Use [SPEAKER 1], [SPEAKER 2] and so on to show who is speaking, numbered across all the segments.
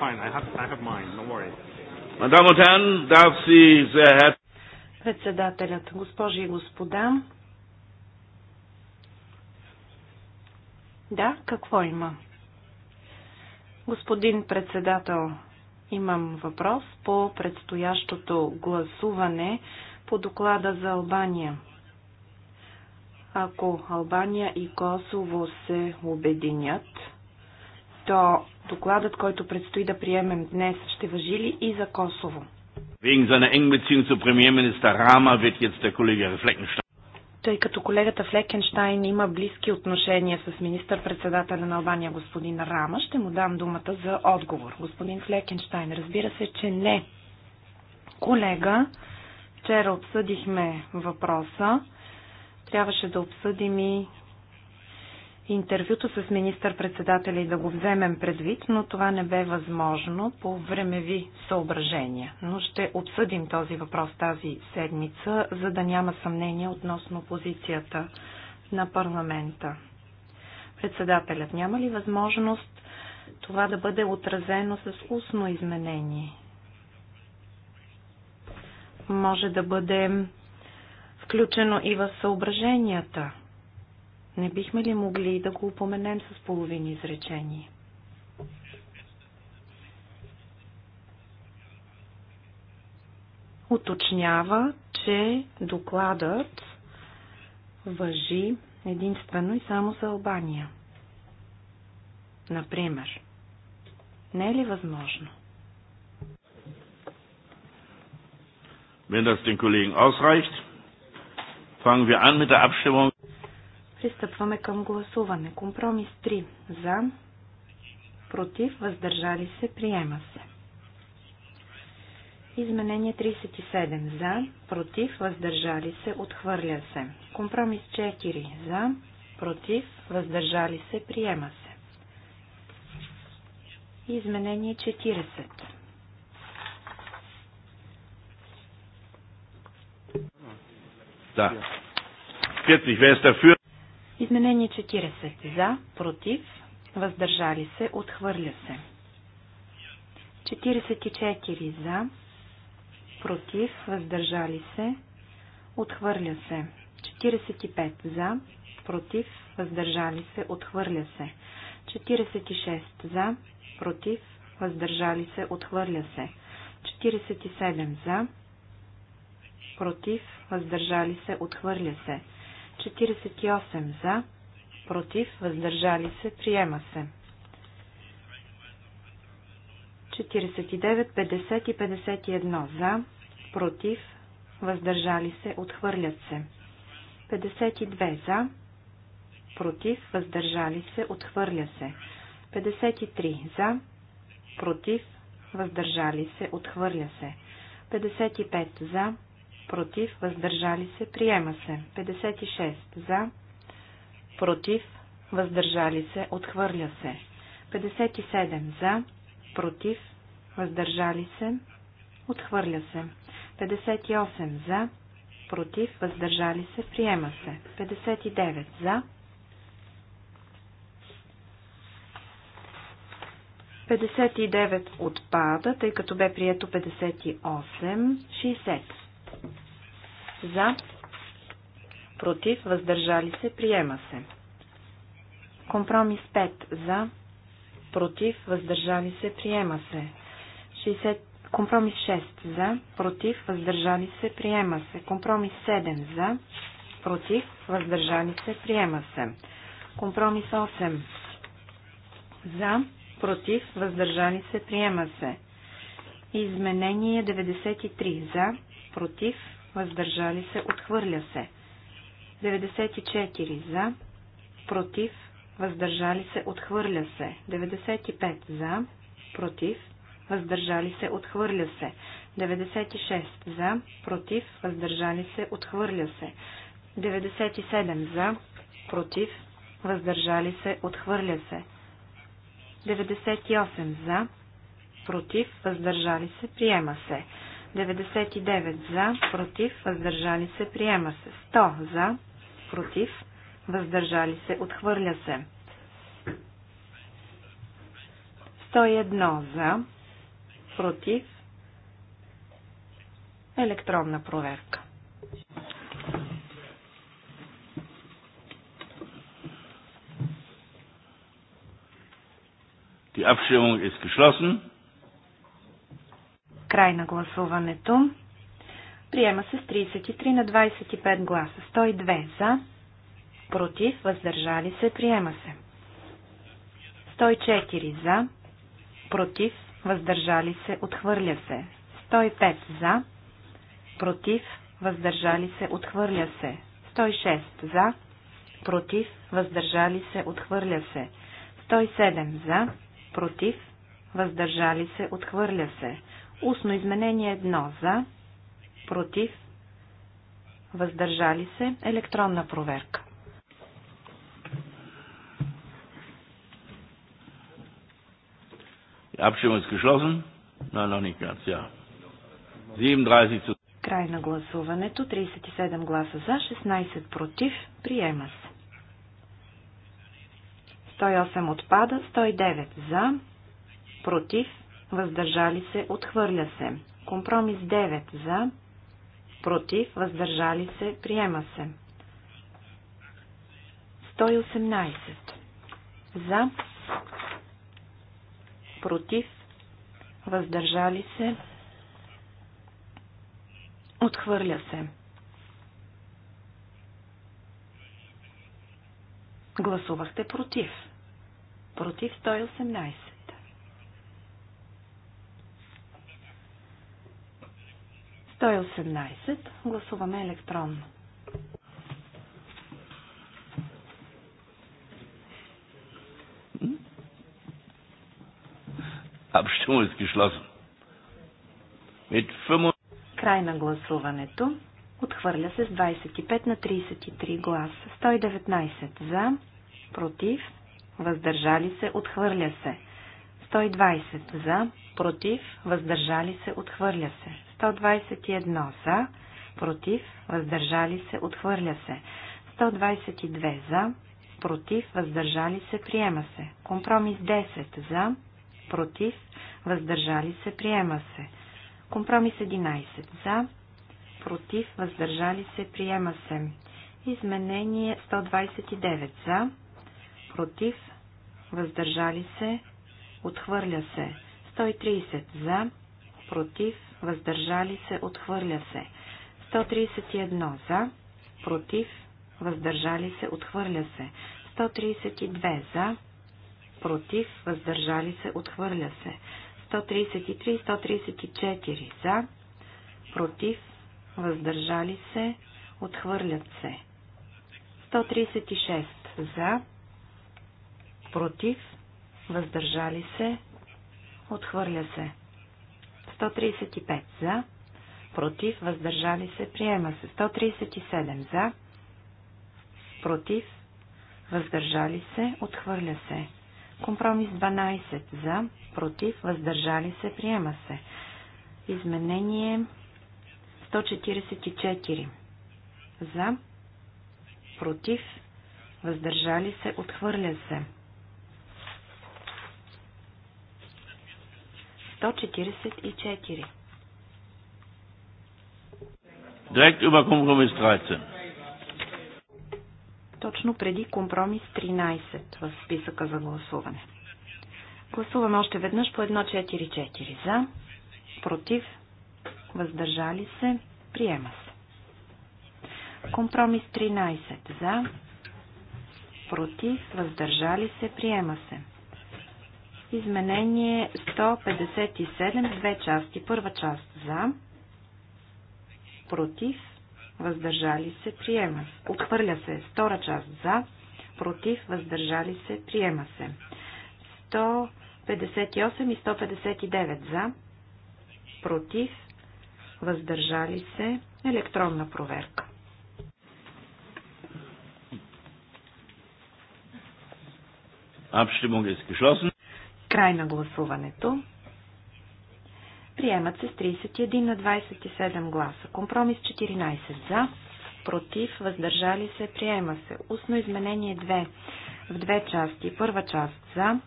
[SPEAKER 1] fine. I have, I have mine. Don't worry. Мадам Отен, darf Sie sehr
[SPEAKER 2] Председателят, госпожи и господа. Да, какво има? Господин председател, имам въпрос по предстоящото гласуване по доклада за Албания. Ако Албания и Косово се обединят, то Докладът, който предстои да приемем днес, ще въжи ли и за Косово?
[SPEAKER 1] Wegen
[SPEAKER 2] Тъй като колегата Флекенштайн има близки отношения с министър-председателя на Албания господин Рама, ще му дам думата за отговор. Господин Флекенштайн, разбира се, че не. Колега, вчера обсъдихме въпроса. Трябваше да обсъдим и интервюто с министър-председателя и да го вземем предвид, но това не бе възможно по времеви съображения. Но ще обсъдим този въпрос тази седмица, за да няма съмнение относно позицията на парламента. Председателят, няма ли възможност това да бъде отразено с устно изменение? Може да бъде включено и в съображенията не бихме ли могли да го упоменем с половини изречение? Уточнява, че докладът въжи единствено и само за Албания. Например, не е ли възможно?
[SPEAKER 1] Wenn das den Kollegen ausreicht, fangen wir an mit der Abstimmung.
[SPEAKER 2] Пристъпваме към гласуване. Компромис 3. За. Против. Въздържали се. Приема се. Изменение 37. За. Против. Въздържали се. Отхвърля се. Компромис 4. За. Против. Въздържали се. Приема се. Изменение 40.
[SPEAKER 1] Да. 40. Wer ist dafür?
[SPEAKER 2] Изменение 40. За, против, въздържали се, отхвърля се. 44 за, против, въздържали се, отхвърля се. 45 за, против, въздържали се, отхвърля се. 46 за, против, въздържали се, отхвърля се. 47 за, против, въздържали се, отхвърля се. 48 за, против, въздържали се, приема се. 49, 50 и 51 за, против, въздържали се, отхвърлят се. 52 за, против, въздържали се, отхвърля се. 53 за, против, въздържали се, отхвърля се. 55 за, против, въздържали се, приема се. 56 за, против, въздържали се, отхвърля се. 57 за, против, въздържали се, отхвърля се. 58 за, против, въздържали се, приема се. 59 за, 59 отпада, тъй като бе прието 58, 60 за. Против. Въздържали се. Приема се. Компромис 5. За. Против. Въздържали се. Приема се. 60... Компромис 6. За. Против. Въздържали се. Приема се. Компромис 7. За. Против. Въздържали се. Приема се. Компромис 8. За. Против. Въздържали се. Приема се. Изменение 93. За против, въздържали се, отхвърля се. 94 за, против, въздържали се, отхвърля се. 95 за, против, въздържали се, отхвърля се. 96 за, против, въздържали се, отхвърля се. 97 за, против, въздържали се, отхвърля се. 98 за, против, въздържали се, приема се. 99 за, против, въздържали се, приема се. 100 за, против, въздържали се, отхвърля се. 101 за, против, електронна проверка.
[SPEAKER 1] Die Abstimmung ist geschlossen.
[SPEAKER 2] Край на гласуването. Приема се с 33 на 25 гласа. 102 за, против, въздържали се, приема се. 104 за, против, въздържали се, отхвърля се. 105 за, против, въздържали се, отхвърля се. 106 за, против, въздържали се, отхвърля се. 107 за, против, въздържали се, отхвърля се. Устно изменение 1 за, против, въздържали се, електронна проверка. Край на гласуването. 37 гласа за, 16 против. Приема се. 108 отпада, 109 за, против, въздържали се, отхвърля се. Компромис 9 за, против, въздържали се, приема се. 118 за, против, въздържали се, отхвърля се. Гласувахте против. Против 118. 118. Гласуваме електронно.
[SPEAKER 1] Abstimmung ist
[SPEAKER 2] Край на гласуването. Отхвърля се с 25 на 33 гласа. 119 за, против, въздържали се, отхвърля се. 120 за, против, въздържали се, отхвърля се. 121 за, против, въздържали се, отхвърля се. 122 за, против, въздържали се, приема се. Компромис 10 за, против, въздържали се, приема се. Компромис 11 за, против, въздържали се, приема се. Изменение 129 за, против, въздържали се, отхвърля се. 130 за, против, въздържали се, отхвърля се. 131 за, против, въздържали се, отхвърля се. 132 за, против, въздържали се, отхвърля се. 133 134 за, против, въздържали се, отхвърлят се. 136 за, против, въздържали се, отхвърля се. 135 за, против, въздържали се, приема се. 137 за, против, въздържали се, отхвърля се. Компромис 12 за, против, въздържали се, приема се. Изменение 144 за, против, въздържали се, отхвърля се. 144.
[SPEAKER 1] Direkt über Kompromiss 13.
[SPEAKER 2] Точно преди компромис 13 в списъка за гласуване. Гласуваме още веднъж по 144 за, против, въздържали се, приема се. Компромис 13 за, против, въздържали се, приема се. Изменение 157, две части. Първа част за, против, въздържали се, приема се. Отхвърля се. Втора част за, против, въздържали се, приема се. 158 и 159 за, против, въздържали се, електронна проверка.
[SPEAKER 1] Abstimmung ist geschlossen.
[SPEAKER 2] Край на гласуването. Приемат се с 31 на 27 гласа. Компромис 14 за, против, въздържали се, приема се. Устно изменение 2 в две части. Първа част за,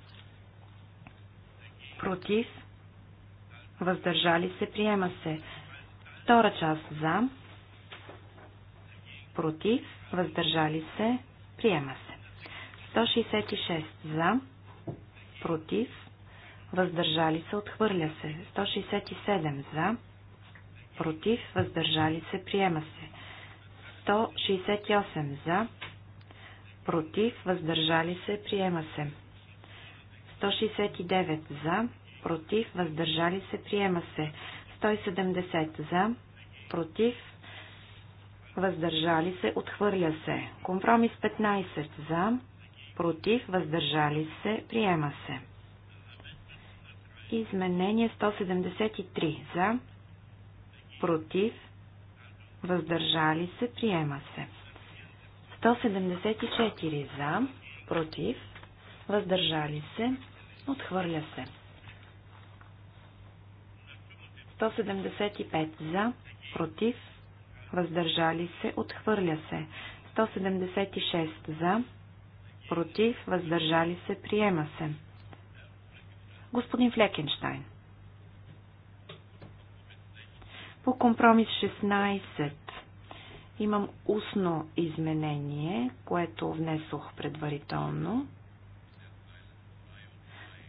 [SPEAKER 2] против, въздържали се, приема се. Втора част за, против, въздържали се, приема се. 166 за, против, въздържали се, отхвърля се. 167 за, против, въздържали се, приема се. 168 за, против, въздържали се, приема се. 169 за, против, въздържали се, приема се. 170 за, против, въздържали се, отхвърля се. Компромис 15 за, против, въздържали се, приема се. Изменение 173 за, против, въздържали се, приема се. 174 за, против, въздържали се, отхвърля се. 175 за, против, въздържали се, отхвърля се. 176 за, против, въздържали се, приема се. Господин Флекенштайн. По компромис 16 имам устно изменение, което внесох предварително.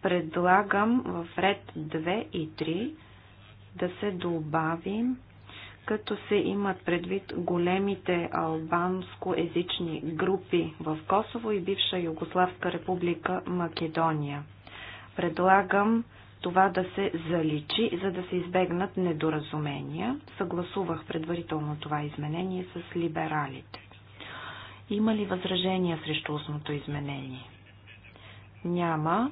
[SPEAKER 2] Предлагам в ред 2 и 3 да се добавим като се имат предвид големите албанско-езични групи в Косово и бивша Югославска република Македония. Предлагам това да се заличи, за да се избегнат недоразумения. Съгласувах предварително това изменение с либералите. Има ли възражения срещу устното изменение? Няма.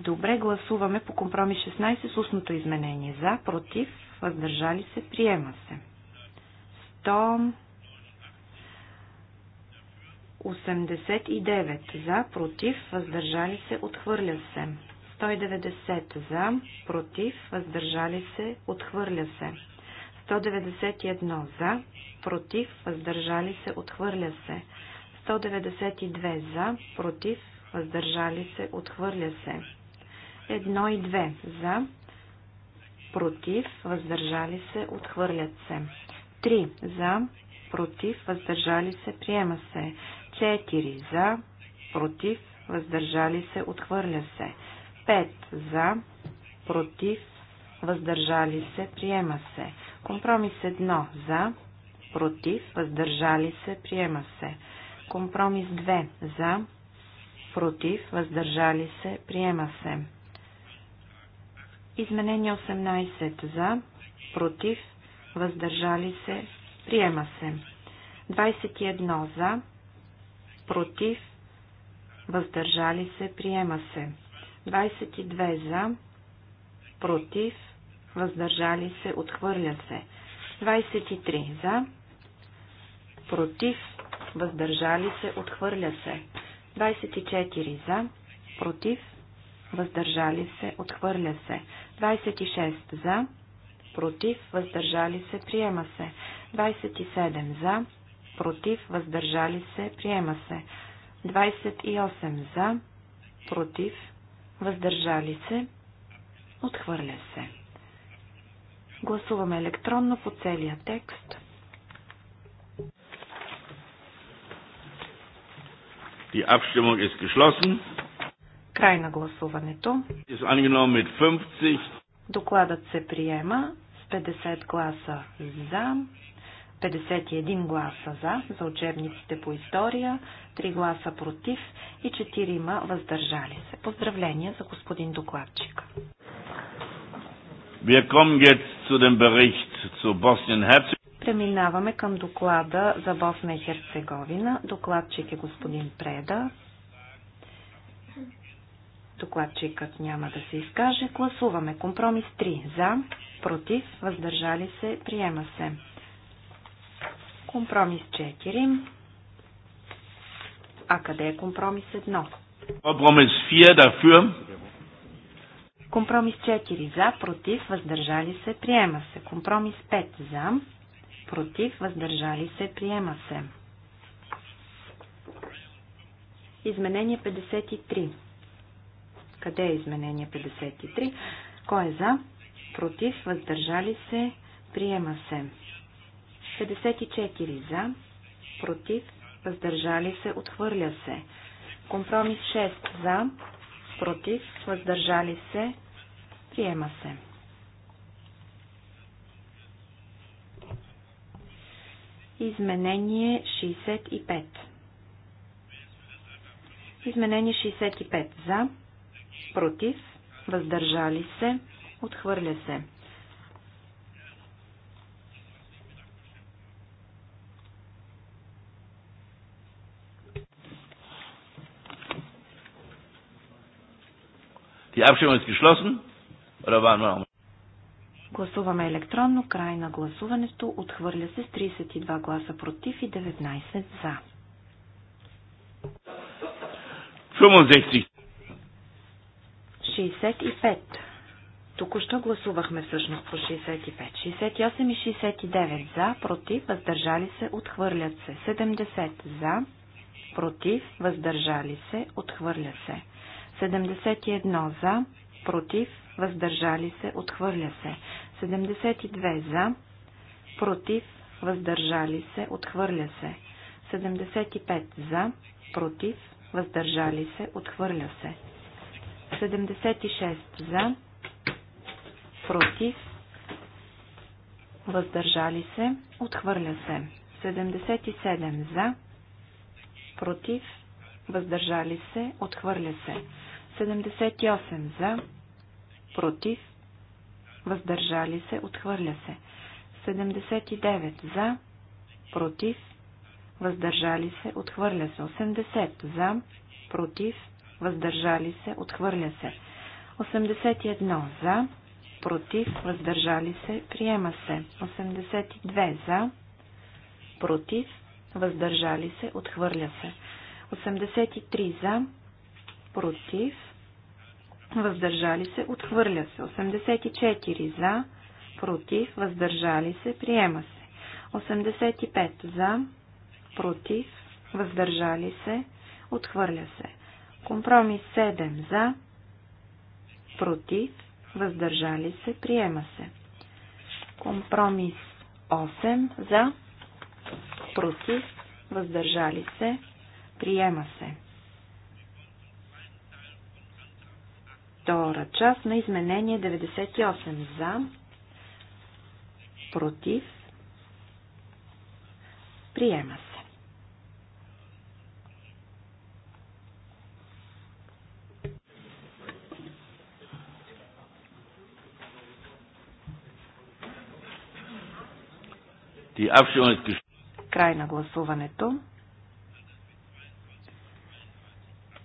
[SPEAKER 2] Добре, гласуваме по компромис 16 с устното изменение. За, против, въздържали се, приема се. 189 за, против, въздържали се, отхвърля се. 190 за, против, въздържали се, отхвърля се. 191 за, против, въздържали се, отхвърля се. 192 за, против, въздържали се, отхвърля се. 1 и 2 за, против, въздържали се, отхвърлят се. 3. За, против, въздържали се, приема се. 4. За, против, въздържали се, отхвърля се. 5. За, против, въздържали се, приема се. Компромис 1. За, против, въздържали се, приема се. Компромис 2. За, против, въздържали се, приема се. Изменение 18 за, против, въздържали се, приема се. 21 за, против, въздържали се, приема се. 22 за, против, въздържали се, отхвърля се. 23 за, против, въздържали се, отхвърля се. 24 за, против, въздържали се, отхвърля се. 26 за, против, въздържали се, приема се. 27 за, против, въздържали се, приема се. 28 за, против, въздържали се, отхвърля се. Гласуваме електронно по целия текст.
[SPEAKER 1] Die Abstimmung ist geschlossen.
[SPEAKER 2] Край на гласуването. Докладът се приема с 50 гласа за, 51 гласа за за учебниците по история, 3 гласа против и 4 въздържали се. Поздравления за господин докладчик. Преминаваме към доклада за Босна и Херцеговина. Докладчик е господин Преда. Докладчикът няма да се изкаже. Гласуваме компромис 3. За, против, въздържали се, приема се. Компромис 4. А къде е компромис 1?
[SPEAKER 1] Компромис 4 дафюр.
[SPEAKER 2] Компромис 4 за, против, въздържали се, приема се. Компромис 5 за, против, въздържали се, приема се. Изменение 53. Къде е изменение 53? Кой е за? Против? Въздържали се? Приема се. 54 за. Против? Въздържали се? Отхвърля се. Компромис 6 за. Против? Въздържали се? Приема се. Изменение 65. Изменение 65 за против, въздържали се, отхвърля се. Гласуваме електронно. Край на гласуването. Отхвърля се с 32 гласа против и 19 за.
[SPEAKER 1] 65.
[SPEAKER 2] 65. Току-що гласувахме всъщност по 65. 68 и 69 за, против, въздържали се, отхвърлят се. 70 за, против, въздържали се, отхвърля се. 71 за, против, въздържали се, отхвърля се. 72 за, против, въздържали се, отхвърля се. 75 за, против, въздържали се, отхвърля се. 76 за, против, въздържали се, отхвърля се. 77 за, против, въздържали се, отхвърля се. 78 за, против, въздържали се, отхвърля се. 79 за, против, въздържали се, отхвърля се. 80 за, против, въздържали се, отхвърля се. 81 за, против, въздържали се, приема се. 82 за, против, въздържали се, отхвърля се. 83 за, против, въздържали се, отхвърля се. 84 за, против, въздържали се, приема се. 85 за, против, въздържали се, отхвърля се. Компромис 7 за, против, въздържали се, приема се. Компромис 8 за, против, въздържали се, приема се. Втора част на изменение 98 за, против, приема се. Край на гласуването.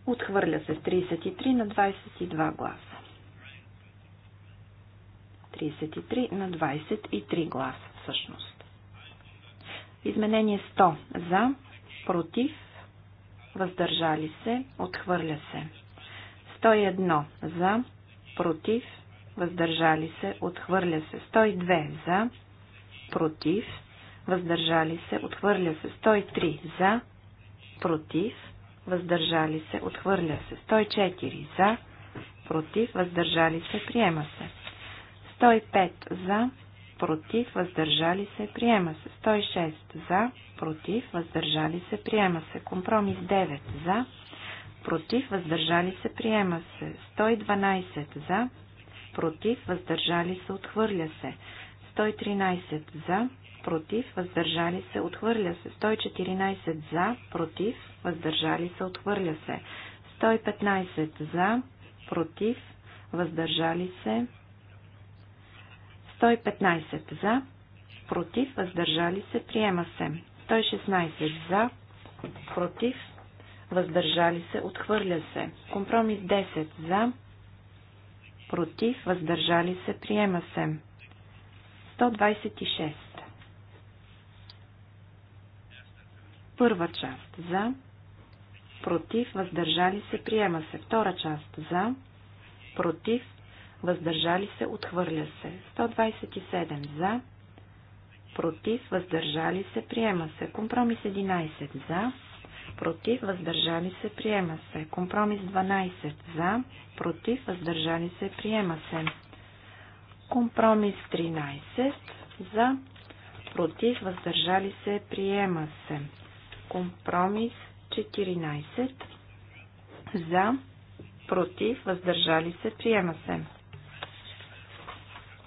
[SPEAKER 2] Отхвърля се с 33 на 22 гласа. 33 на 23 гласа всъщност. Изменение 100. За, против, въздържали се, отхвърля се. 101. За, против, въздържали се, отхвърля се. 102. За, против, въздържали се, отхвърля се 103 за, против, въздържали се, отхвърля се 104 за, против, въздържали се, приема се 105 за, против, въздържали се, приема се 106 за, против, въздържали се, приема се компромис 9 за, против, въздържали се, приема се 112 за, против, въздържали се, отхвърля се 113 за, против, въздържали се, отхвърля се. 114 за, против, въздържали се, отхвърля се. 115 за, против, въздържали се. 115 за, против, въздържали се, приема се. 116 за, против, въздържали се, отхвърля се. Компромис 10 за, против, въздържали се, приема се. 126 Първа част за, против, въздържали се, приема се. Втора част за, против, въздържали се, отхвърля се. 127 за, против, въздържали се, приема се. Компромис 11 за, против, въздържали се, приема се. Компромис 12 за, против, въздържали се, приема се. Компромис 13 за, против, въздържали се, приема се. Компромис 14. За, против, въздържали се, приема се.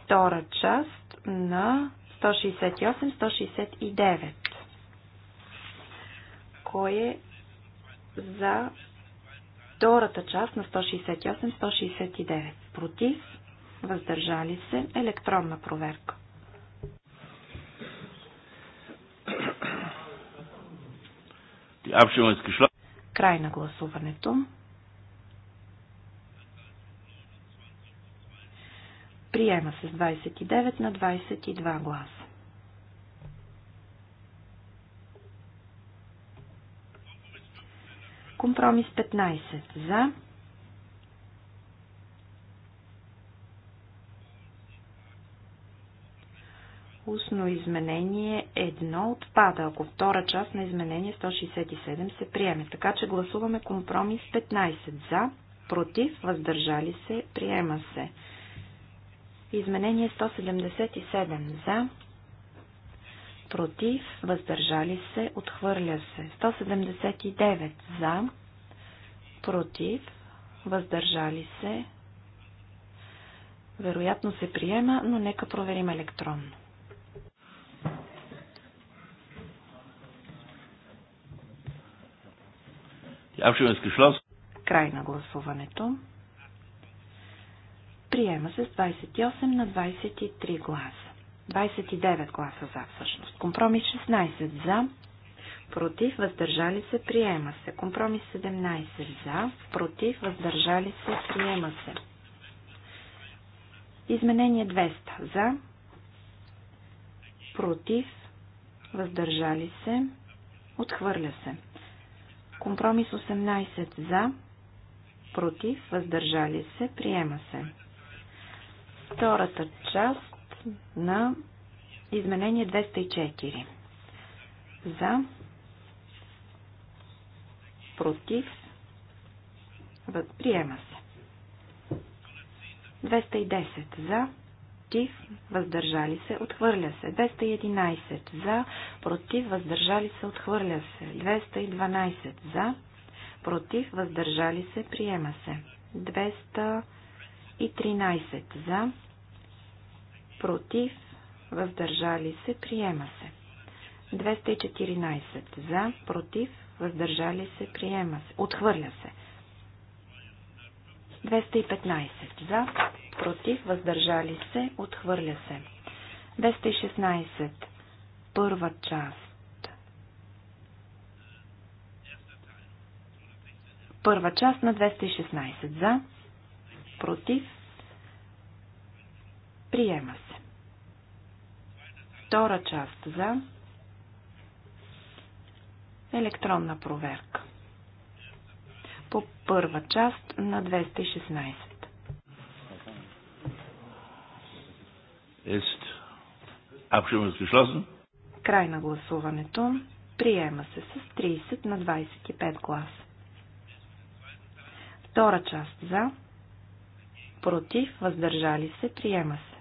[SPEAKER 2] Втора част на 168-169. Кой е за втората част на 168-169? Против, въздържали се, електронна проверка. Край на гласуването. Приема се с 29 на 22 гласа. Компромис 15 за Устно изменение 1 отпада, ако втора част на изменение 167 се приеме. Така че гласуваме компромис 15 за, против, въздържали се, приема се. Изменение 177 за, против, въздържали се, отхвърля се. 179 за, против, въздържали се. Вероятно се приема, но нека проверим електронно. Край на гласуването. Приема се с 28 на 23 гласа. 29 гласа за всъщност. Компромис 16 за, против, въздържали се, приема се. Компромис 17 за, против, въздържали се, приема се. Изменение 200 за, против, въздържали се, отхвърля се. Компромис 18 за, против, въздържали се, приема се. Втората част на изменение 204. За, против, приема се. 210 за, против, въздържали се, отхвърля се. 211 за, против, въздържали се, отхвърля се. 212 за, против, въздържали се, приема се. 213 за, против, въздържали се, приема се. 214 за, против, въздържали се, приема се, отхвърля се. 215 за, против, въздържали се, отхвърля се. 216. Първа част. Първа част на 216. За, против, приема се. Втора част за електронна проверка. По първа част на 216.
[SPEAKER 1] ist Abstimmung ist geschlossen.
[SPEAKER 2] Край на гласуването. Приема се с 30 на 25 гласа. Втора част за. Против, въздържали се, приема се.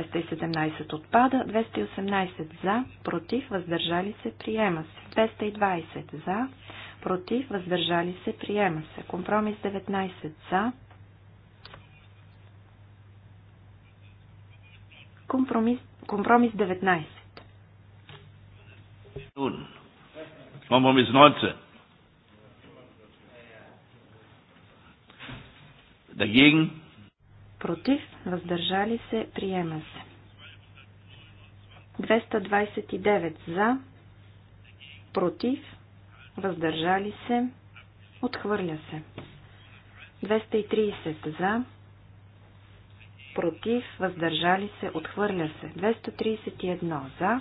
[SPEAKER 2] 217 отпада, 218 за, против, въздържали се, приема се. 220 за, против, въздържали се, приема се. Компромис 19 за, Компромис, компромис 19.
[SPEAKER 1] Компромис 19. Dagegen?
[SPEAKER 2] Против, въздържали се, приема се. 229 за, против, въздържали се, отхвърля се. 230 за, против, въздържали се, отхвърля се. 231 за,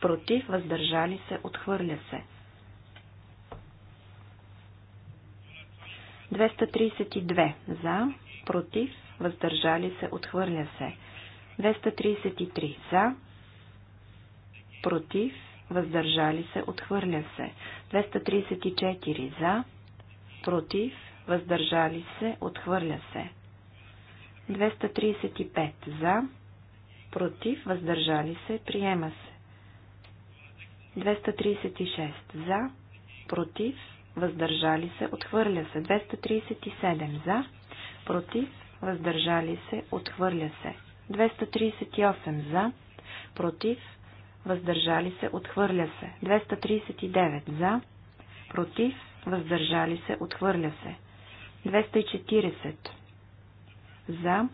[SPEAKER 2] против, въздържали се, отхвърля се. 232 за, против, въздържали се, отхвърля се. 233 за, против, въздържали се, отхвърля се. 234 за, против, въздържали се, отхвърля се. 235 за, против, въздържали се, приема се. 236 за, против, въздържали се, отхвърля се. 237 за, против, въздържали се, отхвърля се. 238 за, против, въздържали се, отхвърля се. 239 за, против, въздържали се, отхвърля се. 240 за,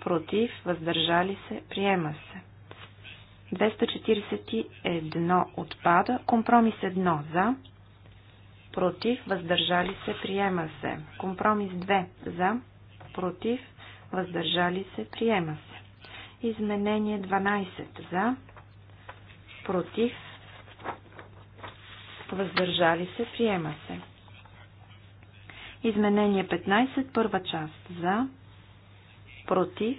[SPEAKER 2] против, въздържали се, приема се. 241 отпада, компромис 1 за, против, въздържали се, приема се. Компромис 2 за, против, въздържали се, приема се. Изменение 12 за, против, въздържали се, приема се. Изменение 15, първа част за, против,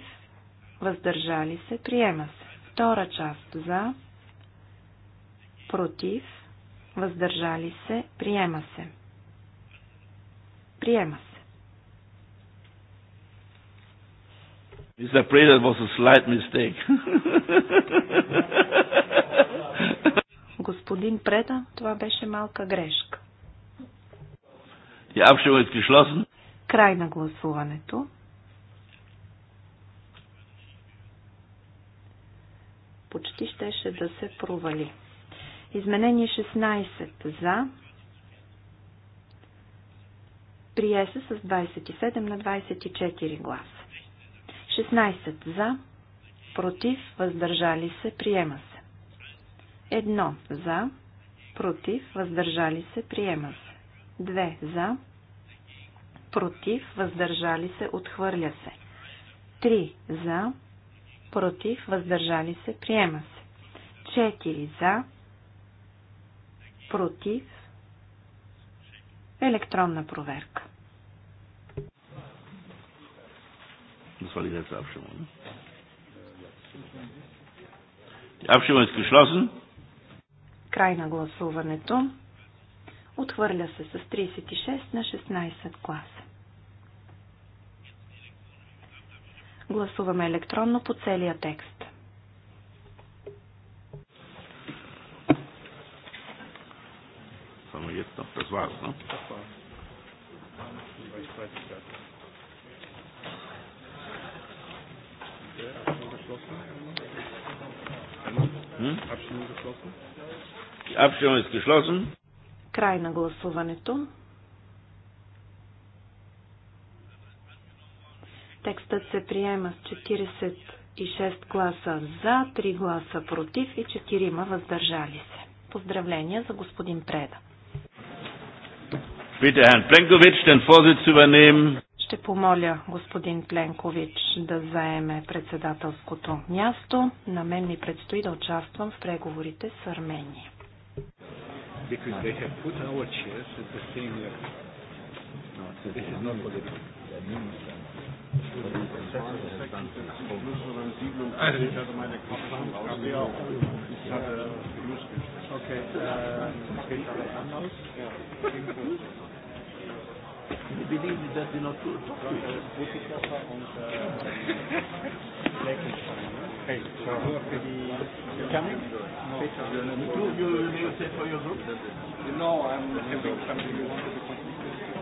[SPEAKER 2] въздържали се, приема се. Втора част за, против, въздържали се, приема се. Приема се.
[SPEAKER 1] Mr. Prey, that was a slight mistake.
[SPEAKER 2] Господин Преда, това беше малка грешка. Край на гласуването. почти щеше да се провали. Изменение 16 за. Прие се с 27 на 24 гласа. 16 за. Против. Въздържали се. Приема се. Едно за. Против. Въздържали се. Приема се. 2 за. Против. Въздържали се. Отхвърля се. 3 за против, въздържали се, приема се. 4 за, против, електронна проверка. Край на гласуването. Отхвърля се с 36 на 16 класа. Гласуваме електронно по целия текст.
[SPEAKER 1] Само е там през вас, ne? Абсолютно е geschlossen.
[SPEAKER 2] Край на гласуването. Текстът се приема с 46 гласа за, 3 гласа против и 4 въздържали се. Поздравления за господин Преда. Ще помоля господин Пленкович да заеме председателското място. На мен ми предстои да участвам в преговорите с Армения.
[SPEAKER 3] Because Okay, äh, geht aber anders. Ich believe that you know two Butikaffer und Fleckenstein. Hey, so für die coming? No. You, you, you say for your group? No, I'm having something you wanted to continue.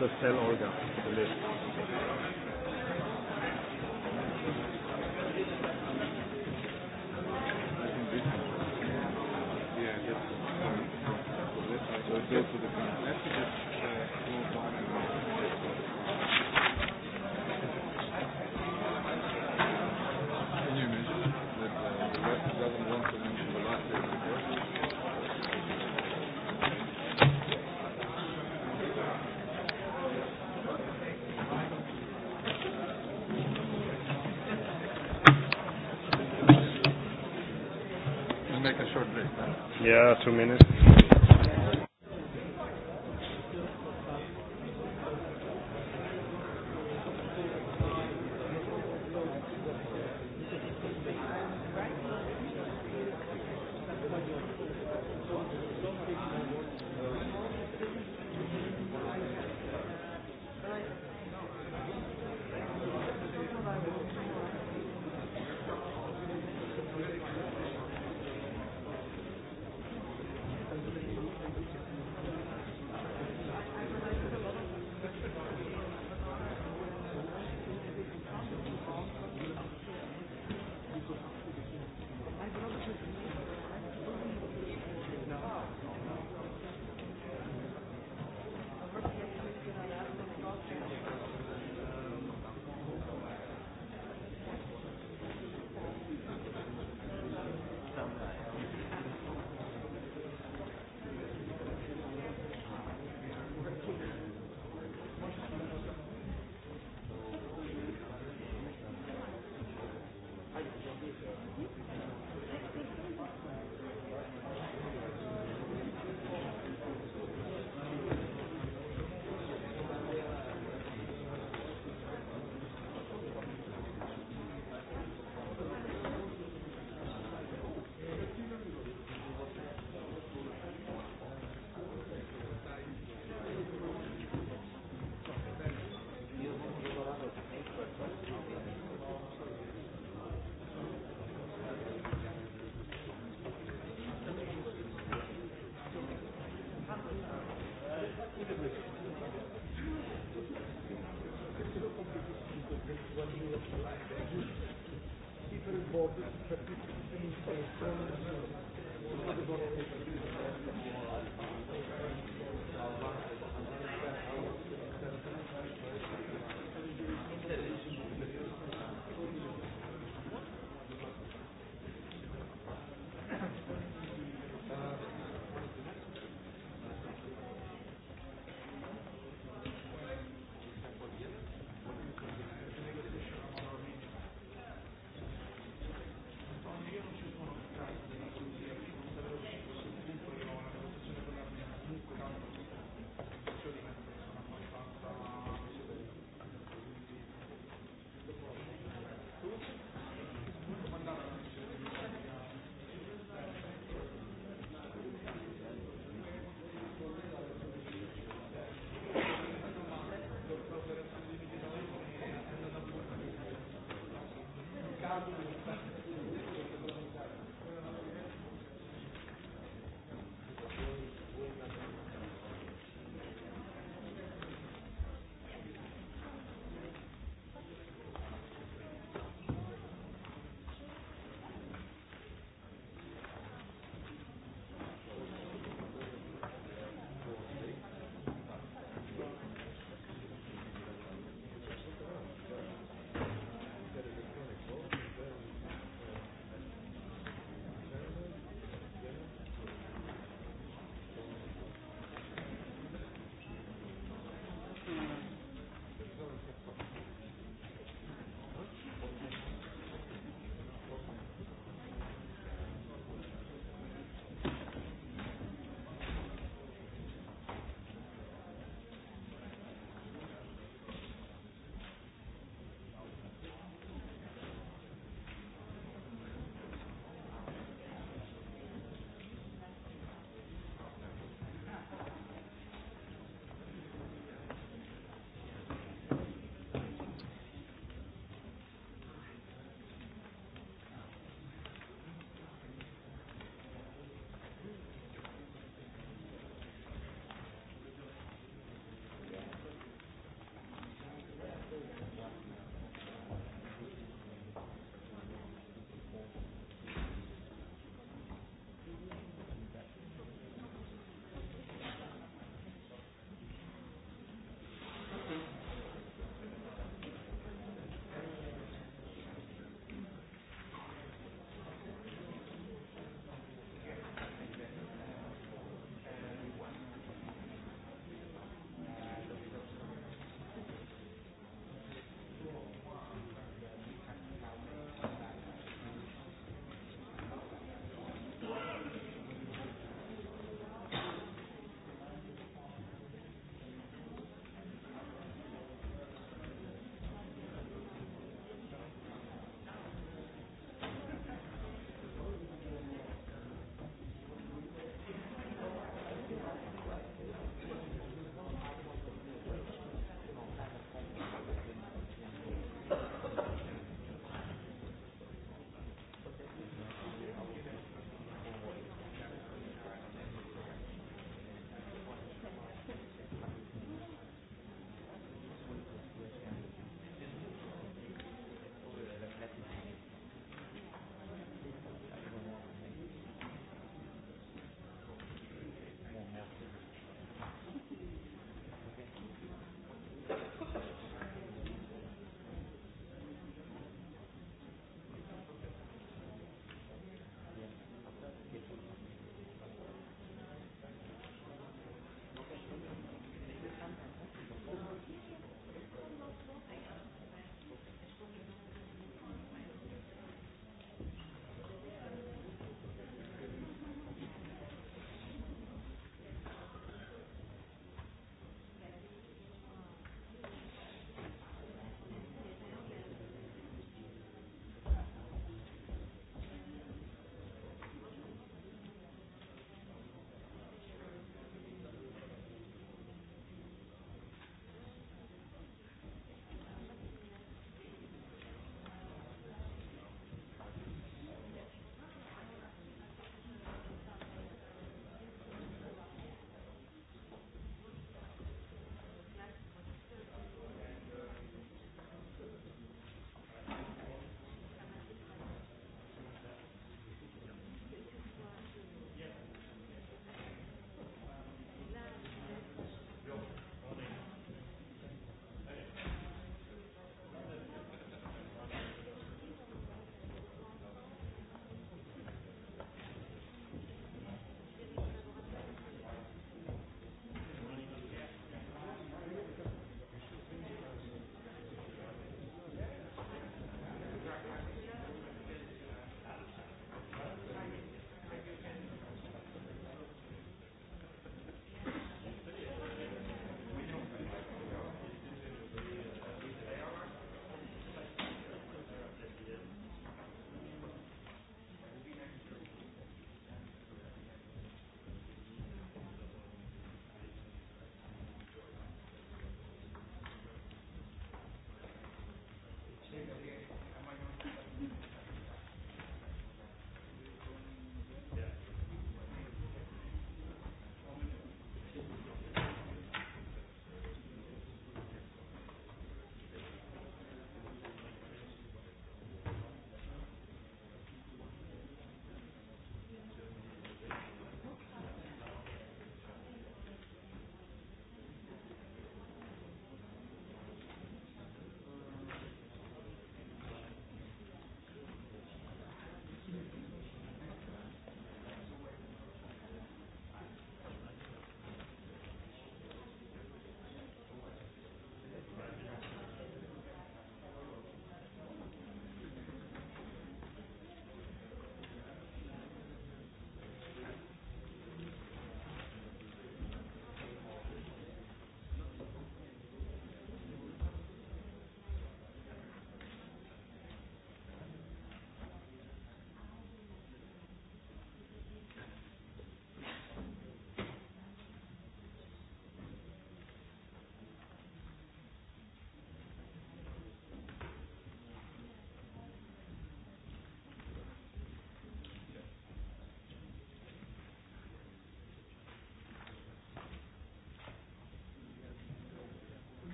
[SPEAKER 3] just tell Olga the list. Yeah, that's, um, so to the Yeah, two minutes.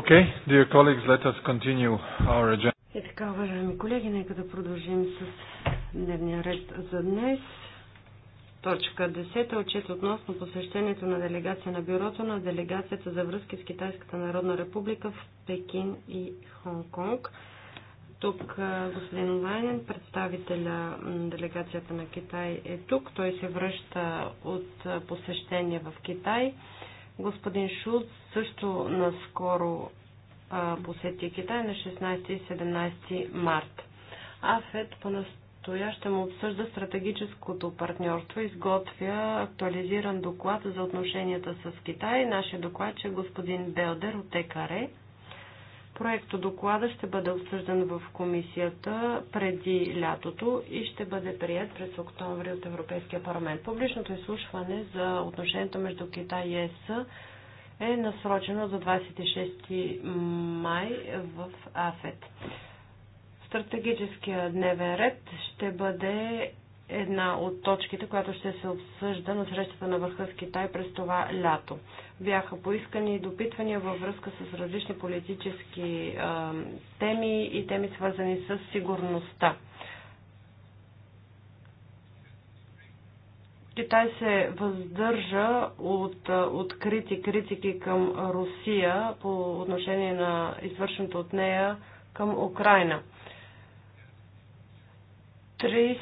[SPEAKER 4] Okay, dear colleagues, let us continue our agenda.
[SPEAKER 5] И така, уважаеми колеги, нека да продължим с дневния ред за днес. Точка 10. Отчет относно посещението на делегация на бюрото на делегацията за връзки с Китайската народна република в Пекин и Хонг-Конг. Тук господин Лайнен, представителя на делегацията на Китай е тук. Той се връща от посещение в Китай. Господин Шулц също наскоро а, посети Китай на 16 и 17 март. АФЕД по-настоящем обсъжда стратегическото партньорство, изготвя актуализиран доклад за отношенията с Китай. Нашия доклад е господин Белдер от ЕКАРЕ. Проекто доклада ще бъде обсъждан в комисията преди лятото и ще бъде прият през октомври от Европейския парламент. Публичното изслушване за отношението между Китай и ЕС е насрочено за 26 май в АФЕТ. Стратегическия дневен ред ще бъде една от точките, която ще се обсъжда на срещата на върха с Китай през това лято. Бяха поискани и допитвания във връзка с различни политически е, теми и теми свързани с сигурността. Китай се въздържа от открити критики към Русия по отношение на извършеното от нея към Украина. Трист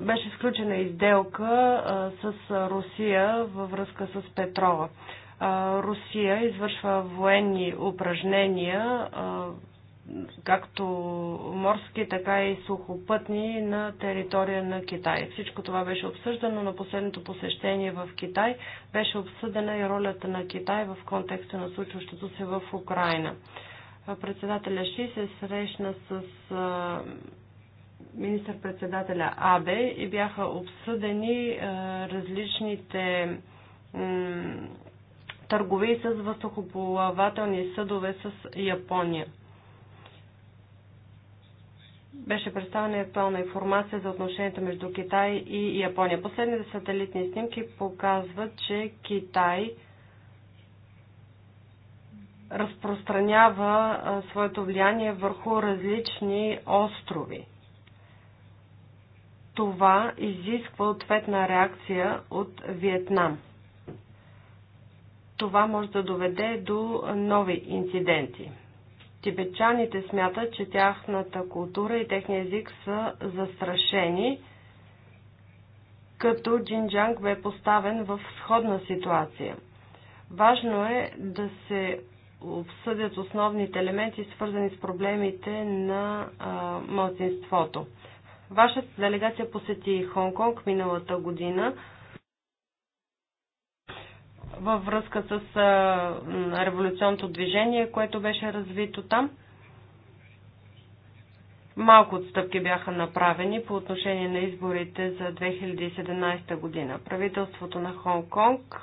[SPEAKER 5] беше сключена изделка с Русия във връзка с Петрова. Русия извършва военни упражнения както морски, така и сухопътни на територия на Китай. Всичко това беше обсъждано на последното посещение в Китай. Беше обсъдена и ролята на Китай в контекста на случващото се в Украина. Председателя Ши се срещна с министър-председателя Абе и бяха обсъдени различните търгови с въздухоплавателни съдове с Япония беше представена актуална информация за отношенията между Китай и Япония. Последните сателитни снимки показват, че Китай разпространява своето влияние върху различни острови. Това изисква ответна реакция от Виетнам. Това може да доведе до нови инциденти. Тибетчаните смятат, че тяхната култура и техния език са застрашени, като Джинджанг бе поставен в сходна ситуация. Важно е да се обсъдят основните елементи, свързани с проблемите на а, Вашата делегация посети Хонг-Конг миналата година във връзка с а, революционното движение, което беше развито там. Малко отстъпки бяха направени по отношение на изборите за 2017 година. Правителството на Хонг-Конг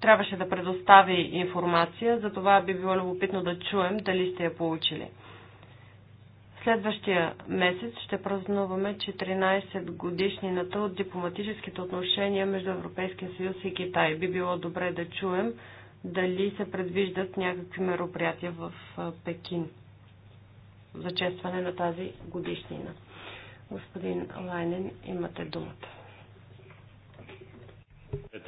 [SPEAKER 5] трябваше да предостави информация, за това би било любопитно да чуем дали сте я получили. Следващия месец ще празнуваме 14 годишнината от дипломатическите отношения между Европейския съюз и Китай. Би било добре да чуем дали се предвиждат някакви мероприятия в Пекин за честване на тази годишнина. Господин Лайнен, имате думата.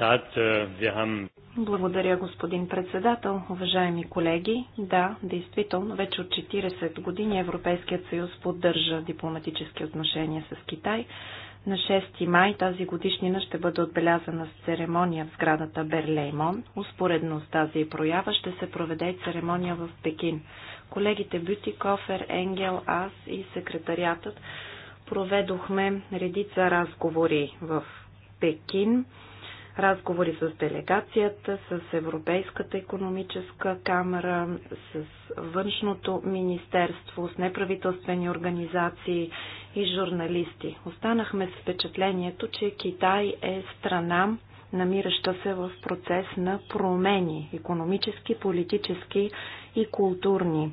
[SPEAKER 1] Е,
[SPEAKER 2] Благодаря, господин председател. Уважаеми колеги, да, действително, вече от 40 години Европейският съюз поддържа дипломатически отношения с Китай. На 6 май тази годишнина ще бъде отбелязана с церемония в сградата Берлеймон. Успоредно с тази проява ще се проведе и церемония в Пекин. Колегите Бюти Кофер, Енгел, аз и секретариатът проведохме редица разговори в Пекин разговори с делегацията, с Европейската економическа камера, с Външното министерство, с неправителствени организации и журналисти. Останахме с впечатлението, че Китай е страна, намираща се в процес на промени економически, политически и културни.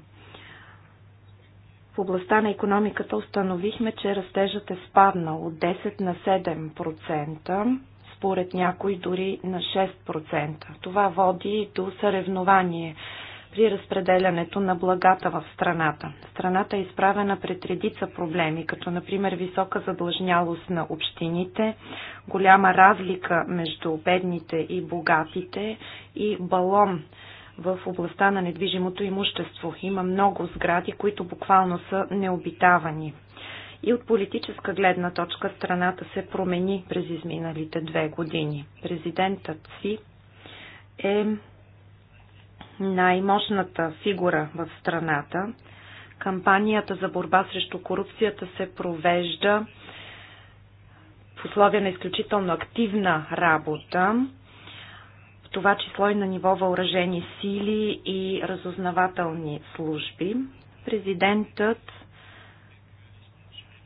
[SPEAKER 2] В областта на економиката установихме, че растежът е спаднал от 10 на 7% според някои дори на 6%. Това води до съревнование при разпределянето на благата в страната. Страната е изправена пред редица проблеми, като например висока задлъжнялост на общините, голяма разлика между бедните и богатите и балон в областта на недвижимото имущество. Има много сгради, които буквално са необитавани. И от политическа гледна точка страната се промени през изминалите две години. Президентът си е най-мощната фигура в страната. Кампанията за борба срещу корупцията се провежда в условия на изключително активна работа, в това число и на ниво въоръжени сили и разузнавателни служби. Президентът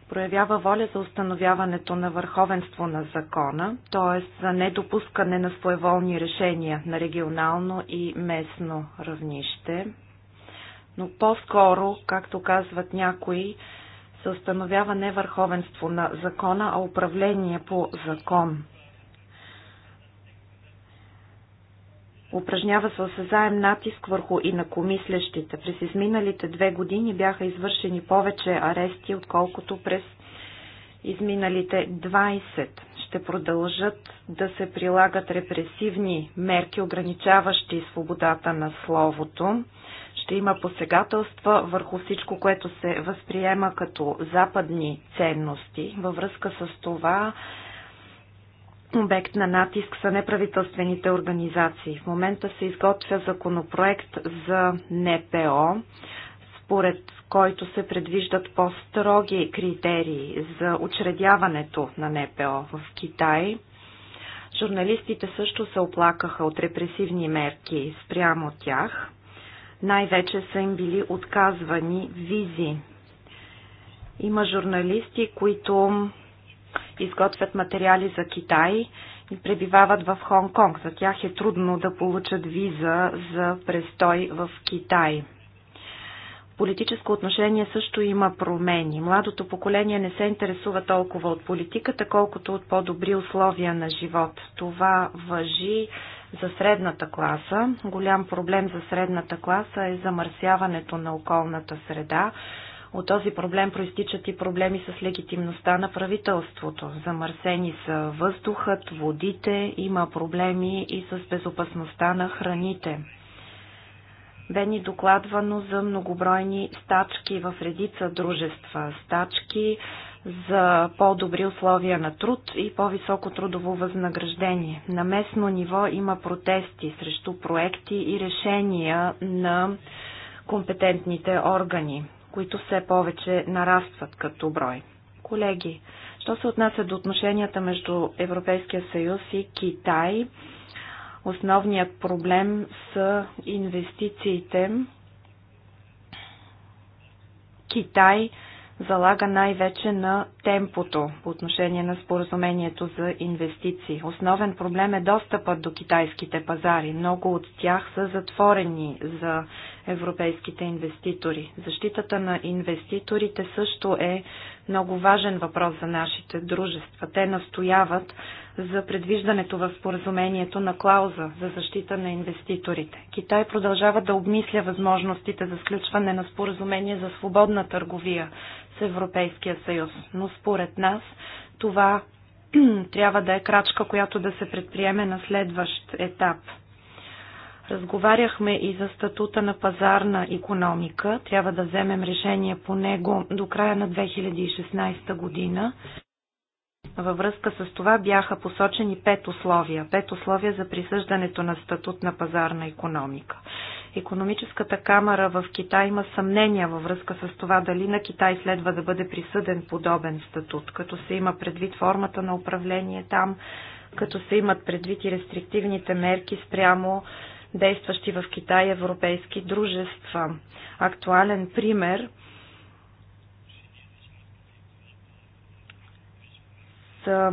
[SPEAKER 2] проявява воля за установяването на върховенство на закона, т.е. за недопускане на своеволни решения на регионално и местно равнище, но по-скоро, както казват някои, се установява не върховенство на закона, а управление по закон. Упражнява се осезаем натиск върху инакомислящите. През изминалите две години бяха извършени повече арести, отколкото през изминалите 20. Ще продължат да се прилагат репресивни мерки, ограничаващи свободата на словото. Ще има посегателства върху всичко, което се възприема като западни ценности. Във връзка с това обект на натиск са неправителствените организации. В момента се изготвя законопроект за НПО, според който се предвиждат по-строги критерии за учредяването на НПО в Китай. Журналистите също се оплакаха от репресивни мерки спрямо тях. Най-вече са им били отказвани визи. Има журналисти, които изготвят материали за Китай и пребивават в Хонг-Конг. За тях е трудно да получат виза за престой в Китай. Политическо отношение също има промени. Младото поколение не се интересува толкова от политиката, колкото от по-добри условия на живот. Това въжи за средната класа. Голям проблем за средната класа е замърсяването на околната среда от този проблем проистичат и проблеми с легитимността на правителството. Замърсени са въздухът, водите, има проблеми и с безопасността на храните. Бе ни докладвано за многобройни стачки в редица дружества. Стачки за по-добри условия на труд и по-високо трудово възнаграждение. На местно ниво има протести срещу проекти и решения на компетентните органи които все повече нарастват като брой. Колеги, що се отнася до отношенията между Европейския съюз и Китай, основният проблем са инвестициите. Китай – залага най-вече на темпото по отношение на споразумението за инвестиции. Основен проблем е достъпът до китайските пазари. Много от тях са затворени за европейските инвеститори. Защитата на инвеститорите също е много важен въпрос за нашите дружества. Те настояват за предвиждането в споразумението на клауза за защита на инвеститорите. Китай продължава да обмисля възможностите за сключване на споразумение за свободна търговия Европейския съюз. Но според нас това трябва да е крачка, която да се предприеме на следващ етап. Разговаряхме и за статута на пазарна економика. Трябва да вземем решение по него до края на 2016 година. Във връзка с това бяха посочени пет условия. Пет условия за присъждането на статут на пазарна економика. Економическата камера в Китай има съмнения във връзка с това дали на Китай следва да бъде присъден подобен статут, като се има предвид формата на управление там, като се имат предвид и рестриктивните мерки спрямо действащи в Китай европейски дружества. Актуален пример С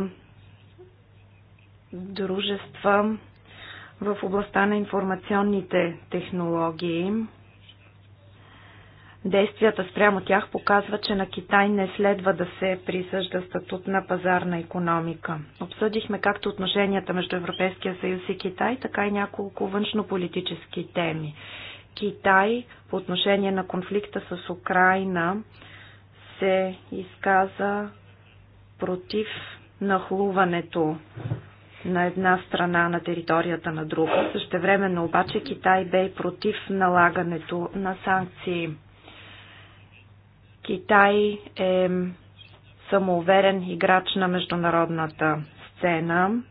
[SPEAKER 2] дружества, в областта на информационните технологии. Действията спрямо тях показват, че на Китай не следва да се присъжда статут на пазарна економика. Обсъдихме както отношенията между Европейския съюз и Китай, така и няколко външнополитически теми. Китай по отношение на конфликта с Украина се изказа против нахлуването на една страна на територията на друга. Същевременно обаче Китай бе и против налагането на санкции. Китай е самоуверен играч на международната сцена.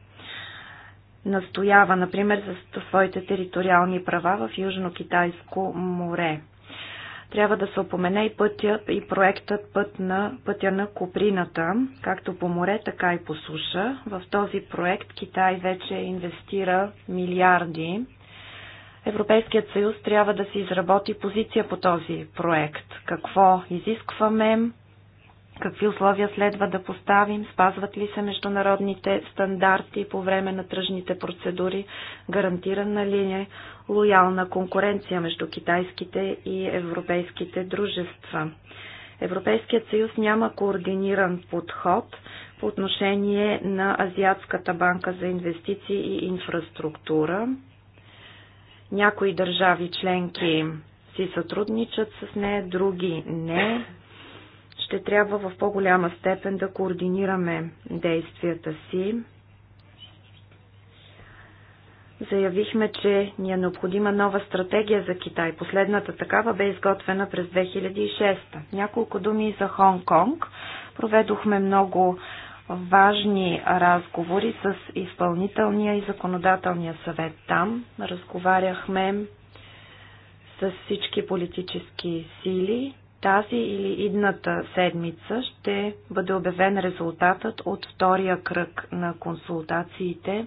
[SPEAKER 2] Настоява, например, за своите териториални права в Южно-Китайско море. Трябва да се опомене и пътя и проектът път на, пътя на Куприната, както по море, така и по суша. В този проект Китай вече инвестира милиарди. Европейският съюз трябва да се изработи позиция по този проект. Какво изискваме, какви условия следва да поставим, спазват ли се международните стандарти по време на тръжните процедури, гарантирана ли е лоялна конкуренция между китайските и европейските дружества. Европейският съюз няма координиран подход по отношение на Азиатската банка за инвестиции и инфраструктура. Някои държави членки си сътрудничат с нея, други не. Ще трябва в по-голяма степен да координираме действията си заявихме, че ни е необходима нова стратегия за Китай. Последната такава бе изготвена през 2006. Няколко думи за Хонг-Конг. Проведохме много важни разговори с изпълнителния и законодателния съвет там. Разговаряхме с всички политически сили. Тази или идната седмица ще бъде обявен резултатът от втория кръг на консултациите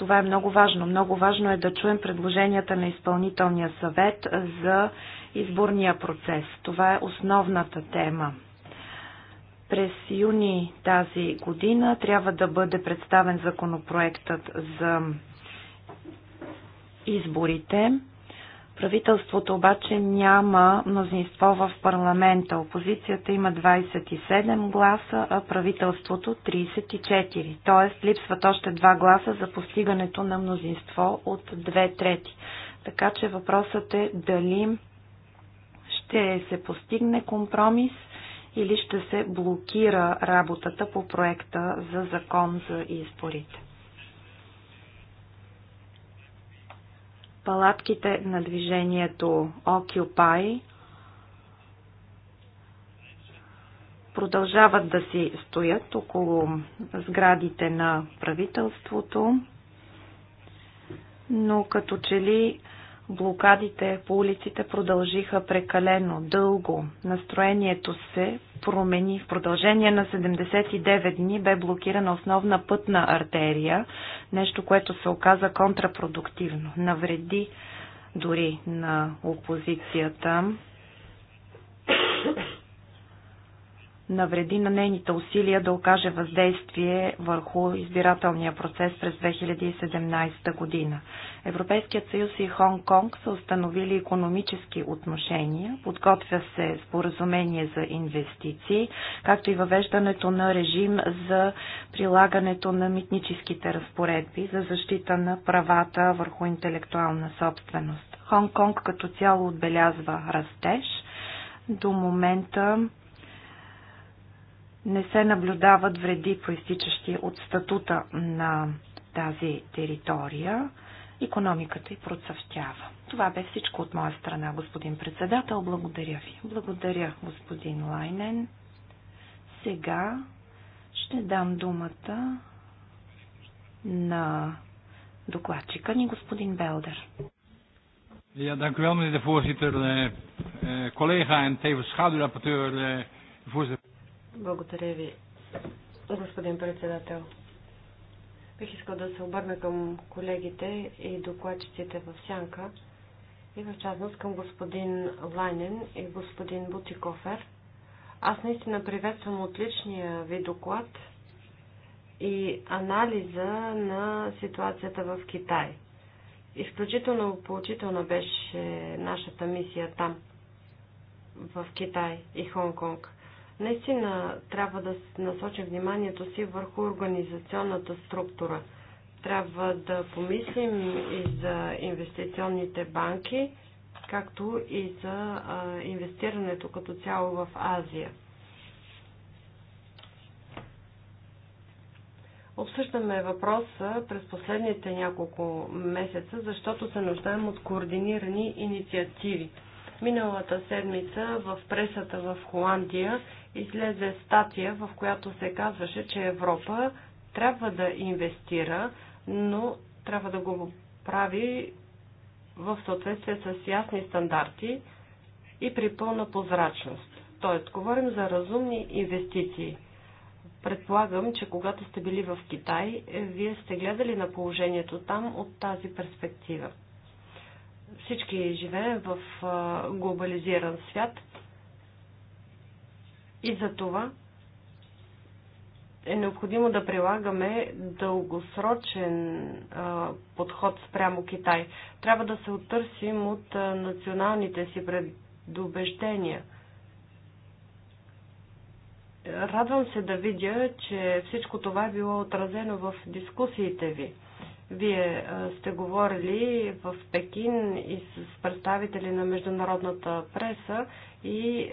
[SPEAKER 2] това е много важно. Много важно е да чуем предложенията на изпълнителния съвет за изборния процес. Това е основната тема. През юни тази година трябва да бъде представен законопроектът за изборите. Правителството обаче няма мнозинство в парламента. Опозицията има 27 гласа, а правителството 34. Тоест липсват още 2 гласа за постигането на мнозинство от две трети. Така че въпросът е дали ще се постигне компромис или ще се блокира работата по проекта за закон за изборите. палатките на движението Occupy продължават да си стоят около сградите на правителството, но като че ли Блокадите по улиците продължиха прекалено дълго. Настроението се промени. В продължение на 79 дни бе блокирана основна пътна артерия, нещо, което се оказа контрапродуктивно. Навреди дори на опозицията. навреди на нейните усилия да окаже въздействие върху избирателния процес през 2017 година. Европейският съюз и Хонг Конг са установили економически отношения, подготвя се споразумение за инвестиции, както и въвеждането на режим за прилагането на митническите разпоредби за защита на правата върху интелектуална собственост. Хонг Конг като цяло отбелязва растеж. До момента не се наблюдават вреди, проистичащи от статута на тази територия, економиката й процъфтява. Това бе всичко от моя страна, господин председател. Благодаря ви. Благодаря, господин Лайнен. Сега ще дам думата на докладчика ни, господин Белдер.
[SPEAKER 4] Ja, dank u wel, meneer de voorzitter. Uh, collega en tevens schaduwrapporteur, uh, voorzitter.
[SPEAKER 2] Благодаря ви,
[SPEAKER 5] господин председател. Бих искал да се обърна към колегите и докладчиците в Сянка и в частност към господин Лайнен и господин Бутикофер. Аз наистина приветствам отличния ви доклад и анализа на ситуацията в Китай. Изключително поучителна беше нашата мисия там, в Китай и Хонг-Конг. Наистина трябва да насочим вниманието си върху организационната структура. Трябва да помислим и за инвестиционните банки, както и за инвестирането като цяло в Азия. Обсъждаме въпроса през последните няколко месеца, защото се нуждаем от координирани инициативи. Миналата седмица в пресата в Холандия излезе статия, в която се казваше, че Европа трябва да инвестира, но трябва да го прави в съответствие с ясни стандарти и при пълна прозрачност. Тоест, говорим за разумни инвестиции. Предполагам, че когато сте били в Китай, вие сте гледали на положението там от тази перспектива. Всички живеем в глобализиран свят, и за това е необходимо да прилагаме дългосрочен а, подход спрямо Китай. Трябва да се оттърсим от а, националните си предубеждения. Радвам се да видя, че всичко това е било отразено в дискусиите ви. Вие е, сте говорили в Пекин и с представители на международната преса и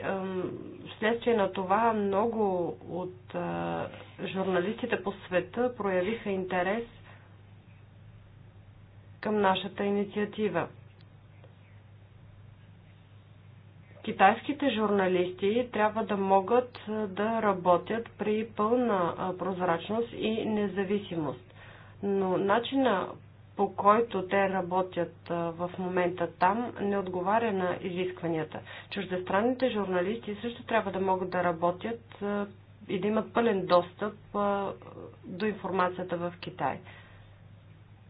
[SPEAKER 5] вследствие на това много от е, журналистите по света проявиха интерес към нашата инициатива. китайските журналисти трябва да могат е, да работят при пълна прозрачност и независимост но начина по който те работят в момента там, не отговаря на изискванията. Чуждестранните журналисти също трябва да могат да работят и да имат пълен достъп до информацията в Китай.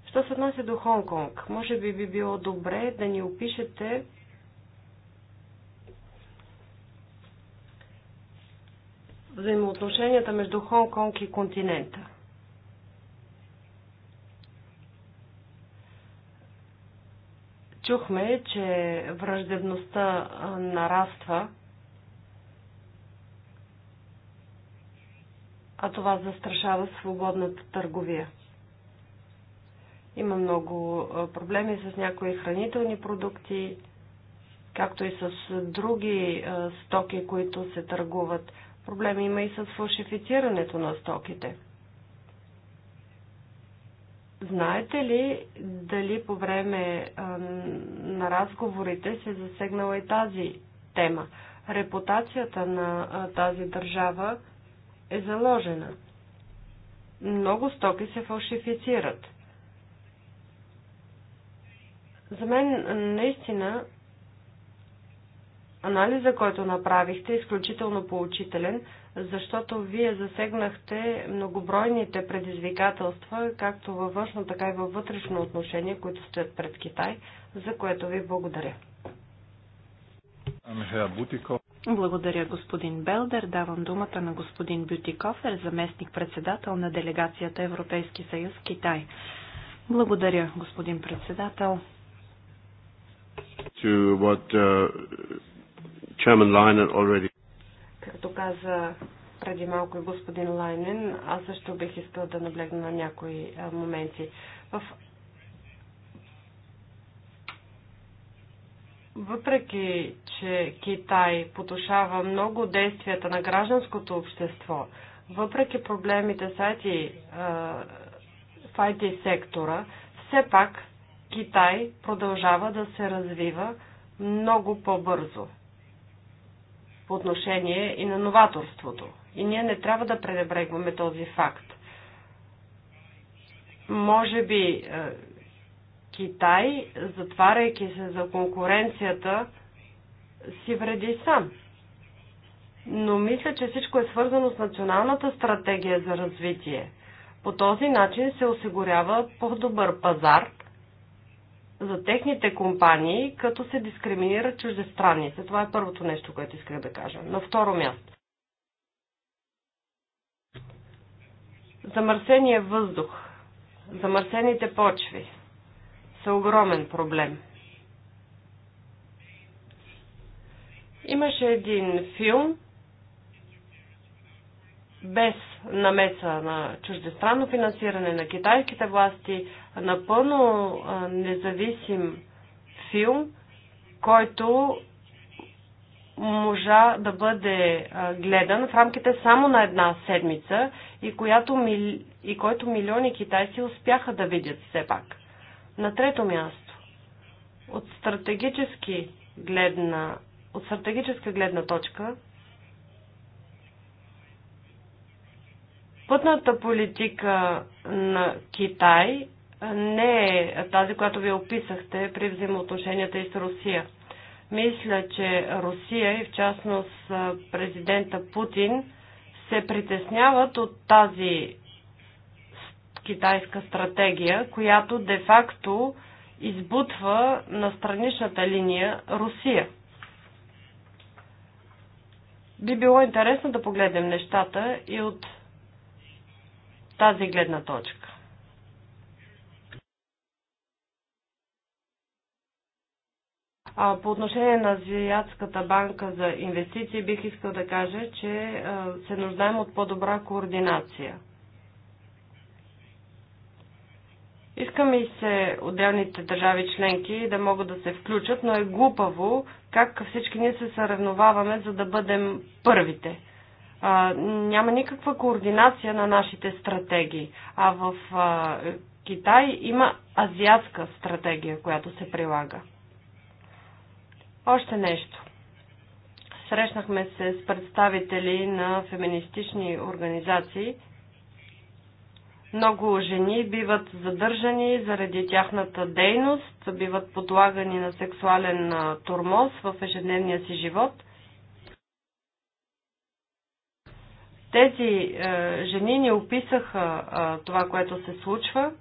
[SPEAKER 5] Що се отнася до Хонг-Конг? Може би би било добре да ни опишете взаимоотношенията между Хонг-Конг и континента. Чухме, че враждебността нараства, а това застрашава свободната търговия. Има много проблеми с някои хранителни продукти, както и с други стоки, които се търгуват. Проблеми има и с фалшифицирането на стоките – Знаете ли дали по време на разговорите се е засегнала и тази тема? Репутацията на тази държава е заложена. Много стоки се фалшифицират. За мен наистина Анализа, който направихте, е изключително поучителен, защото вие засегнахте многобройните предизвикателства, както във външно, така и във вътрешно
[SPEAKER 2] отношение, които стоят пред Китай, за което ви благодаря. Благодаря, господин Белдер. Давам думата на господин Бютикофер, заместник-председател на делегацията Европейски съюз Китай. Благодаря, господин председател.
[SPEAKER 1] To what, uh, Chairman Leinen already.
[SPEAKER 5] Както каза преди малко и господин Лайнен, аз също бих искал да наблегна на някои моменти. В... Въпреки, че Китай потушава много действията на гражданското общество, въпреки проблемите с IT, в IT сектора, все пак Китай продължава да се развива много по-бързо по отношение и на новаторството. И ние не трябва да пренебрегваме този факт. Може би е, Китай, затваряйки се за конкуренцията, си вреди сам. Но мисля, че всичко е свързано с националната стратегия за развитие. По този начин се осигурява по-добър пазар – за техните компании, като се дискриминират чуждестранните. Това е първото нещо, което исках да кажа. На второ място. Замърсения въздух, замърсените почви са огромен проблем. Имаше един филм, без намеса на чуждестранно финансиране на китайските власти, напълно независим филм, който можа да бъде гледан в рамките само на една седмица и, която, мили... и който милиони китайци успяха да видят все пак. На трето място, от стратегически гледна, от стратегическа гледна точка, Пътната политика на Китай не е тази, която ви описахте при взаимоотношенията и с Русия. Мисля, че Русия и в частност президента Путин се притесняват от тази китайска стратегия, която де-факто избутва на страничната линия Русия. Би било интересно да погледнем нещата и от тази гледна точка. А, по отношение на Азиатската банка за инвестиции бих искал да кажа, че а, се нуждаем от по-добра координация. Искам и се отделните държави членки да могат да се включат, но е глупаво как всички ние се съревноваваме, за да бъдем първите а, няма никаква координация на нашите стратегии. А в а, Китай има азиатска стратегия, която се прилага. Още нещо. Срещнахме се с представители на феминистични организации. Много жени биват задържани заради тяхната дейност, биват подлагани на сексуален турмоз в ежедневния си живот – Тези е, жени ни описаха е, това, което се случва.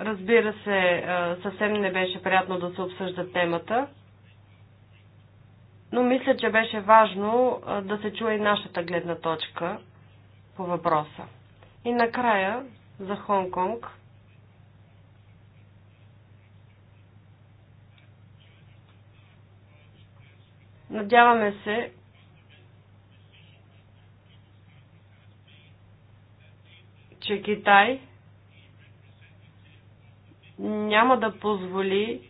[SPEAKER 5] Разбира се, е, съвсем не беше приятно да се обсъжда темата, но мисля, че беше важно е, да се чуе и нашата гледна точка по въпроса. И накрая за Хонг-Конг. Надяваме се, че Китай няма да позволи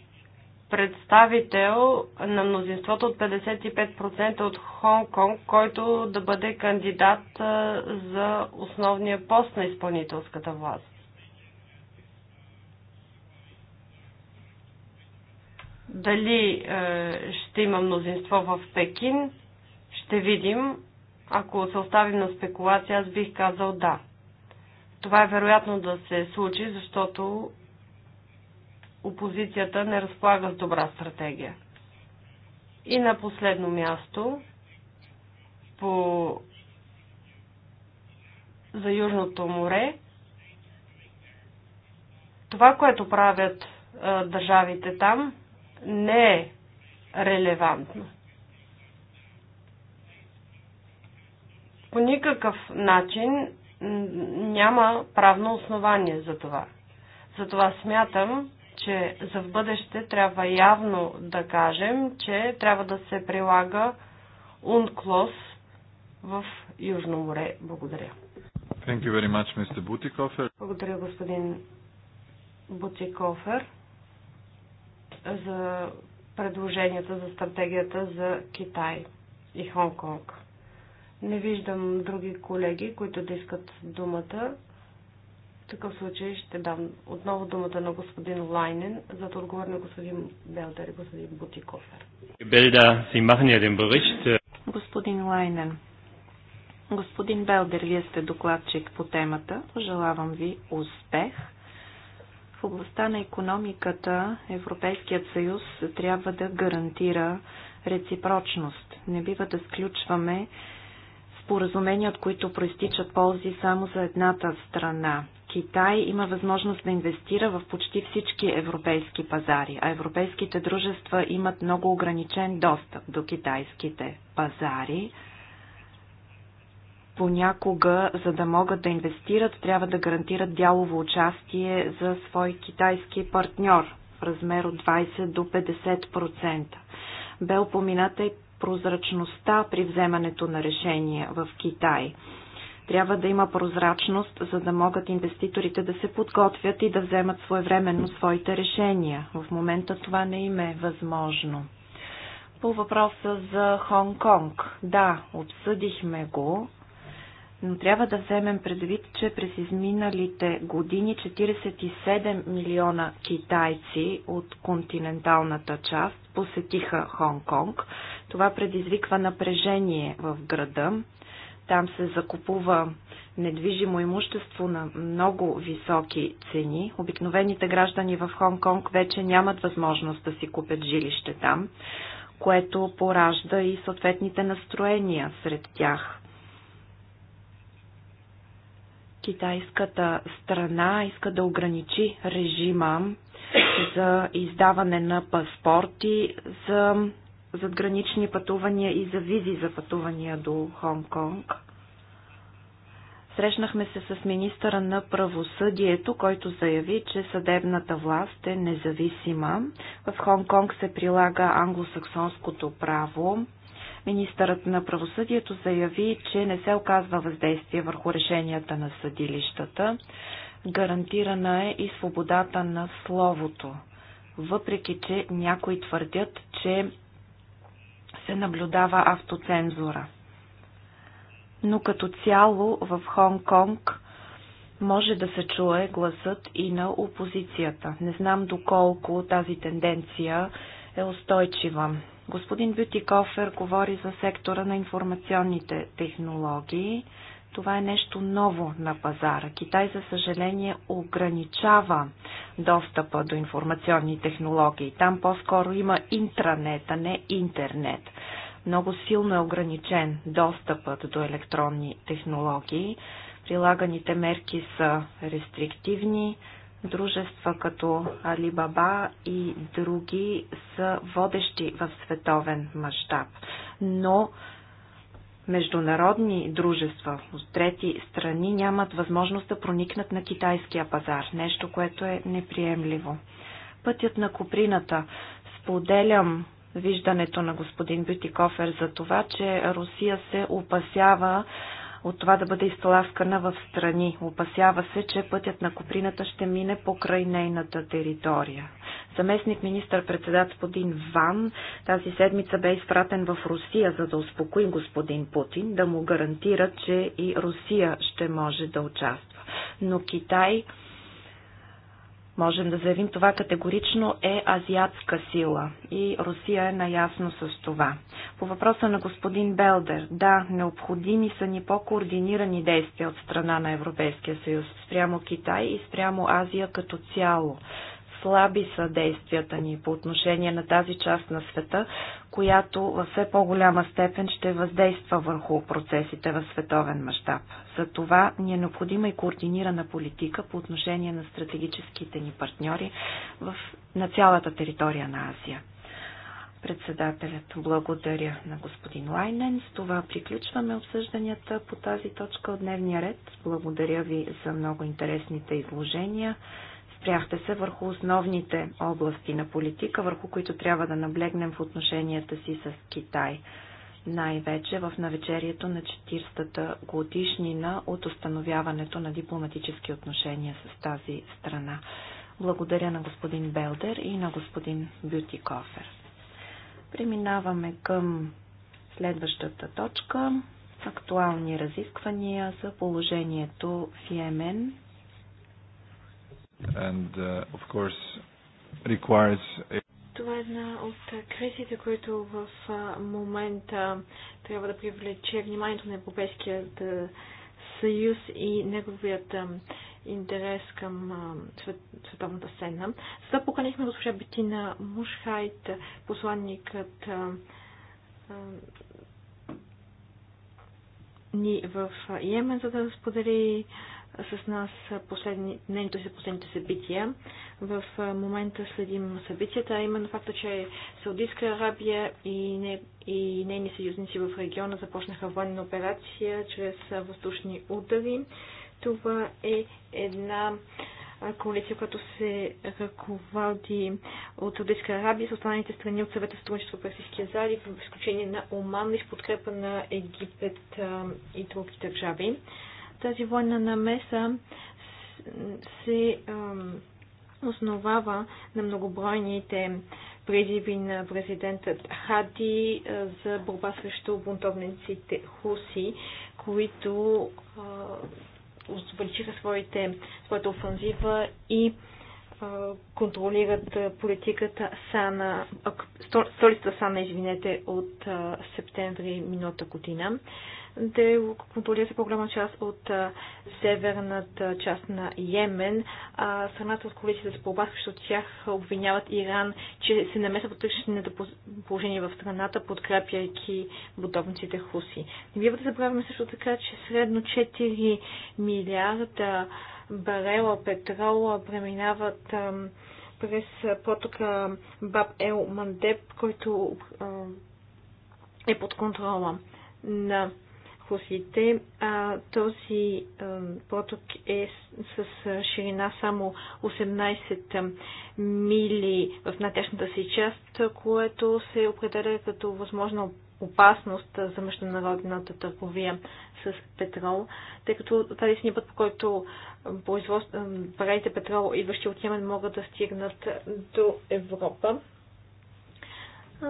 [SPEAKER 5] представител на мнозинството от 55% от Хонг-Конг, който да бъде кандидат за основния пост на изпълнителската власт. Дали е, ще има мнозинство в Пекин, ще видим. Ако се оставим на спекулация, аз бих казал да. Това е вероятно да се случи, защото опозицията не разполага с добра стратегия. И на последно място, по... за Южното море, това, което правят е, държавите там, не е релевантно. По никакъв начин няма правно основание за това. Затова смятам, че за в бъдеще трябва явно да кажем, че трябва да се прилага УНКЛОС в Южно море. Благодаря.
[SPEAKER 4] Thank you very much, Mr. Butikofer.
[SPEAKER 5] Благодаря, господин Бутикофер за предложенията за стратегията за Китай и Хонг-Конг. Не виждам други колеги, които да искат думата. В такъв случай ще дам отново думата на господин Лайнен, за да
[SPEAKER 2] отговори на господин Белдер и господин Бутикофер. Господин Лайнен, господин Белдер, вие сте докладчик по темата. Пожелавам ви успех. В областта на економиката Европейският съюз трябва да гарантира реципрочност. Не бива да сключваме споразумения, от които проистичат ползи само за едната страна. Китай има възможност да инвестира в почти всички европейски пазари, а европейските дружества имат много ограничен достъп до китайските пазари понякога, за да могат да инвестират, трябва да гарантират дялово участие за свой китайски партньор в размер от 20 до 50%. Бе упомината и прозрачността при вземането на решения в Китай. Трябва да има прозрачност, за да могат инвеститорите да се подготвят и да вземат своевременно своите решения. В момента това не им е възможно по въпроса за Хонг Конг. Да, обсъдихме го но трябва да вземем предвид, че през изминалите години 47 милиона китайци от континенталната част посетиха Хонг-Конг. Това предизвиква напрежение в града. Там се закупува недвижимо имущество на много високи цени. Обикновените граждани в Хонг-Конг вече нямат възможност да си купят жилище там, което поражда и съответните настроения сред тях. Китайската страна иска да ограничи режима за издаване на паспорти за задгранични пътувания и за визи за пътувания до Хонг-Конг. Срещнахме се с министъра на правосъдието, който заяви, че съдебната власт е независима. В Хонг-Конг се прилага англосаксонското право. Министърът на правосъдието заяви, че не се оказва въздействие върху решенията на съдилищата. Гарантирана е и свободата на словото, въпреки че някои твърдят, че се наблюдава автоцензура. Но като цяло в Хонг-Конг може да се чуе гласът и на опозицията. Не знам доколко тази тенденция е устойчива. Господин Бютикофер говори за сектора на информационните технологии. Това е нещо ново на пазара. Китай, за съжаление, ограничава достъпа до информационни технологии. Там по-скоро има интранет, а не интернет. Много силно е ограничен достъпът до електронни технологии. Прилаганите мерки са рестриктивни, Дружества като Алибаба и други са водещи в световен мащаб, но международни дружества от трети страни нямат възможност да проникнат на китайския пазар, нещо, което е неприемливо. Пътят на Куприната. Споделям виждането на господин Бютикофер за това, че Русия се опасява от това да бъде изтласкана в страни. Опасява се, че пътят на Куприната ще мине покрай нейната територия. Заместник министър-председател господин Ван тази седмица бе изпратен в Русия, за да успокои господин Путин, да му гарантира, че и Русия ще може да участва. Но Китай можем да заявим това категорично, е азиатска сила. И Русия е наясно с това. По въпроса на господин Белдер, да, необходими са ни по-координирани действия от страна на Европейския съюз спрямо Китай и спрямо Азия като цяло слаби са действията ни по отношение на тази част на света, която във все по-голяма степен ще въздейства върху процесите в световен мащаб. За това ни е необходима и координирана политика по отношение на стратегическите ни партньори в, на цялата територия на Азия председателят. Благодаря на господин Лайнен. С това приключваме обсъжданията по тази точка от дневния ред. Благодаря ви за много интересните изложения. Спряхте се върху основните области на политика, върху които трябва да наблегнем в отношенията си с Китай. Най-вече в навечерието на 40-та годишнина от установяването на дипломатически отношения с тази страна. Благодаря на господин Белдер и на господин Бютикофер. Преминаваме към следващата точка. Актуални разисквания за положението в Йемен
[SPEAKER 4] And, uh, of course, requires a...
[SPEAKER 6] Това е една от кризите, които в момента трябва да привлече вниманието на Европейският съюз и неговият интерес към свет, световната сцена. Сега поканихме госпожа Бетина Мушхайт, посланникът ни в Йемен, за да сподели с нас последни, мнението си последните събития. В момента следим събитията, а именно факта, че Саудитска Арабия и, не, и нейни съюзници в региона започнаха военна операция чрез въздушни удари. Това е една коалиция, която се ръководи от Саудитска Арабия с останалите страни от съвета сътрудничество Персийския залив, в изключение на Оман и в подкрепа на Египет и други държави. Тази война намеса се основава на многобройните призиви на президентът Хади за борба срещу бунтовниците Хуси, които увеличиха своята офанзива и контролират политиката Сана, столицата Сана, извинете, от септември миналата година. Те контролират по-голяма част от северната част на Йемен. А страната от коалицията за борба срещу тях обвиняват Иран, че се намесва в тъчното положение в страната, подкрепяйки бутовниците хуси. Не бива да забравяме също така, че средно 4 милиарда барела петрола преминават през потока Баб Ел Мандеп, който е под контрола на хусите. А, този а, поток е с, с ширина само 18 мили в натяшната си част, което се определя като възможна опасност за международната търговия с петрол, тъй като тази сния път, по който парите петрол, идващи от Йемен, могат да стигнат до Европа.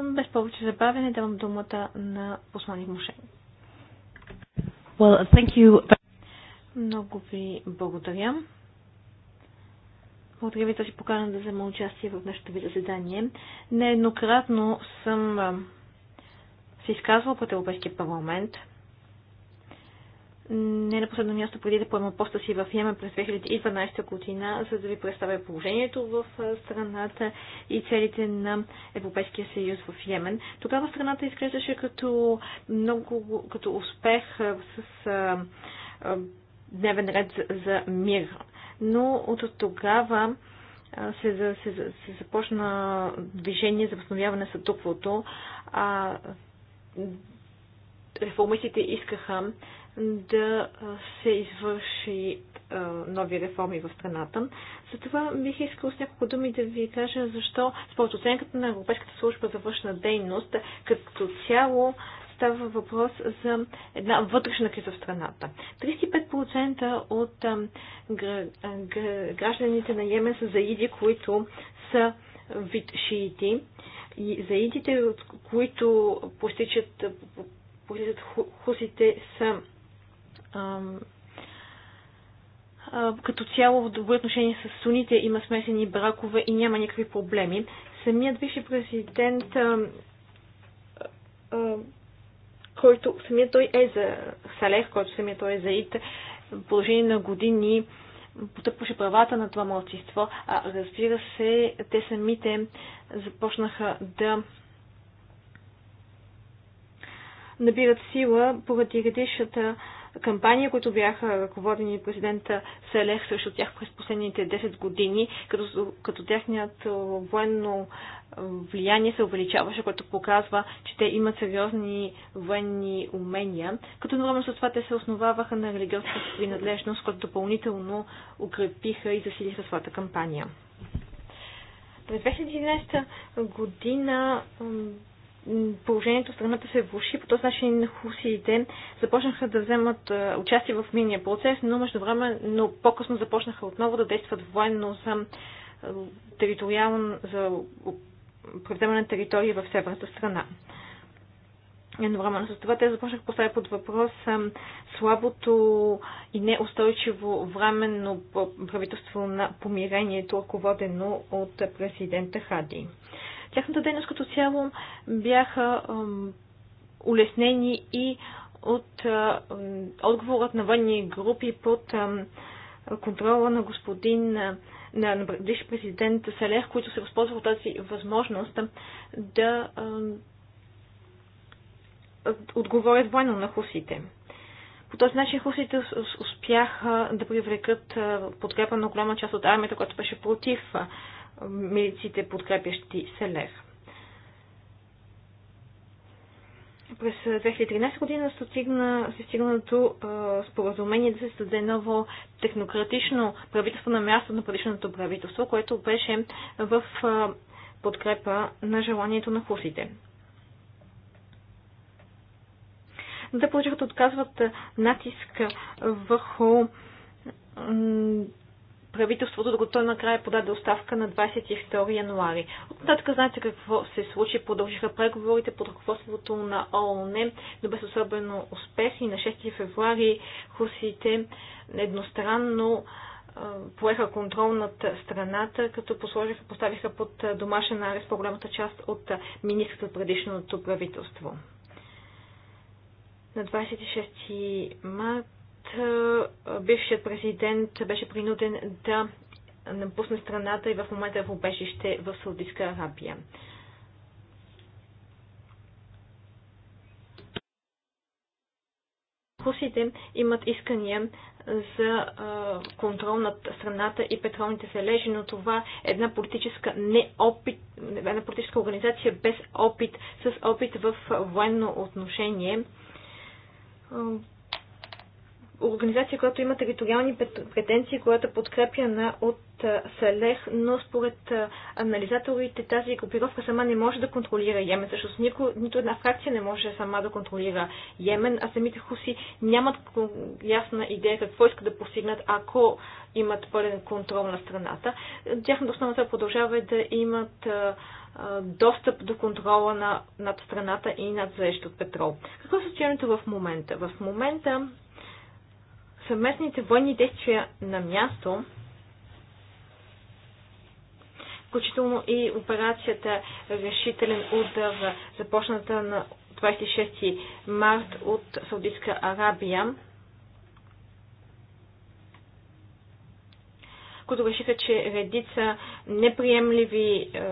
[SPEAKER 6] Без повече забавяне давам думата на посланик Мошенко.
[SPEAKER 2] Well, thank you.
[SPEAKER 6] Много ви благодаря. Благодаря ви, че покана да взема участие в нашето ви заседание. Нееднократно съм се изказвал пред Европейския парламент – не на последно място, преди да поема поста си в Йемен през 2012 година, за да ви представя положението в страната и целите на Европейския съюз в Йемен. Тогава страната изглеждаше като, много, като успех с а, а, дневен ред за, за мир. Но от тогава се, се, се, се започна движение за възстановяване съдуквото, а реформистите искаха да се извърши нови реформи в страната. Затова бих искал с няколко думи да ви кажа защо според оценката на Европейската служба за външна дейност като цяло става въпрос за една вътрешна криза в страната. 35% от гражданите на Йемен са заиди, които са вид шиити. И заидите, от които постичат хусите, са като цяло в добри отношения с суните има смесени бракове и няма никакви проблеми. Самият бивши президент, а, а, който самият той е за Салех, който самият той е за ИТ, в положение на години потъпваше правата на това младсинство, а разбира се, те самите започнаха да набират сила поради редишата кампания, които бяха ръководени президента Селех срещу тях през последните 10 години, като, като тяхният военно влияние се увеличаваше, което показва, че те имат сериозни военни умения, като едновременно с това те се основаваха на религиозната принадлежност, която допълнително укрепиха и засилиха своята кампания. През 2011 година положението в страната се влуши. По този начин хусиите започнаха да вземат участие в минния процес, но между време, но по-късно започнаха отново да действат военно за териториално за превземане територии в северната страна. Едновременно с това те започнаха да поставя под въпрос слабото и неустойчиво временно правителство на помирението, ръководено от президента Хади. Тяхната дейност като цяло бяха улеснени и от отговорът на военни групи под контрола на господин на, на президент Салех, които се възползваха от тази възможност да отговорят военно на хусите. По този начин хусите успяха да привлекат подкрепа на голяма част от армията, която беше против милиците, подкрепящи Селер. През 2013 година се стигна, се стигна до е, споразумение да се създаде ново технократично правителство на място на предишното правителство, което беше в е, подкрепа на желанието на хусите. Да получават отказват натиск върху правителството, докато той накрая подаде оставка на 22 януари. От нататък знаете какво се случи. Продължиха преговорите под ръководството на ООН, но без особено успех и на 6 февруари хусите едностранно поеха контрол над страната, като посложиха, поставиха под домашен арест по-голямата част от министрата от предишното правителство. На 26 март бившият президент беше принуден да напусне страната и в момента е в обежище в Саудитска Арабия. Русите имат искания за контрол над страната и петролните залежи, но това е една политическа, неопит, една политическа организация без опит, с опит в военно отношение организация, която има териториални претенции, която е подкрепяна от Салех, но според анализаторите тази групировка сама не може да контролира Йемен. защото нико, нито една фракция не може сама да контролира Йемен, а самите хуси нямат ясна идея какво искат да постигнат, ако имат пълен контрол на страната. Тяхната основна продължава е да имат достъп до контрола на, над страната и над заещ от петрол. Какво е състоянието в момента? В момента съвместните военни действия на място, включително и операцията Решителен удар, започната на 26 март от Саудитска Арабия, които решиха, че редица неприемливи е,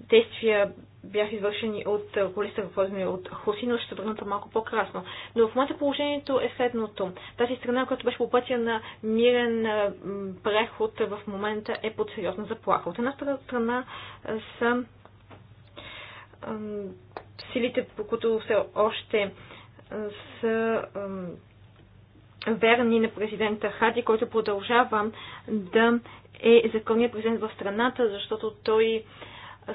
[SPEAKER 6] действия бяха извършени от колиста Гвоздмир от Хуси, но ще върната малко по-красно. Но в момента положението е следното. Тази страна, която беше по пътя на мирен преход, в момента е под сериозна заплаха. От една страна са силите, по които все още са верни на президента Хади, който продължава да е законният президент в страната, защото той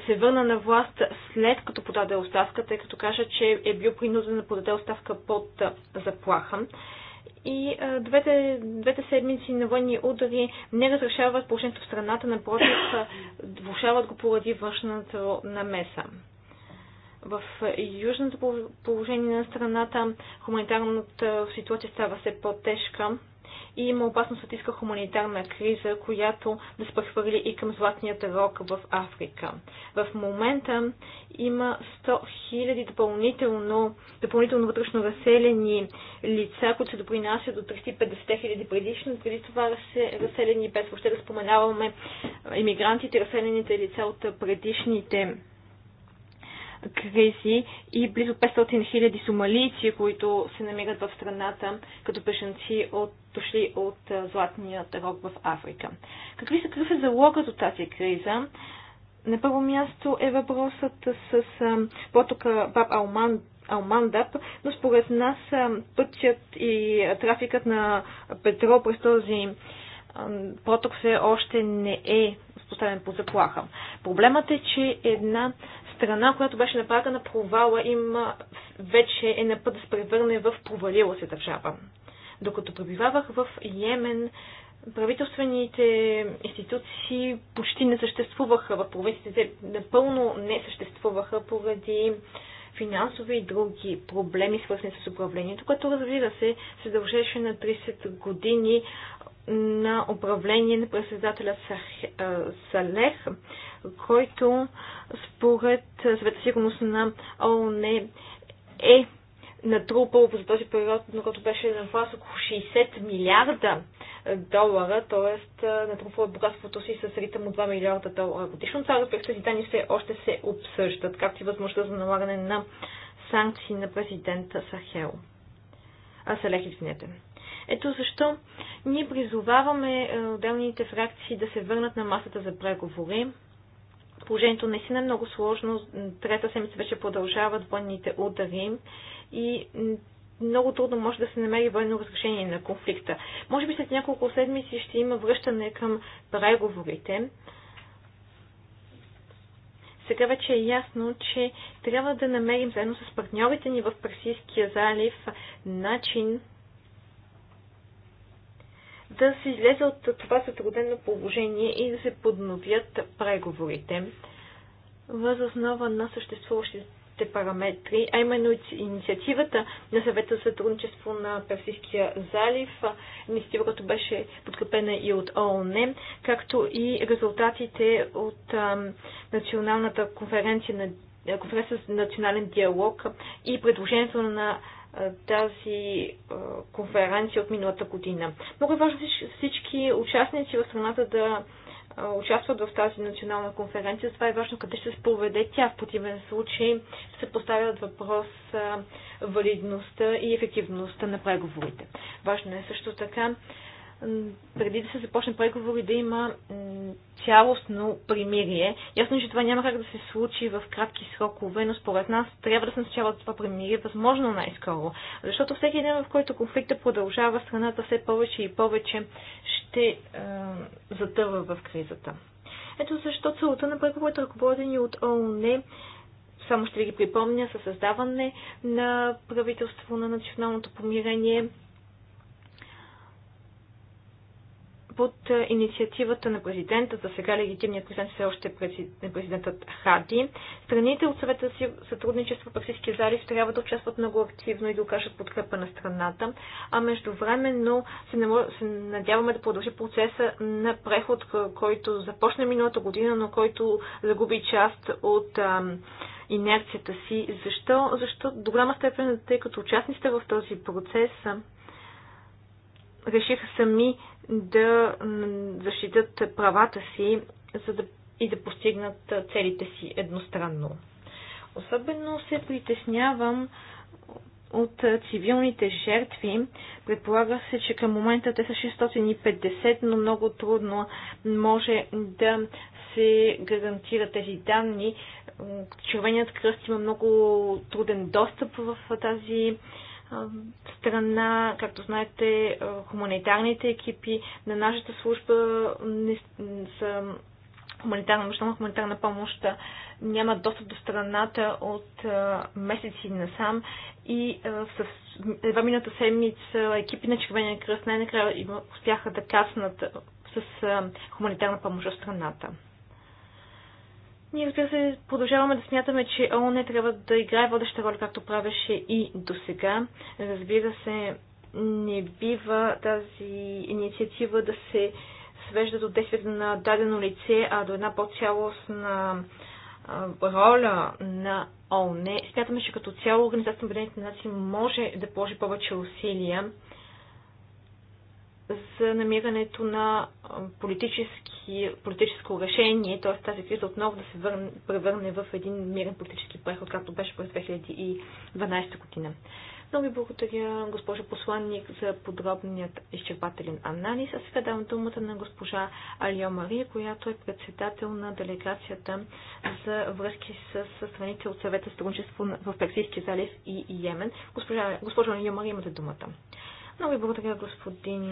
[SPEAKER 6] се върна на власт след като подаде оставка, тъй като каже, че е бил принуден да подаде оставка под заплаха. И а, двете, двете седмици на военни удари не разрешават положението в страната, напротив, влушават го поради външната намеса. В южното положение на страната хуманитарната ситуация става все по-тежка и има опасност от иска хуманитарна криза, която да се прехвърли и към Златният рок в Африка. В момента има 100 000 допълнително, допълнително вътрешно разселени лица, които се допринасят до 350 хиляди предишно. Преди това разселени, без въобще да споменаваме иммигрантите, разселените лица от предишните кризи и близо 500 хиляди сомалийци, които се намират в страната като бежанци от, дошли от Златният рог в Африка. Какви са, какъв е залогът от тази криза? На първо място е въпросът с потока Баб Алман Алмандап, но според нас пътят и трафикът на петрол през този поток все още не е поставен по заплаха. Проблемът е, че една страна, която беше направена, на провала, им вече е на път да се превърне в провалила се държава. Докато пребивавах в Йемен, правителствените институции почти не съществуваха в провинциите, напълно не съществуваха поради финансови и други проблеми, свързани с управлението, което разбира се, се дължеше на 30 години на управление на председателя Салех, който според Съвета сигурност на ООН е натрупал за този период, на който беше на власт около 60 милиарда долара, т.е. натрупва е богатството си с ритъм от 2 милиарда долара годишно. Това, разбира се, данни все още се обсъждат, както и възможността за налагане на санкции на президента Сахел. А, Салех, извинете. Ето защо ние призоваваме е, отделните фракции да се върнат на масата за преговори. Положението не е много сложно. Трета седмица вече продължават военните удари и много трудно може да се намери военно разрешение на конфликта. Може би след няколко седмици ще има връщане към преговорите. Сега вече е ясно, че трябва да намерим заедно с партньорите ни в Персийския залив начин да се излезе от това затруднено положение и да се подновят преговорите въз основа на съществуващите параметри, а именно инициативата на съвета за сътрудничество на Персийския залив, инициатива, която беше подкрепена и от ООН, както и резултатите от Националната конференция на конференция за национален диалог и предложението на тази конференция от миналата година. Много е важно всички участници в страната да участват в тази национална конференция. Това е важно къде ще се проведе тя. В противен случай се поставят въпрос валидността и ефективността на преговорите. Важно е също така преди да се започне преговори, да има цялостно примирие. Ясно, е, че това няма как да се случи в кратки срокове, но според нас трябва да се начава това примирие възможно най-скоро. Защото всеки ден, в който конфликта продължава, страната все повече и повече ще е, затъва в кризата. Ето защо целта на преговорите, ръководени от ООН, е, само ще ви ги припомня, със създаване на правителство на националното помирение, под инициативата на президента, за сега легитимният президент все още е, е президентът Хади. Страните от съвета си сътрудничество в Персийския залив трябва да участват много активно и да окажат подкрепа на страната, а междувременно се, не може, се надяваме да продължи процеса на преход, който започна миналата година, но който загуби част от инерцията си. Защо? Защо до голяма степен, тъй като участниците в този процес решиха сами да защитят правата си за да, и да постигнат целите си едностранно. Особено се притеснявам от цивилните жертви. Предполага се, че към момента те са 650, но много трудно може да се гарантират тези данни. Червеният кръст има много труден достъп в тази страна, както знаете, хуманитарните екипи на нашата служба не са хуманитарна, мащабна хуманитарна помощ няма достъп до страната от месеци насам и едва миналата седмица екипи на Червения кръст най-накрая успяха да каснат с а, хуманитарна помощ от страната. Ние, разбира се, продължаваме да смятаме, че ООН е трябва да играе водеща роля, както правеше и до сега. Разбира се, не бива тази инициатива да се свежда до действията на дадено лице, а до една по-цялостна роля на ООН. Е. Смятаме, че като цяло Организацията на Обединените нации може да положи повече усилия за намирането на политическо решение, т.е. тази криза отново да се върне, превърне в един мирен политически преход, както беше през 2012 година. Много ви благодаря, госпожа посланник, за подробният изчерпателен анализ. А сега давам думата на госпожа Алио Мария, която е председател на делегацията за връзки с страните от съвета сътрудничество в Персийския залив и Йемен. Госпожа, госпожа Алио Мария, имате думата. Много ви благодаря, господин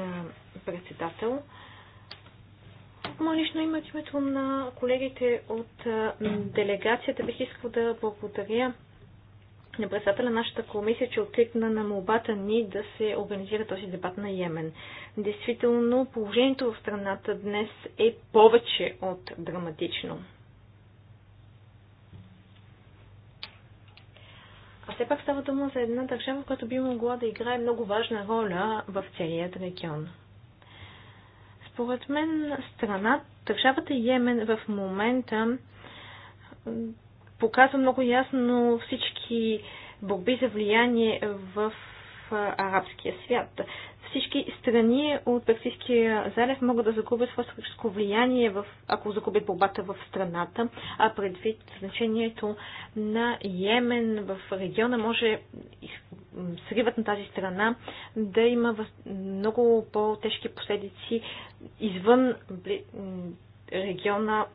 [SPEAKER 6] председател. Мое лично име от името на колегите от делегацията бих искал да благодаря на председателя на нашата комисия, че откликна на молбата ни да се организира този дебат на Йемен. Действително, положението в страната днес е повече от драматично. А все пак става дума за една държава, която би могла да играе много важна роля в целият регион. Според мен страна, държавата Йемен в момента показва много ясно всички борби за влияние в арабския свят всички страни от Персийския залив могат да загубят своето влияние, в, ако загубят борбата в страната, а предвид значението на Йемен в региона може сривът на тази страна да има много по-тежки последици извън региона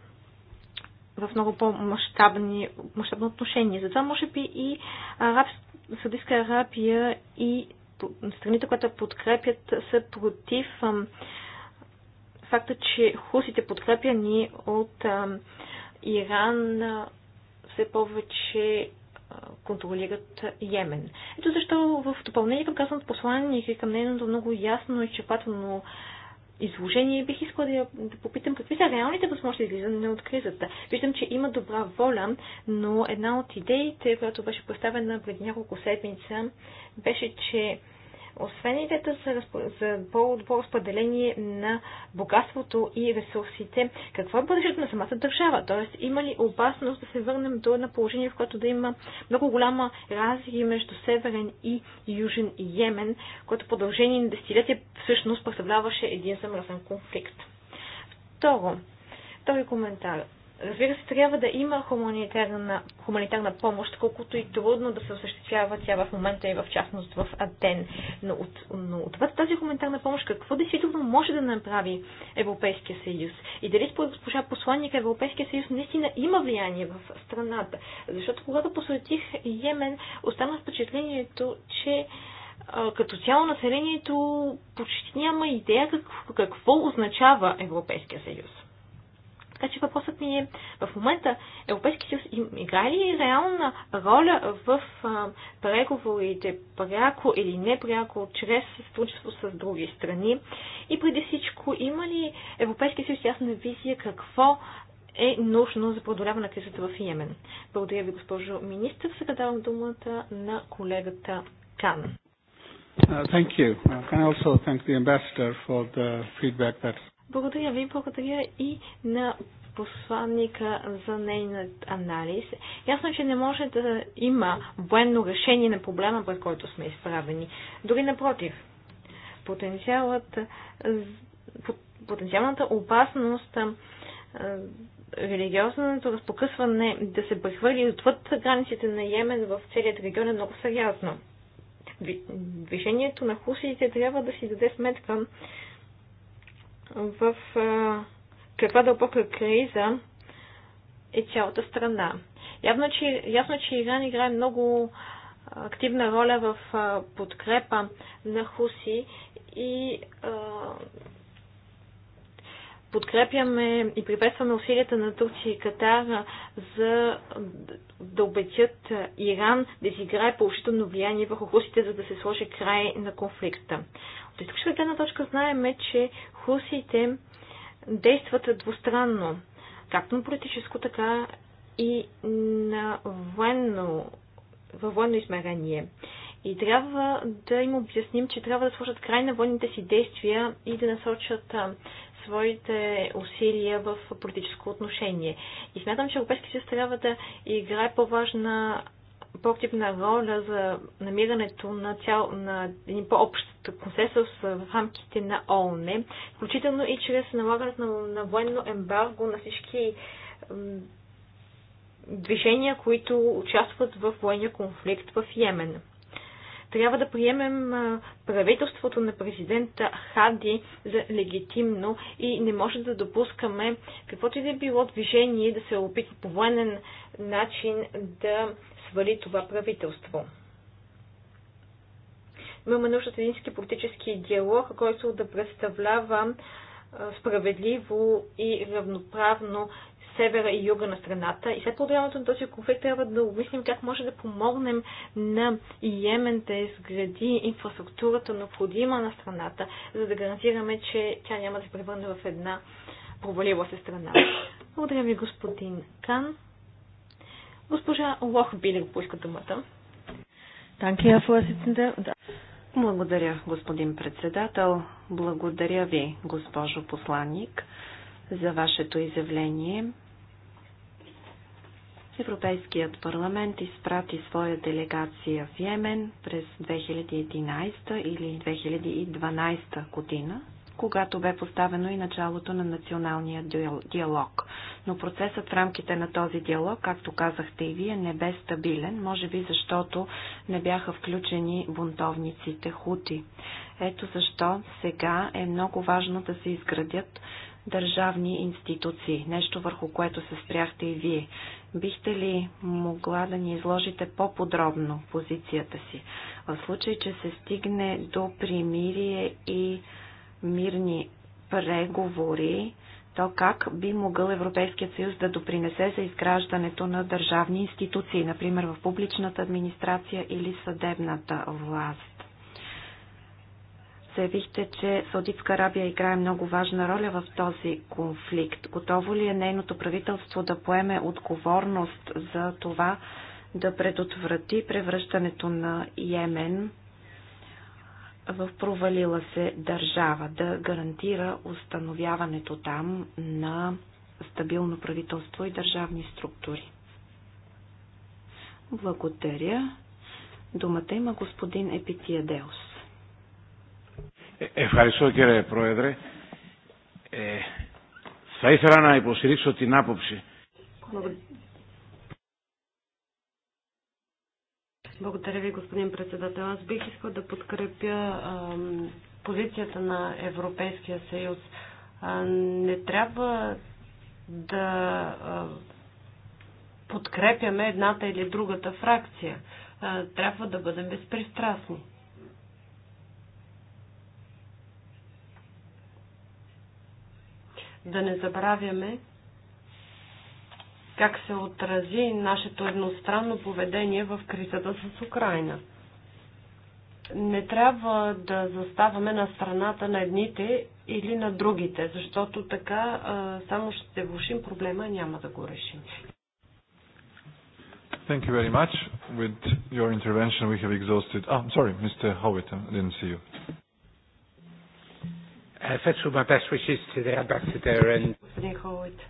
[SPEAKER 6] в много по-масштабно отношение. Затова може би и Араб, Саудитска Арабия и страните, които подкрепят, са против факта, че хусите подкрепяни от Иран все повече контролират Йемен. Ето защо в допълнение към казаното послание и към нейното много ясно и чепателно изложение, бих искала да, да попитам какви са реалните възможности за излизане от кризата. Виждам, че има добра воля, но една от идеите, която беше представена преди няколко седмица, беше, че освен идеята за, за по-добро разпределение на богатството и ресурсите, какво е бъдещето на самата държава? Тоест, има ли опасност да се върнем до едно положение, в което да има много голяма разлика между Северен и Южен Йемен, което продължение на десетилетия всъщност представляваше един замръзен конфликт? Второ, втори коментар. Разбира се, трябва да има хуманитарна, хуманитарна помощ, колкото и трудно да се осъществява тя в момента и в частност в Атен. Но, от, но отвъд тази хуманитарна помощ, какво действително може да направи Европейския съюз? И дали според госпожа посланника Европейския съюз наистина има влияние в страната? Защото когато посветих Йемен, остана впечатлението, че като цяло населението почти няма идея какво, какво означава Европейския съюз. Така че въпросът ми е, в момента Европейски съюз играе ли реална роля в преговорите пряко или непряко, чрез сътрудничество с други страни? И преди всичко, има ли Европейски съюз ясна визия какво е нужно за преодоляване на кризата в Йемен. Благодаря ви, госпожо министр. Сега давам думата на колегата Кан.
[SPEAKER 3] Uh, thank you. Uh, can also thank the ambassador for the feedback that's
[SPEAKER 6] благодаря ви, благодаря и на посланника за нейният анализ. Ясно, е, че не може да има военно решение на проблема, пред който сме изправени. Дори напротив, потенциалът, потенциалната опасност религиозното разпокъсване да се прехвърли отвъд границите на Йемен в целият регион е много сериозно. Движението на хусите трябва да си даде сметка в каква дълбока криза е цялата страна. Явно, че, ясно, че Иран играе много активна роля в подкрепа на Хуси и а, подкрепяме и приветстваме усилията на Турция и Катар за да убедят Иран да изиграе положително влияние върху хусите, за да се сложи край на конфликта. От източна гледна точка знаем, че хусите действат двустранно, както на политическо, така и на военно, във военно измерение. И трябва да им обясним, че трябва да сложат край на военните си действия и да насочат своите усилия в политическо отношение. И смятам, че Европейския съюз трябва да играе по-важна по-активна роля за намирането на, цял, на един по-общ консенсус в рамките на ООН, включително и чрез налагането на, на военно ембарго на всички движения, които участват в военния конфликт в Йемен трябва да приемем правителството на президента Хади за легитимно и не може да допускаме каквото и да е било движение да се опитва по военен начин да свали това правителство. Имаме нужда от едински политически диалог, който да представлява справедливо и равноправно севера и юга на страната. И след продължаването на този конфликт трябва да обмислим как може да помогнем на Йемен да изгради инфраструктурата необходима на страната, за да гарантираме, че тя няма да се превърне в една провалила се страна. Благодаря ви, господин Кан. Госпожа Лох Билер поиска думата. Танкия Фуасицинде. Благодаря, господин председател. Благодаря ви, госпожо посланник,
[SPEAKER 2] за вашето изявление. Европейският парламент изпрати своя делегация в Йемен през 2011 или 2012 година, когато бе поставено и началото на националния диалог. Но процесът в рамките на този диалог, както казахте и вие, не бе стабилен, може би защото не бяха включени бунтовниците хути. Ето защо сега е много важно да се изградят държавни институции, нещо върху което се спряхте и вие. Бихте ли могла да ни изложите по-подробно позицията си? В случай, че се стигне до примирие и мирни преговори, то как би могъл Европейският съюз да допринесе за изграждането на държавни институции, например в публичната администрация или съдебната власт? заявихте, че Саудитска Арабия играе много важна роля в този конфликт. Готово ли е нейното правителство да поеме отговорност за това да предотврати превръщането на Йемен в провалила се държава, да гарантира установяването там на стабилно правителство и държавни структури? Благодаря. Думата има господин Епития Деус.
[SPEAKER 4] Ευχαριστώ κύριε Πρόεδρε.
[SPEAKER 3] Ε, θα ήθελα να υποστηρίξω την άποψη.
[SPEAKER 5] Благодаря ви, господин председател. Аз бих искал да подкрепя а, позицията на Европейския съюз. А, не трябва да а, подкрепяме едната или другата фракция. А, трябва да бъдем безпристрастни. Да не забравяме как се отрази нашето едностранно поведение в кризата с Украина. Не трябва да заставаме на страната на едните или на другите, защото така само ще влушим проблема и няма да го решим.
[SPEAKER 4] Thank you very much. With your intervention, we have exhausted. Ah, sorry, Mr. Howitt, I didn't see you.
[SPEAKER 3] Uh, first my best wishes to the ambassador and...
[SPEAKER 5] Господин Холуит,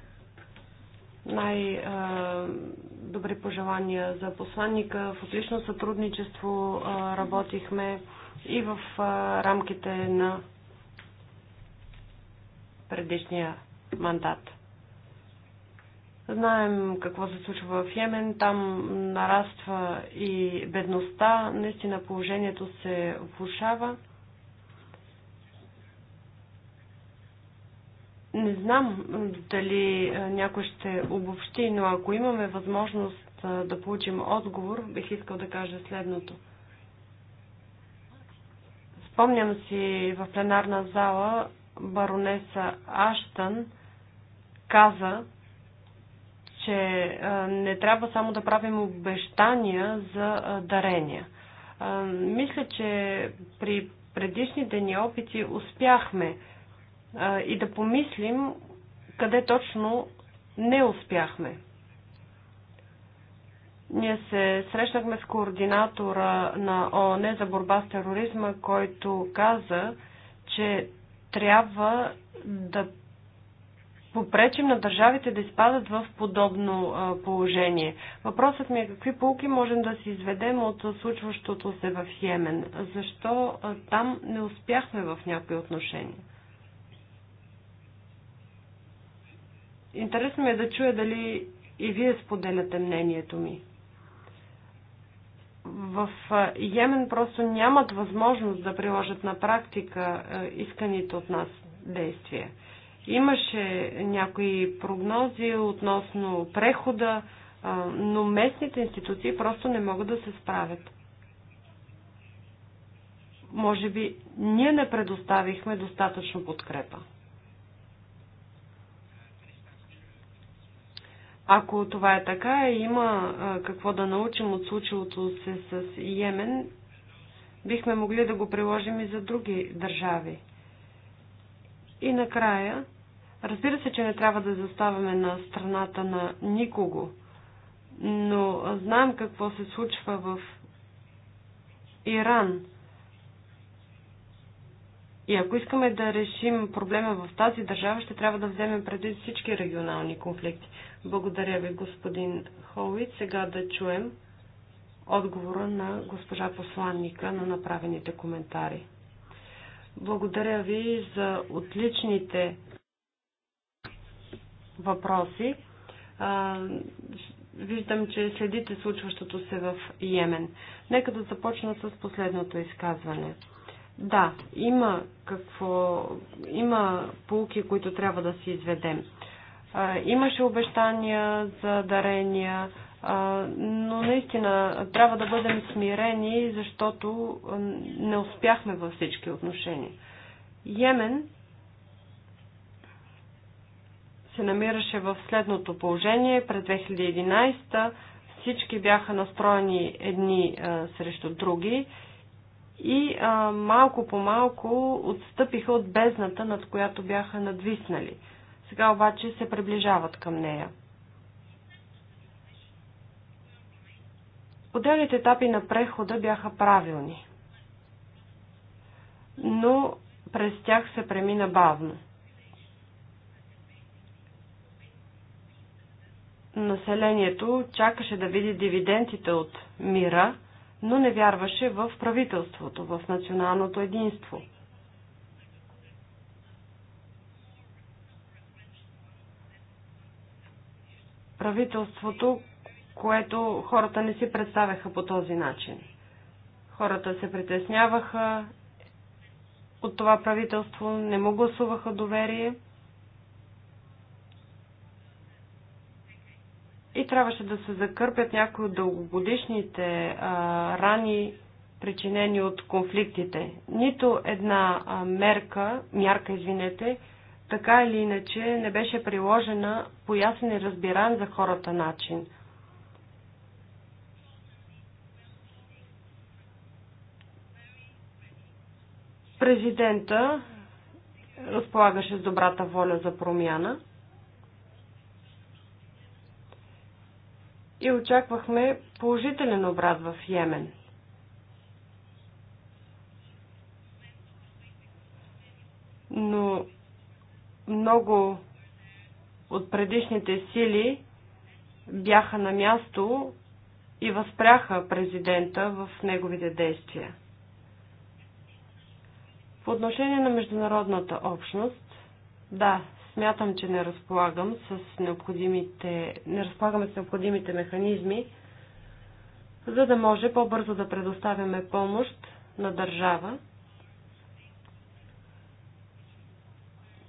[SPEAKER 5] най-добри пожелания за посланника. В отлично сътрудничество работихме и в рамките на предишния мандат. Знаем какво се случва в Йемен. Там нараства и бедността. Наистина положението се влушава. Не знам дали някой ще обобщи, но ако имаме възможност да получим отговор, бих искал да кажа следното. Спомням си в пленарна зала баронеса Аштън каза, че не трябва само да правим обещания за дарения. Мисля, че при предишните ни опити успяхме и да помислим къде точно не успяхме. Ние се срещнахме с координатора на ООН за борба с тероризма, който каза, че трябва да попречим на държавите да изпадат в подобно положение. Въпросът ми е какви полки можем да си изведем от случващото се в Йемен? Защо там не успяхме в някои отношения? Интересно ми е да чуя дали и вие споделяте мнението ми. В Йемен просто нямат възможност да приложат на практика исканите от нас действия. Имаше някои прогнози относно прехода, но местните институции просто не могат да се справят. Може би ние не предоставихме достатъчно подкрепа. Ако това е така и има какво да научим от случилото се с Йемен, бихме могли да го приложим и за други държави. И накрая, разбира се, че не трябва да заставаме на страната на никого, но знаем какво се случва в Иран. И ако искаме да решим проблема в тази държава, ще трябва да вземем преди всички регионални конфликти. Благодаря ви, господин Холвит. Сега да чуем отговора на госпожа посланника на направените коментари. Благодаря ви за отличните въпроси. Виждам, че следите случващото се в Йемен. Нека да започна с последното изказване. Да, има, какво, има полуки, които трябва да си изведем. Имаше обещания за дарения, но наистина трябва да бъдем смирени, защото не успяхме във всички отношения. Йемен се намираше в следното положение през 2011 всички бяха настроени едни а, срещу други и а, малко по малко отстъпиха от бездната, над която бяха надвиснали. Сега обаче се приближават към нея. Отделните етапи на прехода бяха правилни, но през тях се премина бавно. Населението чакаше да види дивидендите от мира, но не вярваше в правителството, в националното единство – правителството, което хората не си представяха по този начин. Хората се притесняваха от това правителство, не му гласуваха доверие. И трябваше да се закърпят някои от дългогодишните а, рани, причинени от конфликтите. Нито една а, мерка, мярка, извинете, така или иначе не беше приложена по ясен и разбираем за хората начин. Президента разполагаше с добрата воля за промяна и очаквахме положителен обрат в Йемен. Но много от предишните сили бяха на място и възпряха президента в неговите действия. По отношение на международната общност, да, смятам, че не разполагам с необходимите, не разполагаме с необходимите механизми, за да може по-бързо да предоставяме помощ на държава,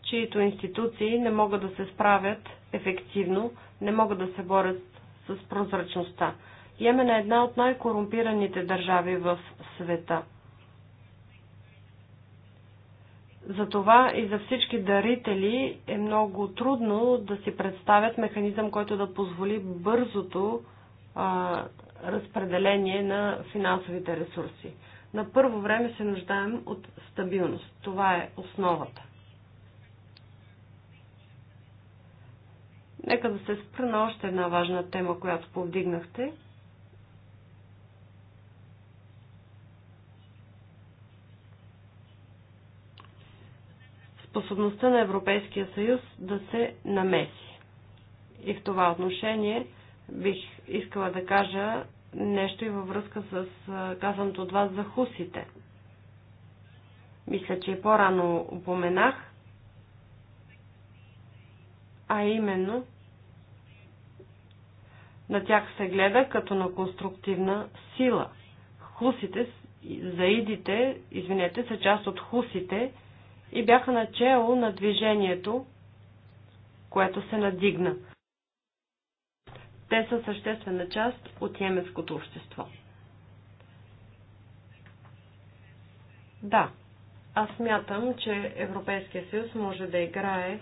[SPEAKER 5] чието институции не могат да се справят ефективно, не могат да се борят с прозрачността. Йемен е една от най-корумпираните държави в света. За това и за всички дарители е много трудно да си представят механизъм, който да позволи бързото а, разпределение на финансовите ресурси. На първо време се нуждаем от стабилност. Това е основата. Нека да се спра на още една важна тема, която повдигнахте. Способността на Европейския съюз да се намеси. И в това отношение бих искала да кажа нещо и във връзка с казаното от вас за хусите. Мисля, че и по-рано упоменах, а именно на тях се гледа като на конструктивна сила. Хусите, заидите, извинете, са част от хусите и бяха начало на движението, което се надигна. Те са съществена част от йеменското общество. Да, аз мятам, че Европейския съюз може да играе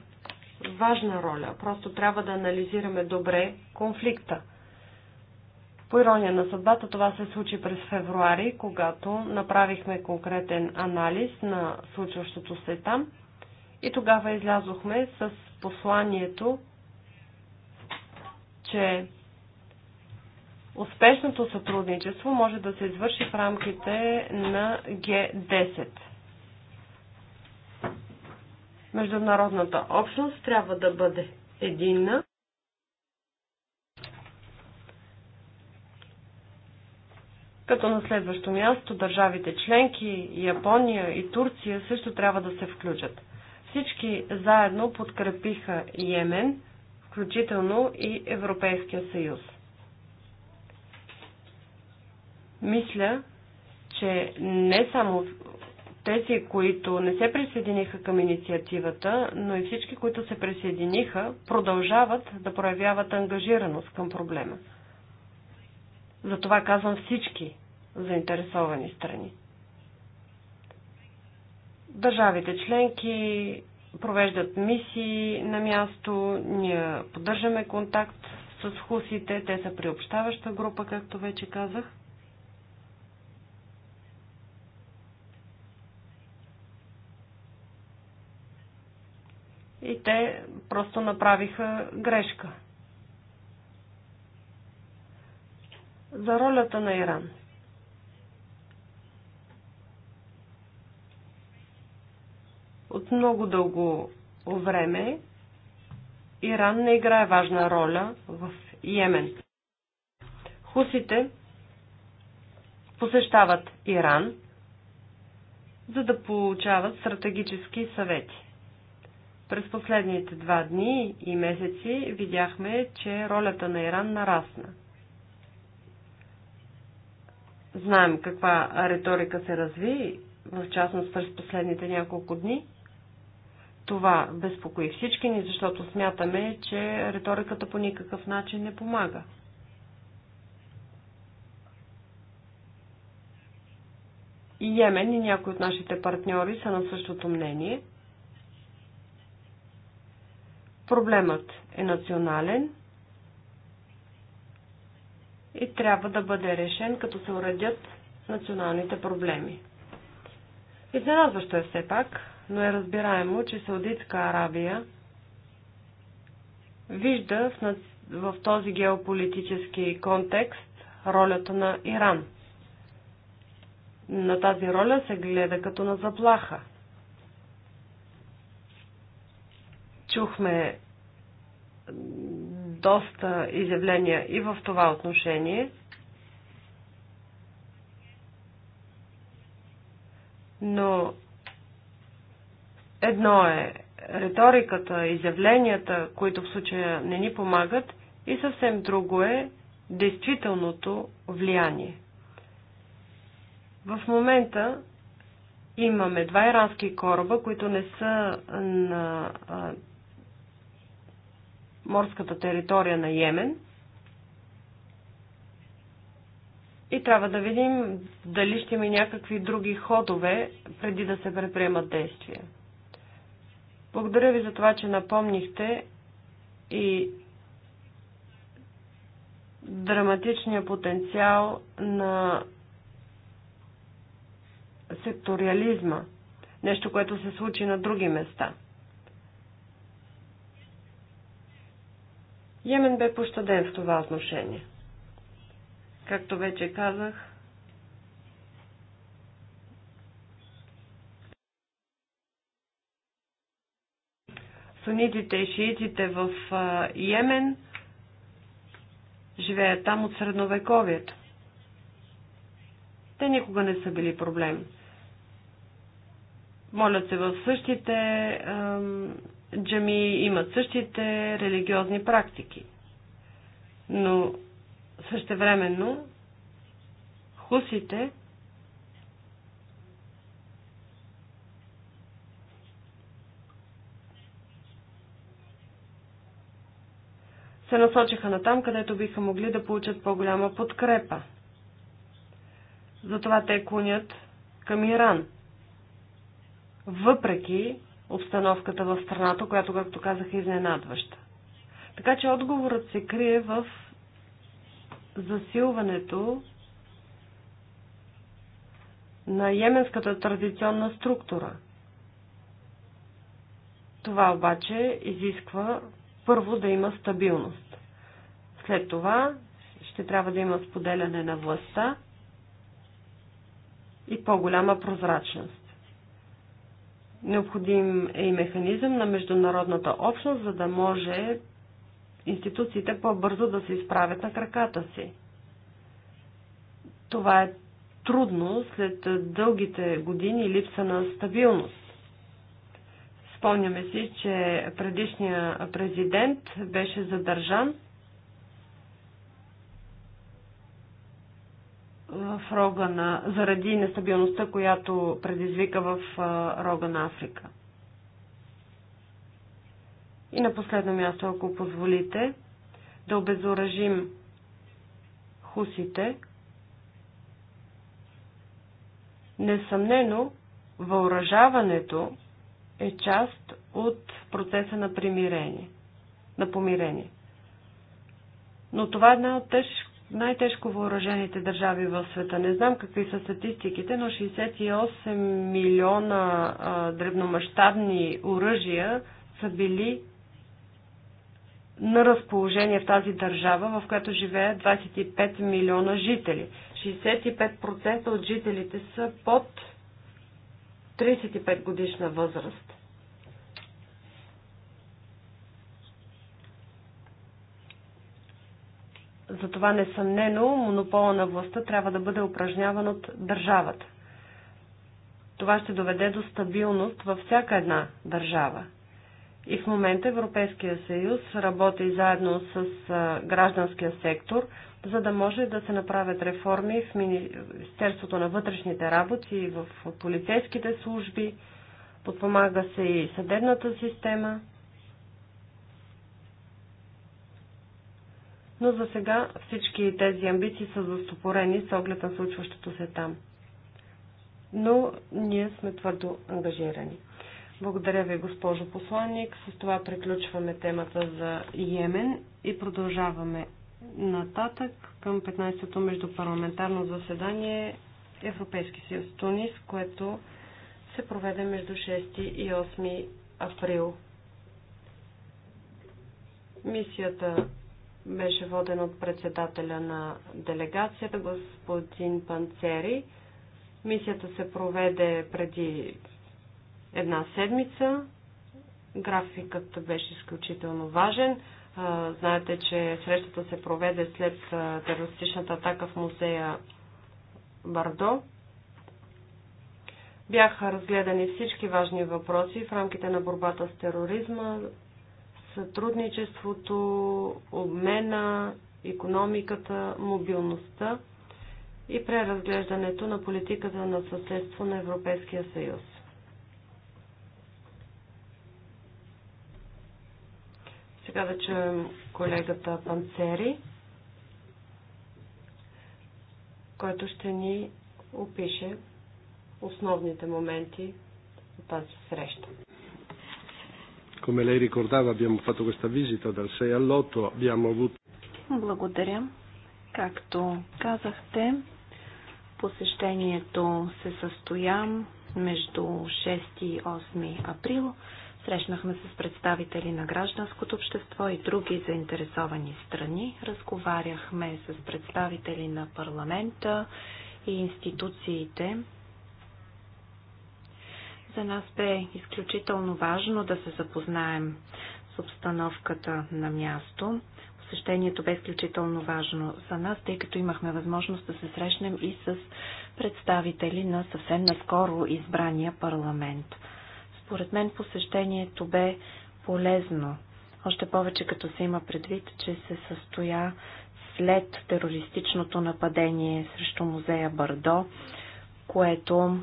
[SPEAKER 5] важна роля. Просто трябва да анализираме добре конфликта. По ирония на съдбата това се случи през февруари, когато направихме конкретен анализ на случващото се там и тогава излязохме с посланието, че успешното сътрудничество може да се извърши в рамките на Г10. Международната общност трябва да бъде единна. Като на следващо място държавите членки, Япония и Турция също трябва да се включат. Всички заедно подкрепиха Йемен, включително и Европейския съюз. Мисля, че не само тези, които не се присъединиха към инициативата, но и всички, които се присъединиха, продължават да проявяват ангажираност към проблема. Затова казвам всички заинтересовани страни. Държавите членки провеждат мисии на място, ние поддържаме контакт с хусите, те са приобщаваща група, както вече казах. и те просто направиха грешка. За ролята на Иран. От много дълго време Иран не играе важна роля в Йемен. Хусите посещават Иран, за да получават стратегически съвети. През последните два дни и месеци видяхме, че ролята на Иран нарасна. Знаем каква риторика се разви, в частност през последните няколко дни. Това безпокои всички ни, защото смятаме, че риториката по никакъв начин не помага. И Йемен и някои от нашите партньори са на същото мнение – Проблемът е национален и трябва да бъде решен, като се уредят националните проблеми. Изненадващо е все пак, но е разбираемо, че Саудитска Арабия вижда в, в този геополитически контекст ролята на Иран. На тази роля се гледа като на заплаха – Чухме доста изявления и в това отношение. Но едно е риториката, изявленията, които в случая не ни помагат, и съвсем друго е действителното влияние. В момента имаме два ирански кораба, които не са на морската територия на Йемен. И трябва да видим дали ще има някакви други ходове преди да се предприемат действия. Благодаря ви за това, че напомнихте и драматичния потенциал на секториализма. Нещо, което се случи на други места – Йемен бе пощаден в това отношение. Както вече казах, сунитите и шиитите в Йемен живеят там от средновековието. Те никога не са били проблем. Молят се в същите джами имат същите религиозни практики. Но същевременно хусите се насочиха на там, където биха могли да получат по-голяма подкрепа. Затова те клонят към Иран. Въпреки, обстановката в страната, която, както казах, е изненадваща. Така че отговорът се крие в засилването на йеменската традиционна структура. Това обаче изисква първо да има стабилност. След това ще трябва да има споделяне на властта и по-голяма прозрачност. Необходим е и механизъм на международната общност, за да може институциите по-бързо да се изправят на краката си. Това е трудно след дългите години липса на стабилност. Спомняме си, че предишният президент беше задържан в рога на, заради нестабилността, която предизвика в рога на Африка. И на последно място, ако позволите, да обезоръжим хусите, несъмнено въоръжаването е част от процеса на примирение, на помирение. Но това е една от тежко най-тежко въоръжените държави в света. Не знам какви са статистиките, но 68 милиона дребномащабни оръжия са били на разположение в тази държава, в която живеят 25 милиона жители. 65% от жителите са под 35 годишна възраст. Затова несъмнено монопола на властта трябва да бъде упражняван от държавата. Това ще доведе до стабилност във всяка една държава. И в момента Европейския съюз работи заедно с гражданския сектор, за да може да се направят реформи в Министерството на вътрешните работи, в полицейските служби, подпомага се и съдебната система. но за сега всички тези амбиции са застопорени с оглед на случващото се там. Но ние сме твърдо ангажирани. Благодаря ви, госпожо посланник. С това приключваме темата за Йемен и продължаваме нататък към 15-то междупарламентарно заседание Европейски съюз Тунис, което се проведе между 6 и 8 април. Мисията беше воден от председателя на делегацията, господин Панцери. Мисията се проведе преди една седмица. Графикът беше изключително важен. Знаете, че срещата се проведе след терористичната атака в музея Бардо. Бяха разгледани всички важни въпроси в рамките на борбата с тероризма, сътрудничеството, обмена, економиката, мобилността и преразглеждането на политиката на съседство на Европейския съюз. Сега да чуем колегата Панцери, който ще ни опише основните моменти от тази среща.
[SPEAKER 4] Come lei ricordava abbiamo fatto questa visita dal 6 all'8, abbiamo avuto...
[SPEAKER 2] Благодаря. Както казахте, посещението се състоя между 6 и 8 април. Срещнахме се с представители на гражданското общество и други заинтересовани страни. Разговаряхме с представители на парламента и институциите, за нас бе изключително важно да се запознаем с обстановката на място. Посещението бе изключително важно за нас, тъй като имахме възможност да се срещнем и с представители на съвсем наскоро избрания парламент. Според мен посещението бе полезно, още повече като се има предвид, че се състоя след терористичното нападение срещу музея Бардо, което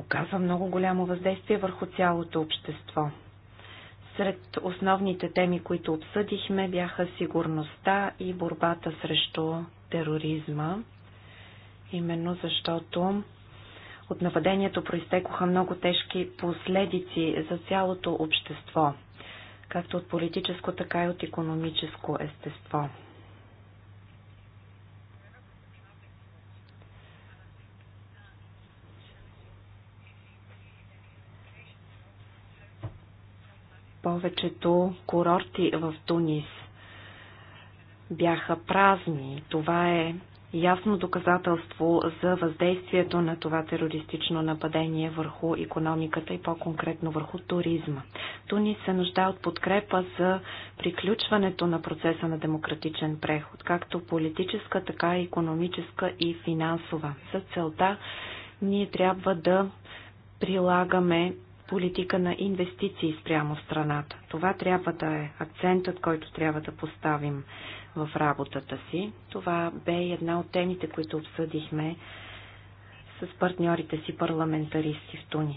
[SPEAKER 2] оказва много голямо въздействие върху цялото общество. Сред основните теми, които обсъдихме, бяха сигурността и борбата срещу тероризма, именно защото от нападението проистекоха много тежки последици за цялото общество, както от политическо, така и от економическо естество. повечето курорти в Тунис бяха празни. Това е ясно доказателство за въздействието на това терористично нападение върху економиката и по-конкретно върху туризма. Тунис се нужда от подкрепа за приключването на процеса на демократичен преход, както политическа, така и економическа и финансова. За целта ние трябва да прилагаме политика на инвестиции спрямо страната. Това трябва да е акцентът, който трябва да поставим в работата си. Това бе една от темите, които обсъдихме с партньорите си парламентаристи в Тунис.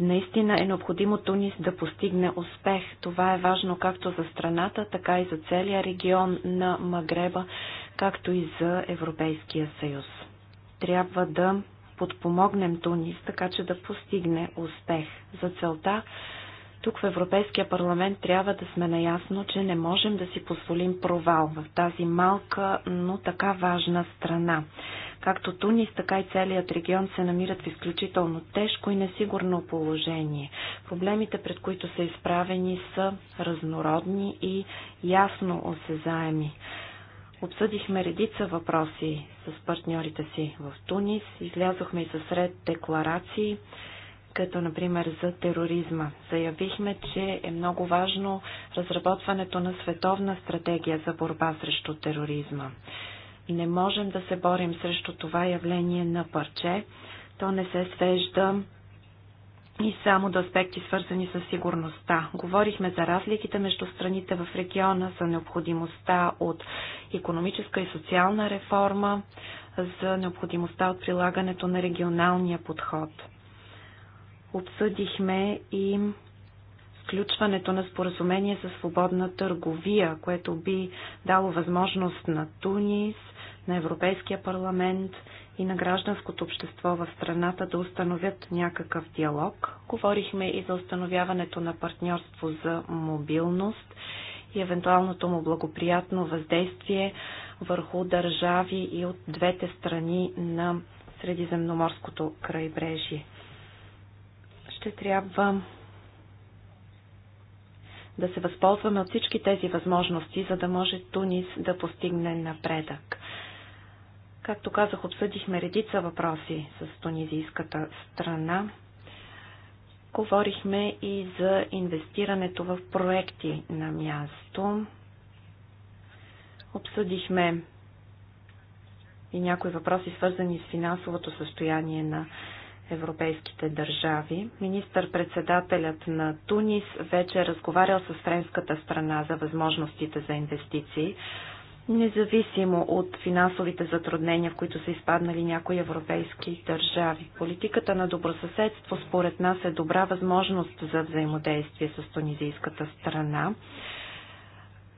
[SPEAKER 2] Наистина е необходимо Тунис да постигне успех. Това е важно както за страната, така и за целия регион на Магреба, както и за Европейския съюз. Трябва да подпомогнем Тунис, така че да постигне успех. За целта тук в Европейския парламент трябва да сме наясно, че не можем да си позволим провал в тази малка, но така важна страна. Както Тунис, така и целият регион се намират в изключително тежко и несигурно положение. Проблемите, пред които са изправени, са разнородни и ясно осезаеми. Обсъдихме редица въпроси с партньорите си в Тунис. Излязохме и със декларации, като например за тероризма. Заявихме, че е много важно разработването на световна стратегия за борба срещу тероризма. Не можем да се борим срещу това явление на парче. То не се свежда и само до аспекти свързани с сигурността. Говорихме за разликите между страните в региона, за необходимостта от економическа и социална реформа, за необходимостта от прилагането на регионалния подход. Обсъдихме и включването на споразумение за свободна търговия, което би дало възможност на Тунис, на Европейския парламент и на гражданското общество в страната да установят някакъв диалог. Говорихме и за установяването на партньорство за мобилност и евентуалното му благоприятно въздействие върху държави и от двете страни на Средиземноморското крайбрежие. Ще трябва да се възползваме от всички тези възможности, за да може Тунис да постигне напредък. Както казах, обсъдихме редица въпроси с тунизийската страна. Говорихме и за инвестирането в проекти на място. Обсъдихме и някои въпроси, свързани с финансовото състояние на европейските държави. Министър-председателят на Тунис вече е разговарял с френската страна за възможностите за инвестиции независимо от финансовите затруднения, в които са изпаднали някои европейски държави. Политиката на добросъседство според нас е добра възможност за взаимодействие с тунизийската страна.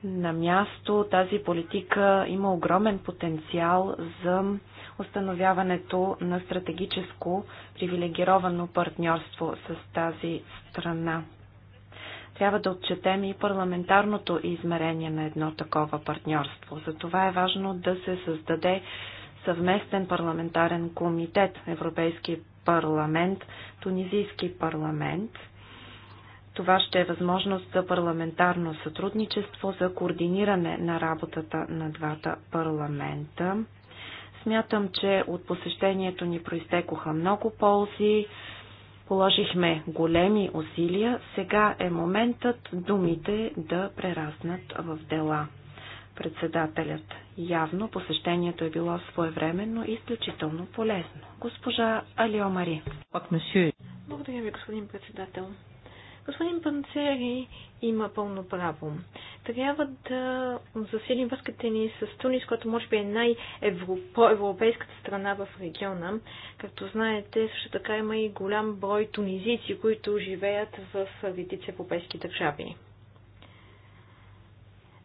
[SPEAKER 2] На място тази политика има огромен потенциал за установяването на стратегическо привилегировано партньорство с тази страна. Трябва да отчетем и парламентарното измерение на едно такова партньорство. Затова е важно да се създаде съвместен парламентарен комитет, Европейски парламент, Тунизийски парламент. Това ще е възможност за парламентарно сътрудничество, за координиране на работата на двата парламента. Смятам, че от посещението ни проистекоха много ползи. Положихме големи усилия, сега е моментът думите да прераснат в дела. Председателят. Явно посещението е било своевременно и изключително полезно. Госпожа Алио Мари.
[SPEAKER 6] Благодаря ви, господин председател. Господин Панцери има пълно право. Трябва да засилим връзката ни с Тунис, която може би е най-европейската страна в региона. Както знаете, също така има и голям брой тунизийци, които живеят в редица европейски държави.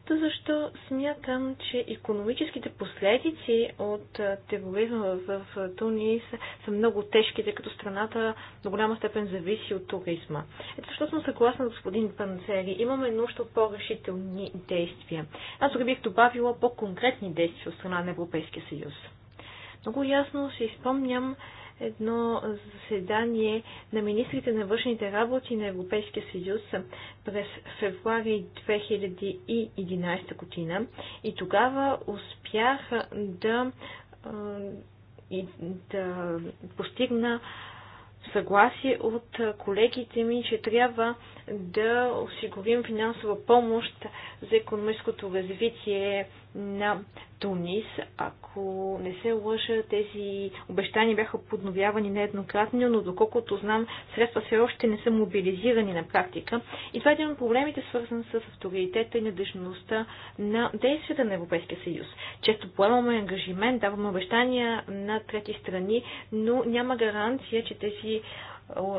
[SPEAKER 6] Та защо смятам, че економическите последици от тероризма в Тунис са много тежки, тъй като страната до голяма степен зависи от туризма. Ето защото съм съгласна с господин Панцери. Имаме нужда от по-решителни действия. Аз дори бих добавила по-конкретни действия от страна на Европейския съюз. Много ясно си спомням, едно заседание на министрите на външните работи на Европейския съюз през февруари 2011 година и тогава успях да, да постигна съгласие от колегите ми, че трябва да осигурим финансова помощ за економическото развитие на Тунис. Ако не се лъжа, тези обещания бяха подновявани нееднократно, но доколкото знам, средства все още не са мобилизирани на практика. И това е един от проблемите, свързан с авторитета и надежността на действията на Европейския съюз. Често поемаме ангажимент, даваме обещания на трети страни, но няма гаранция, че тези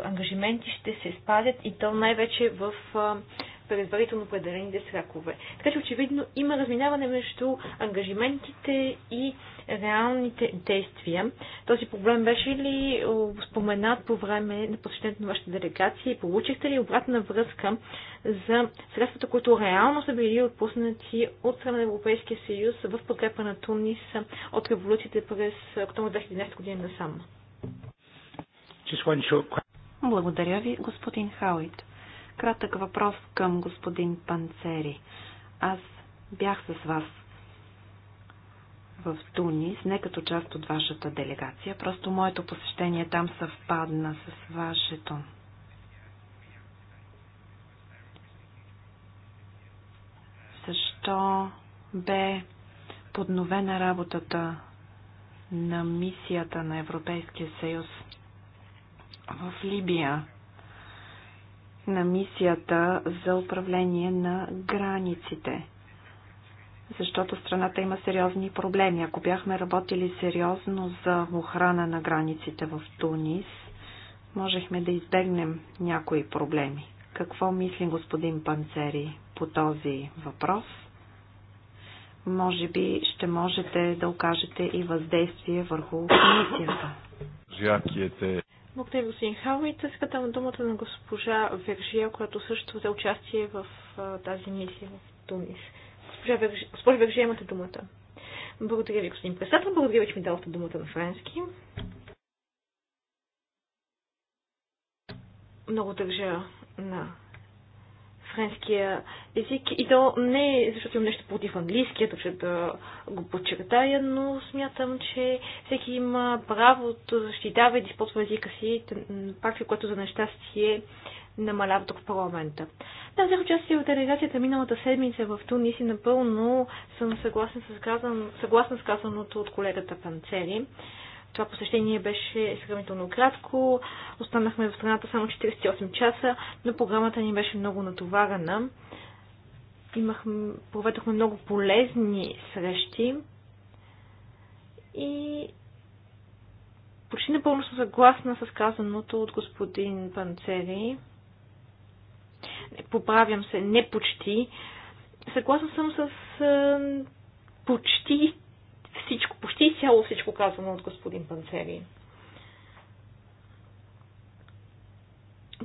[SPEAKER 6] ангажименти ще се спазят и то най-вече в предварително определените срокове. Така че очевидно има разминаване между ангажиментите и реалните действия. Този проблем беше ли споменат по време на посещението на вашата делегация и получихте ли обратна връзка за средствата, които реално са били отпуснати от страна на Европейския съюз в подкрепа на Тунис от революциите през октомври 2011 година насам? Благодаря ви, господин Хауит. Кратък въпрос към господин
[SPEAKER 2] Панцери. Аз бях с вас в Тунис, не като част от вашата делегация, просто моето посещение там съвпадна с вашето. Защо бе подновена работата на мисията на Европейския съюз в Либия? на мисията за управление на границите. Защото страната има сериозни проблеми. Ако бяхме работили сериозно за охрана на границите в Тунис, можехме да избегнем някои проблеми. Какво мисли господин Панцери по този въпрос? Може би ще можете да окажете и въздействие върху комисията.
[SPEAKER 6] Благодаря господин Хауит. Сега давам думата на госпожа Вержия, която също взе участие в тази мисия в Тунис. Госпожа Вержия, госпожа Вержия имате думата. Благодаря ви, господин председател. Благодаря ви, че ми дадохте думата на френски. Много държа на френския език и то не защото имам нещо против английския, държа да го подчертая, но смятам, че всеки има правото да защитава и да използва езика си, пак което за нещастие намалява тук в парламента. Да, взех участие в делегацията миналата седмица в Тунис и напълно съм съгласна с, казан, съгласна с казаното от колегата Панцери. Това посещение беше сравнително кратко. Останахме в страната само 48 часа, но програмата ни беше много натоварена. Имахме, проведохме много полезни срещи и почти напълно съм съгласна с казаното от господин Панцери. Поправям се, не почти. Съгласна съм с почти всичко, почти цяло всичко казано от господин Панцери.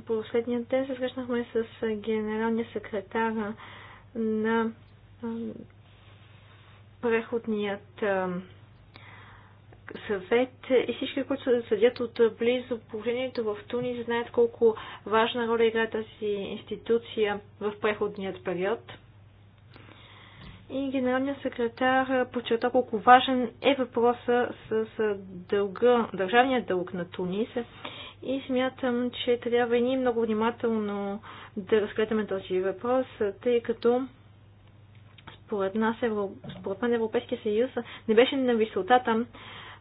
[SPEAKER 6] Последния ден се срещнахме с генералния секретар на преходният съвет и всички, които се съдят от близо положението в Тунис, знаят колко важна роля играе тази институция в преходният период. И генералният секретар подчерта колко важен е въпроса с, дълга, държавния дълг на Тунис. И смятам, че трябва и ние много внимателно да разгледаме този въпрос, тъй като според нас, Евро... според мен Европейския съюз не беше на висотата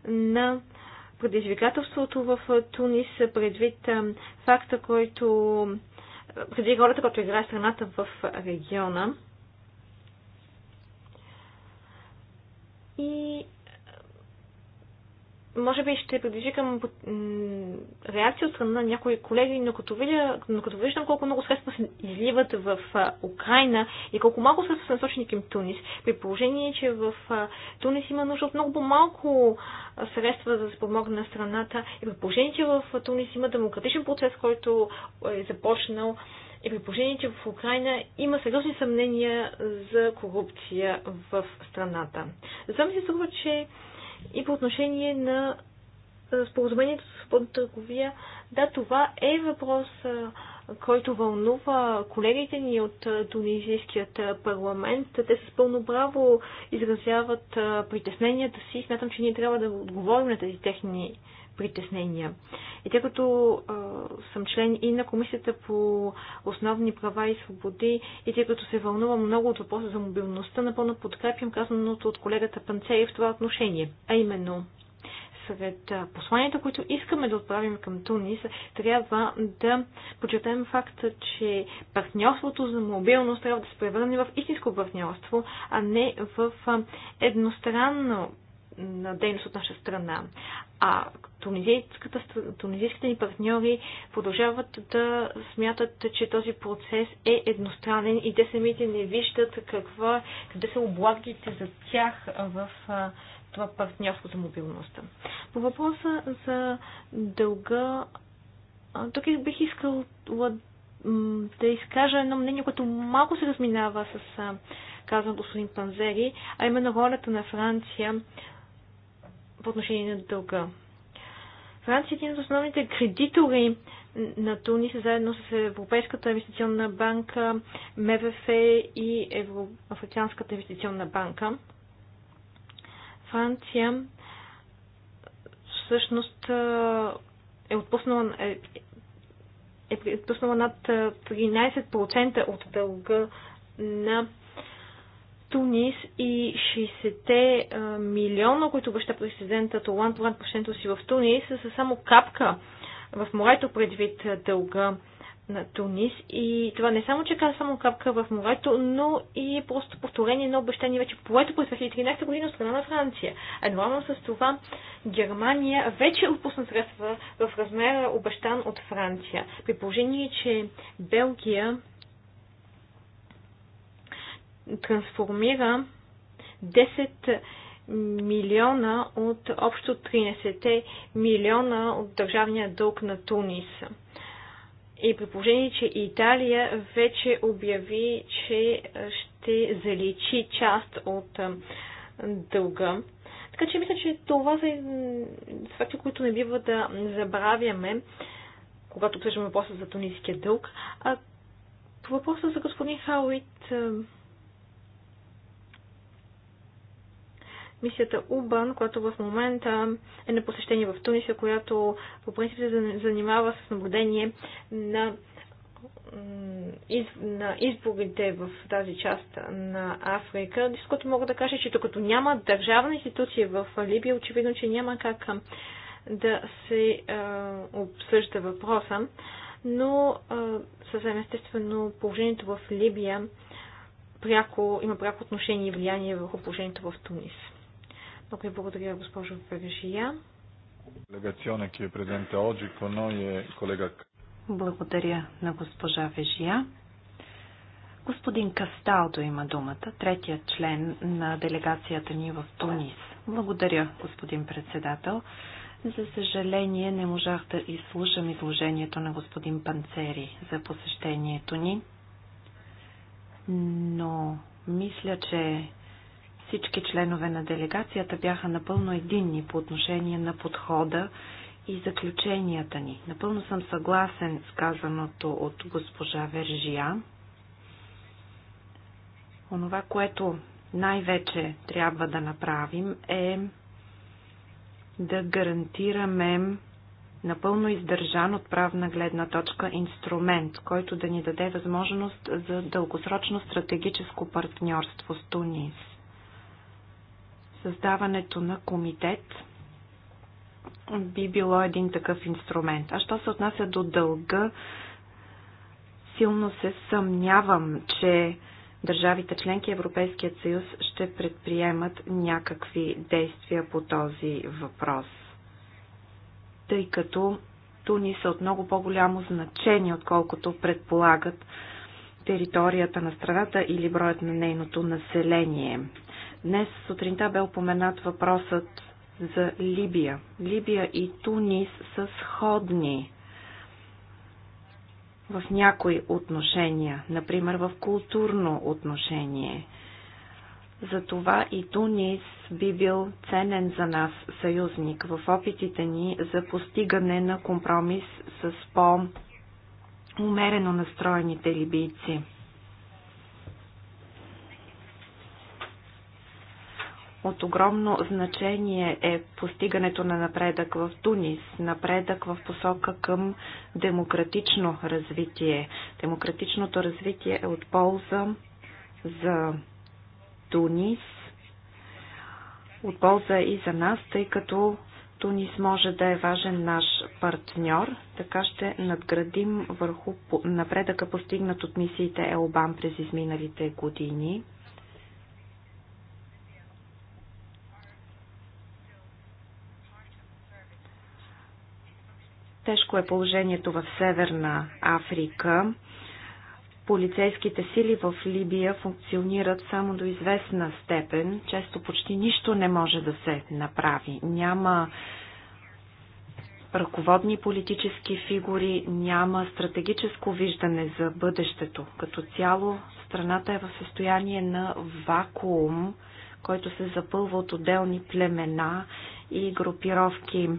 [SPEAKER 6] на предизвикателството в Тунис предвид факта, който преди ролята, която играе страната в региона. и може би ще приближи към реакция от страна на някои колеги, но като, видя, но като виждам колко много средства се изливат в Украина и колко малко средства са насочени към Тунис, при положение, че в Тунис има нужда от много по-малко средства за да се помогне на страната и при положение, че в Тунис има демократичен процес, който е започнал и при положение, че в Украина има сериозни съмнения за корупция в страната. Затова ми се струва, че и по отношение на споразумението за свободна търговия, да, това е въпрос, който вълнува колегите ни от Тунизийският парламент. Те с пълно право изразяват притесненията си. Смятам, че ние трябва да отговорим на тези техни притеснения. И тъй като а, съм член и на Комисията по основни права и свободи, и тъй като се вълнувам много от въпроса за мобилността, напълно подкрепям казаното от колегата Панцеев в това отношение. А именно, сред посланията, които искаме да отправим към Тунис, трябва да подчертаем факта, че партньорството за мобилност трябва да се превърне в истинско партньорство, а не в едностранно на дейност от наша страна. А тунизийските ни партньори продължават да смятат, че този процес е едностранен и те самите не виждат каква, е, къде са облагите за тях в това партньорство за мобилността. По въпроса за дълга, тук бих искал да изкажа едно мнение, което малко се разминава с казаното господин Панзери, а именно ролята на Франция по отношение на дълга. Франция е един от основните кредитори на Тунис, заедно с Европейската инвестиционна банка, МВФ и Евроафриканската инвестиционна банка. Франция всъщност е отпуснала, е, е отпуснала над 13% от дълга на Тунис и 60-те милиона, които обеща президента Толан Толан посещението си в Тунис, са само капка в морето предвид дълга на Тунис. И това не само, че каза само капка в морето, но и е просто повторение на обещание вече поето през 2013 година от страна на Франция. Едновременно с това Германия вече отпусна средства в размера обещан от Франция. При положение, че Белгия трансформира 10 милиона от общо 13 милиона от държавния дълг на Тунис. И при положение, че Италия вече обяви, че ще заличи част от дълга. Така че мисля, че това са факти, които не бива да забравяме, когато обсъждаме въпроса за тунисския дълг. А по въпроса за господин Хауит, мисията Убан, която в момента е на посещение в Тунисия, която по принцип се занимава с наблюдение на на изборите в тази част на Африка. Диското мога да кажа, е, че докато няма държавна институция в Либия, очевидно, че няма как да се е, обсъжда въпроса, но е, съвсем естествено положението в Либия пряко, има пряко отношение и влияние върху положението в Тунис. Много ви благодаря, госпожо Пегашия.
[SPEAKER 4] Делегационе, ки е президента оджи, коно е колега.
[SPEAKER 2] Благодаря на госпожа Вежия. Господин Касталдо има думата, третия член на делегацията ни в Тунис. Благодаря, господин председател. За съжаление не можах да изслушам изложението на господин Панцери за посещението ни, но мисля, че всички членове на делегацията бяха напълно единни по отношение на подхода и заключенията ни. Напълно съм съгласен с казаното от госпожа Вержия. Онова, което най-вече трябва да направим е да гарантираме напълно издържан от правна гледна точка инструмент, който да ни даде възможност за дългосрочно стратегическо партньорство с Тунис. Създаването на комитет би било един такъв инструмент. А що се отнася до дълга, силно се съмнявам, че държавите членки Европейският съюз ще предприемат някакви действия по този въпрос. Тъй като туни са от много по-голямо значение, отколкото предполагат територията на страната или броят на нейното население. Днес сутринта бе упоменат въпросът за Либия. Либия и Тунис са сходни в някои отношения, например в културно отношение. Затова и Тунис би бил ценен за нас съюзник в опитите ни за постигане на компромис с по-умерено настроените либийци. От огромно значение е постигането на напредък в Тунис, напредък в посока към демократично развитие. Демократичното развитие е от полза за Тунис, от полза и за нас, тъй като Тунис може да е важен наш партньор, така ще надградим върху напредъка постигнат от мисиите Елбан през изминалите години. Тежко е положението в Северна Африка. Полицейските сили в Либия функционират само до известна степен. Често почти нищо не може да се направи. Няма ръководни политически фигури, няма стратегическо виждане за бъдещето. Като цяло страната е в състояние на вакуум, който се запълва от отделни племена и групировки.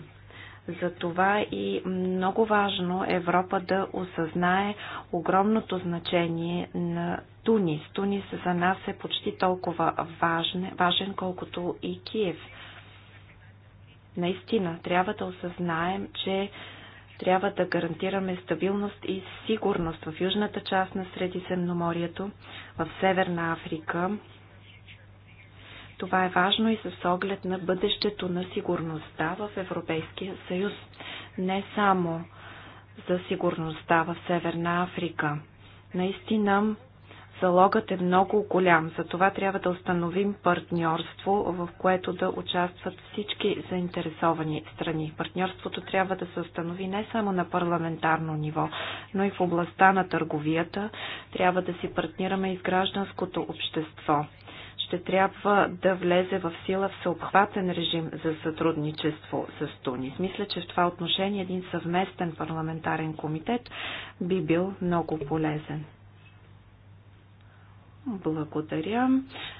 [SPEAKER 2] Затова и много важно Европа да осъзнае огромното значение на Тунис. Тунис за нас е почти толкова важен, важен колкото и Киев. Наистина, трябва да осъзнаем, че трябва да гарантираме стабилност и сигурност в южната част на Средиземноморието, в Северна Африка, това е важно и с оглед на бъдещето на сигурността в Европейския съюз. Не само за сигурността в Северна Африка. Наистина, залогът е много голям. Затова трябва да установим партньорство, в което да участват всички заинтересовани страни. Партньорството трябва да се установи не само на парламентарно ниво, но и в областта на търговията. Трябва да си партнираме и с гражданското общество ще трябва да влезе в сила всеобхватен режим за сътрудничество с Тунис. Мисля, че в това отношение един съвместен парламентарен комитет би бил много полезен. Благодаря.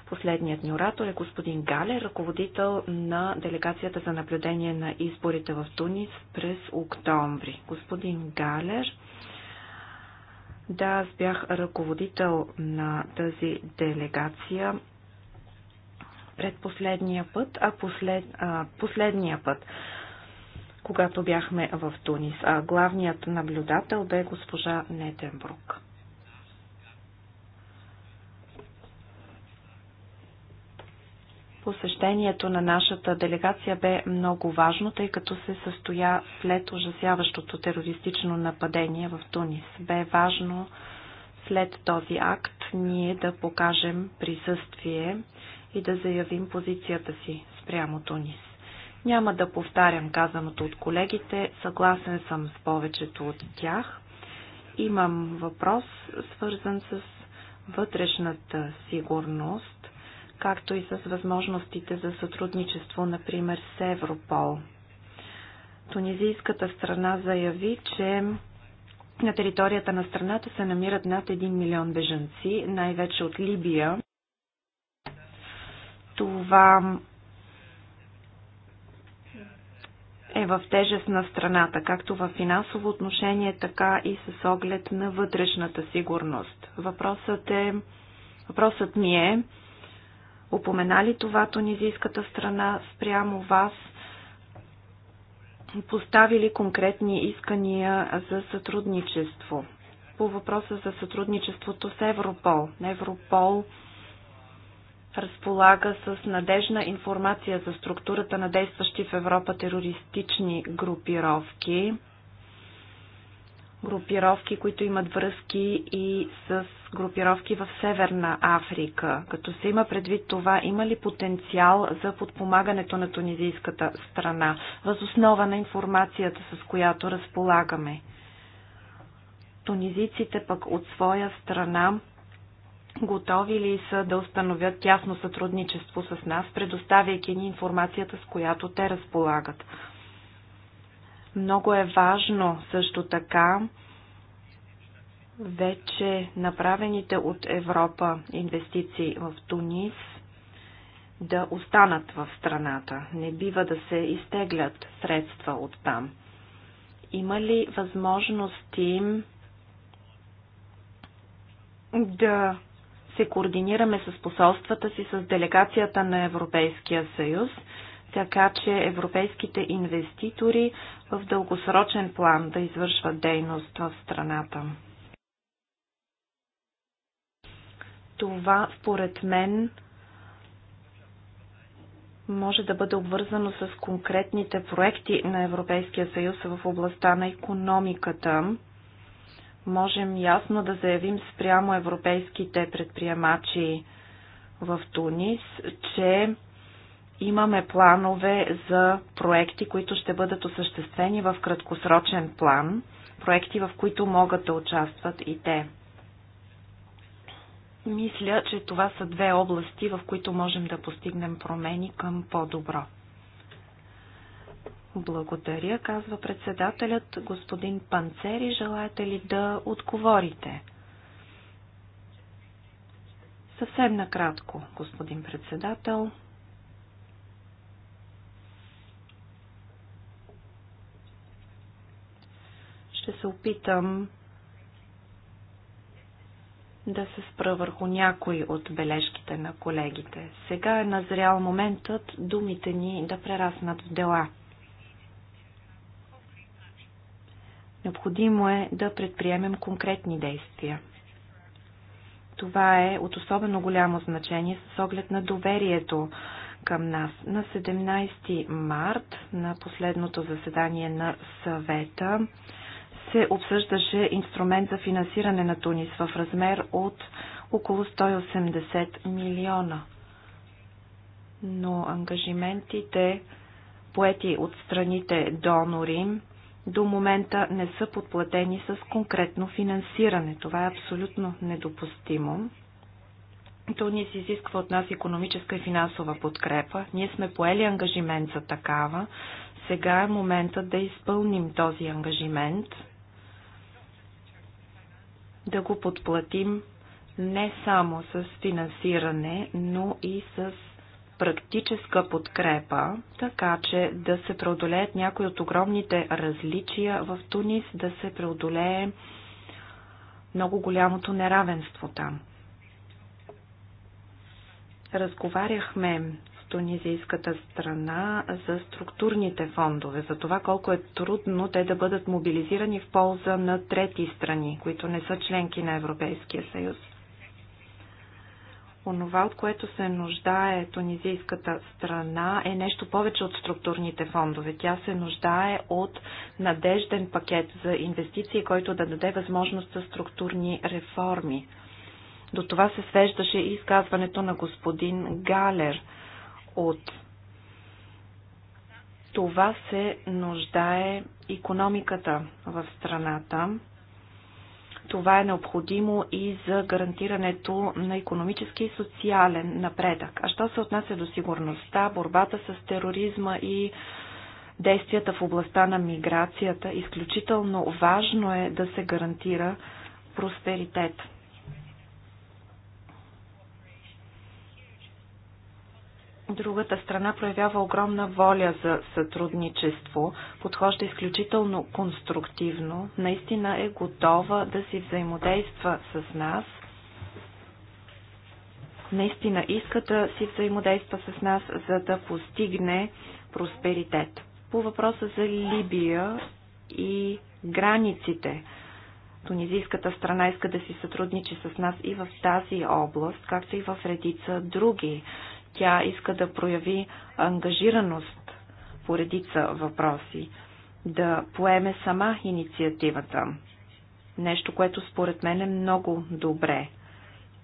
[SPEAKER 2] Последният ни оратор е господин Гале, ръководител на делегацията за наблюдение на изборите в Тунис през октомври. Господин Галер, да, аз бях ръководител на тази делегация предпоследния път, а, послед, а последния път, когато бяхме в Тунис. А главният наблюдател бе госпожа Нетенбрук. Посещението на нашата делегация бе много важно, тъй като се състоя след ужасяващото терористично нападение в Тунис. Бе важно след този акт ние да покажем присъствие и да заявим позицията си спрямо Тунис. Няма да повтарям казаното от колегите, съгласен съм с повечето от тях. Имам въпрос, свързан с вътрешната сигурност, както и с възможностите за сътрудничество, например с Европол. Тунизийската страна заяви, че на територията на страната се намират над 1 милион бежанци, най-вече от Либия това е в тежест на страната, както в финансово отношение, така и с оглед на вътрешната сигурност. Въпросът, е, въпросът ми е, упомена ли това тунизийската страна спрямо вас, поставили конкретни искания за сътрудничество? По въпроса за сътрудничеството с Европол. Европол разполага с надежна информация за структурата на действащи в Европа терористични групировки, групировки, които имат връзки и с групировки в Северна Африка. Като се има предвид това, има ли потенциал за подпомагането на тунизийската страна, възоснова на информацията, с която разполагаме? Тунизиците пък от своя страна готови ли са да установят тясно сътрудничество с нас, предоставяйки ни информацията, с която те разполагат. Много е важно също така вече направените от Европа инвестиции в Тунис да останат в страната. Не бива да се изтеглят средства от там. Има ли възможности да се координираме с посолствата си, с делегацията на Европейския съюз, така че европейските инвеститори в дългосрочен план да извършват дейност в страната. Това, според мен, може да бъде обвързано с конкретните проекти на Европейския съюз в областта на економиката можем ясно да заявим спрямо европейските предприемачи в Тунис, че имаме планове за проекти, които ще бъдат осъществени в краткосрочен план, проекти, в които могат да участват и те. Мисля, че това са две области, в които можем да постигнем промени към по-добро. Благодаря, казва председателят господин Панцери. Желаете ли да отговорите? Съвсем накратко, господин председател. Ще се опитам да се спра върху някои от бележките на колегите. Сега е назрял моментът думите ни да прераснат в дела. Необходимо е да предприемем конкретни действия. Това е от особено голямо значение с оглед на доверието към нас. На 17 март, на последното заседание на съвета, се обсъждаше инструмент за финансиране на Тунис в размер от около 180 милиона. Но ангажиментите, поети от страните донори, до момента не са подплатени с конкретно финансиране. Това е абсолютно недопустимо. То ни се изисква от нас економическа и финансова подкрепа. Ние сме поели ангажимент за такава. Сега е момента да изпълним този ангажимент, да го подплатим не само с финансиране, но и с практическа подкрепа, така че да се преодолеят някои от огромните различия в Тунис, да се преодолее много голямото неравенство там. Разговаряхме с тунизийската страна за структурните фондове, за това колко е трудно те да бъдат мобилизирани в полза на трети страни, които не са членки на Европейския съюз. Онова, от което се нуждае тунизийската страна, е нещо повече от структурните фондове. Тя се нуждае от надежден пакет за инвестиции, който да даде възможност за структурни реформи. До това се свеждаше и изказването на господин Галер от това се нуждае економиката в страната. Това е необходимо и за гарантирането на економически и социален напредък. А що се отнася до сигурността, борбата с тероризма и действията в областта на миграцията, изключително важно е да се гарантира просперитет. Другата страна проявява огромна воля за сътрудничество, подхожда изключително конструктивно, наистина е готова да си взаимодейства с нас, наистина иска да си взаимодейства с нас, за да постигне просперитет. По въпроса за Либия и границите, Тунизийската страна иска да си сътрудничи с нас и в тази област, както и в редица други. Тя иска да прояви ангажираност по редица въпроси, да поеме сама инициативата. Нещо, което според мен е много добре.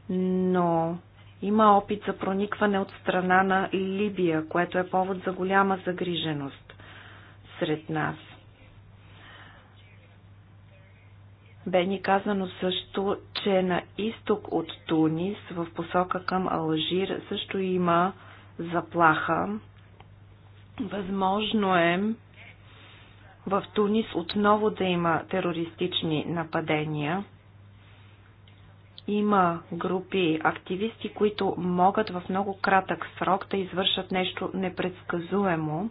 [SPEAKER 2] Но има опит за проникване от страна на Либия, което е повод за голяма загриженост сред нас. Бе ни казано също, че на изток от Тунис, в посока към Алжир, също има заплаха. Възможно е в Тунис отново да има терористични нападения. Има групи активисти, които могат в много кратък срок да извършат нещо непредсказуемо.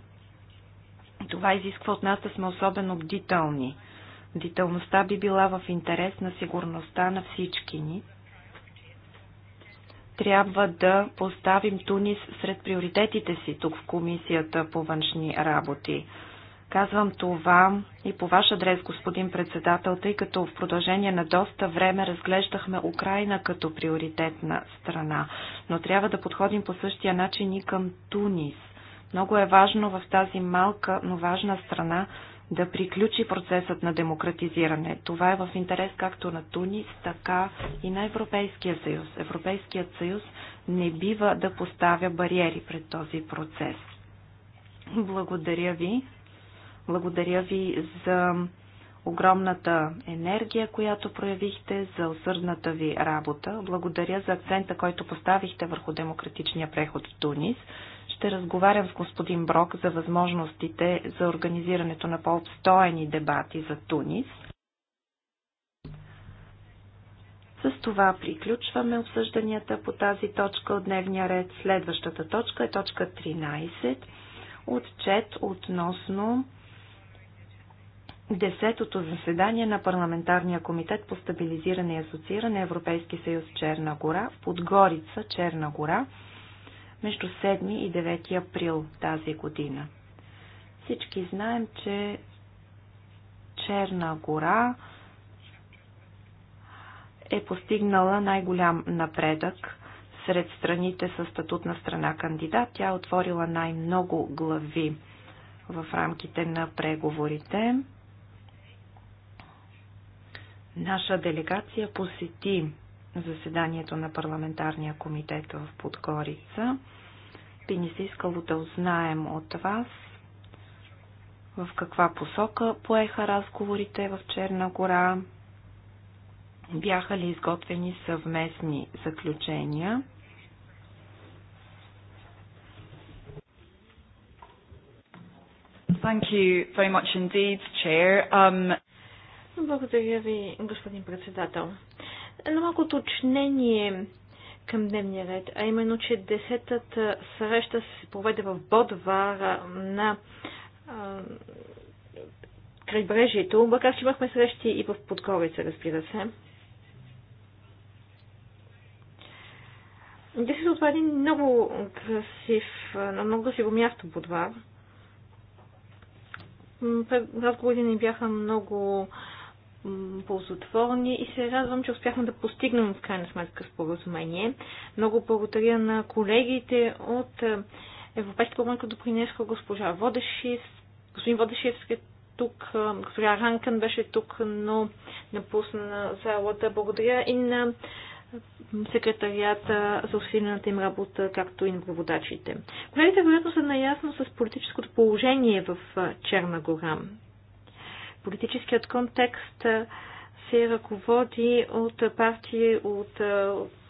[SPEAKER 2] Това изисква от нас да сме особено бдителни – Бдителността би била в интерес на сигурността на всички ни. Трябва да поставим Тунис сред приоритетите си тук в Комисията по външни работи. Казвам това и по ваш адрес, господин председател, тъй като в продължение на доста време разглеждахме Украина като приоритетна страна, но трябва да подходим по същия начин и към Тунис. Много е важно в тази малка, но важна страна да приключи процесът на демократизиране. Това е в интерес както на Тунис, така и на Европейския съюз. Европейският съюз не бива да поставя бариери пред този процес. Благодаря ви. Благодаря ви за огромната енергия, която проявихте, за усърдната ви работа. Благодаря за акцента, който поставихте върху демократичния преход в Тунис. Ще разговарям с господин Брок за възможностите за организирането на по-обстоени дебати за Тунис. С това приключваме обсъжданията по тази точка от дневния ред. Следващата точка е точка 13. Отчет относно 10-то заседание на Парламентарния комитет по стабилизиране и асоцииране Европейски съюз Черна гора в Подгорица, Черна гора – между 7 и 9 април тази година. Всички знаем, че Черна гора е постигнала най-голям напредък сред страните със статут на страна кандидат. Тя е отворила най-много глави в рамките на преговорите. Наша делегация посети заседанието на парламентарния комитет в Подгорица. Би ни се искало да узнаем от вас в каква посока поеха разговорите в Черна гора, бяха ли изготвени съвместни заключения.
[SPEAKER 5] Thank you very much indeed, Chair. Um...
[SPEAKER 6] Благодаря ви, господин председател едно малко уточнение към дневния ред, а именно, че десетата среща се проведе в Бодвара на а, крайбрежието, макар че имахме срещи и в подковица, разбира се. Десетата това е един много красив, на много красиво място Бодвар. Разговорите ни бяха много а, ползотворни и се радвам, че успяхме да постигнем в крайна сметка споразумение. Много благодаря на колегите от е, Европейската комисия, до Принеско, госпожа Водешис, господин Водешис е тук, е, госпожа Ранкън беше тук, но напусна залата. Благодаря и на секретарията за усилената им работа, както и на проводачите. Колегите вероятно са наясно с политическото положение в е, Черна гора политическият контекст се ръководи от партии от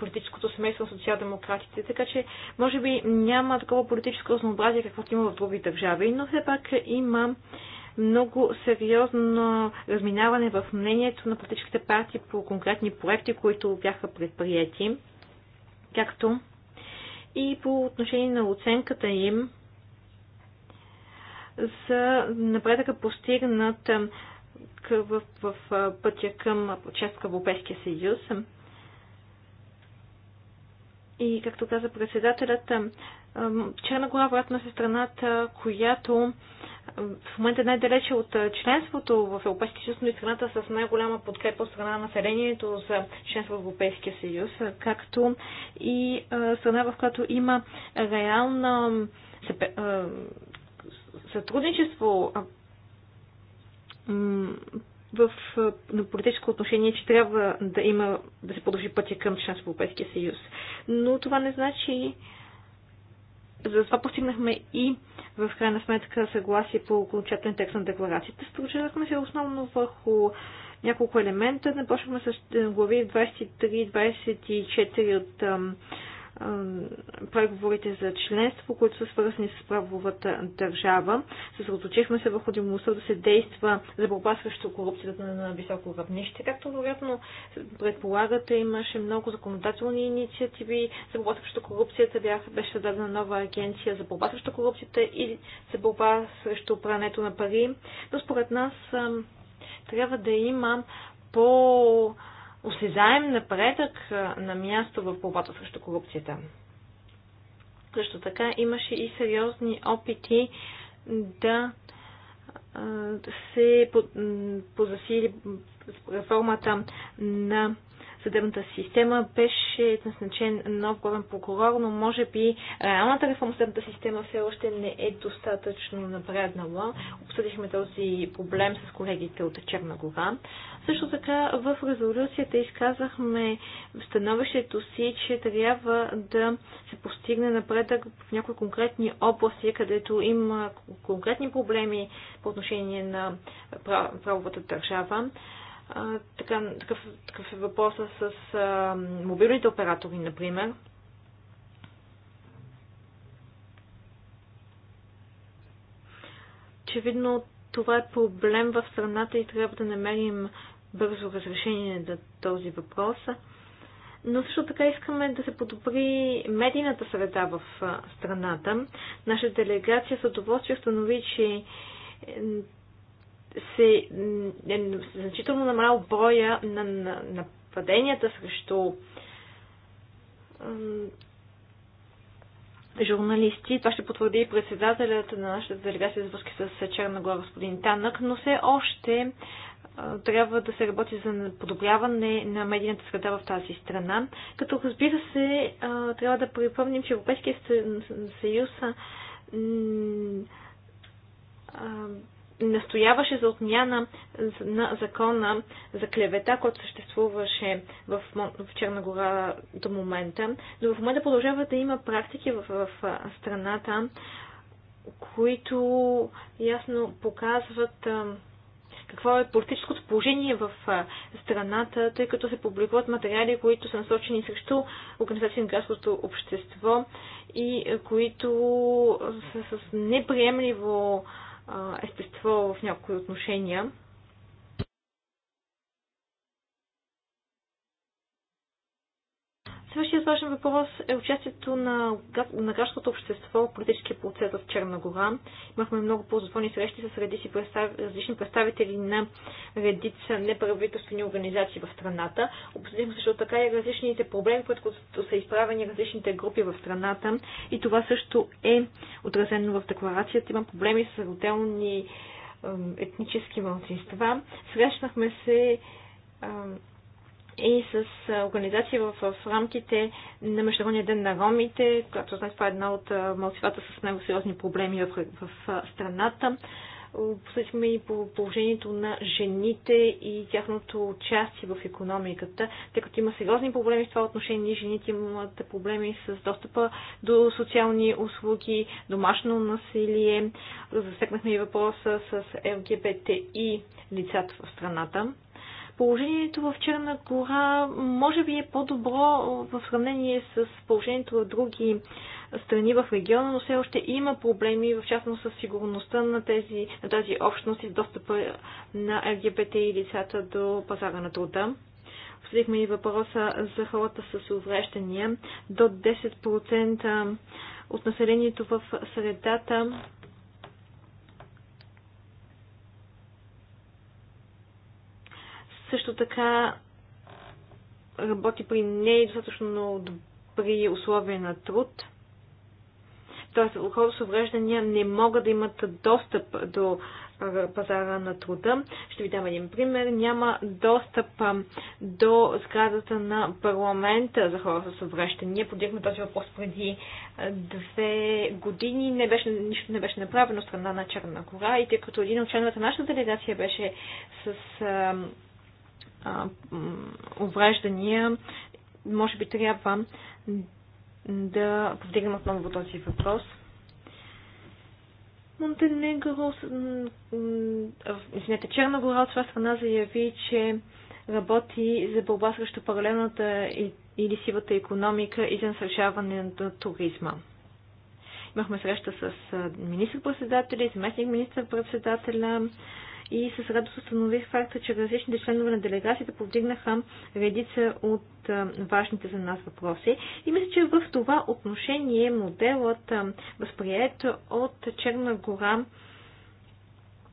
[SPEAKER 6] политическото семейство на социал-демократите, така че може би няма такова политическо разнообразие, каквото има в други държави, но все пак има много сериозно разминаване в мнението на политическите партии по конкретни проекти, които бяха предприяти, както и по отношение на оценката им за напредъка постигнат в, в, в пътя към част към Европейския съюз. И, както каза председателят, Черна гора вратна е страната, която в момента е най-далече от членството в Европейския съюз, но и страната с най-голяма подкрепа от страна на населението за членство в Европейския съюз, както и страна, в която има реална сътрудничество в, на политическо отношение, че трябва да има, да се продължи пътя към членство в Европейския съюз. Но това не значи, за това постигнахме и в крайна сметка съгласие по окончателен текст на декларацията. Стручавахме се основно върху няколко елемента. Напочваме с глави 23 24 от преговорите за членство, които са свързани с правовата държава. Съсредоточихме се върху демонстра да се действа за борба срещу корупцията на високо равнище. Както вероятно предполагате, имаше много законодателни инициативи за борба срещу корупцията. бяха, беше дадена нова агенция за борба срещу корупцията и за борба срещу прането на пари. Но според нас трябва да има по осезаем напредък на място в борбата срещу корупцията. Също така имаше и сериозни опити да се позасили реформата на съдебната система. Беше назначен нов главен прокурор, но може би реалната реформа в съдебната система все още не е достатъчно напреднала. Обсъдихме този проблем с колегите от Черна гора. Също така в резолюцията изказахме становището си, че трябва да се постигне напредък в някои конкретни области, където има конкретни проблеми по отношение на правовата държава така, такъв, такъв е въпроса с а, мобилните оператори, например. Очевидно това е проблем в страната и трябва да намерим бързо разрешение на този въпрос. Но също така искаме да се подобри медийната среда в страната. Наша делегация с удоволствие установи, че се е значително намалял броя на нападенията срещу журналисти. Това ще потвърди и председателят на нашата делегация за връзки с Черна гора, господин Танък, но все още трябва да се работи за подобряване на медийната среда в тази страна. Като разбира се, трябва да припомним, че Европейския съюз настояваше за отмяна на закона за клевета, който съществуваше в, в Черна гора до момента. Но в момента продължава да има практики в, в страната, които ясно показват какво е политическото положение в страната, тъй като се публикуват материали, които са насочени срещу Организация на градското общество и които са с неприемливо естество в някои отношения. Следващия важен въпрос е участието на, на гражданското общество в политическия процес в Черна гора. Имахме много ползотворни срещи с редици, различни представители на редица неправителствени организации в страната. Обсъдихме също така и различните проблеми, пред които са изправени различните групи в страната. И това също е отразено в декларацията. Има проблеми с отделни етнически мълцинства. Срещнахме се и с организации в, в рамките на Международния ден на ромите, която знаете, това е една от малцивата с много сериозни проблеми в, в, в страната. Обсъдихме и по положението на жените и тяхното участие в економиката, тъй като има сериозни проблеми в това отношение. Жените имат проблеми с достъпа до социални услуги, домашно насилие. Засекнахме и въпроса с ЛГБТ и лицата в страната. Положението в Черна гора може би е по-добро в сравнение с положението в други страни в региона, но все още има проблеми, в частност с сигурността на, тези, на тази общност и достъпа на ЛГБТ и лицата до пазара на труда. Обсъдихме и въпроса за хората с увреждания. До 10% от населението в средата Също така работи при недостатъчно добри условия на труд. Тоест, хората с увреждания не могат да имат достъп до пазара на труда. Ще ви дам един пример. Няма достъп до сградата на парламента за хора с увреждания. Подихме този въпрос преди две години. Не беше, нищо не беше направено страна на Черна гора и тъй като един от членовете на нашата делегация беше с увреждания, може би трябва да повдигнем отново този въпрос. Монтенегро, извинете, Черна гора от своя страна заяви, че работи за борба срещу паралелната или сивата економика и за насърчаване на туризма. Имахме среща с министър-председателя и заместник министър-председателя и с радост установих факта, че различните членове на делегацията повдигнаха редица от важните за нас въпроси. И мисля, че в това отношение моделът, възприят от Черна гора,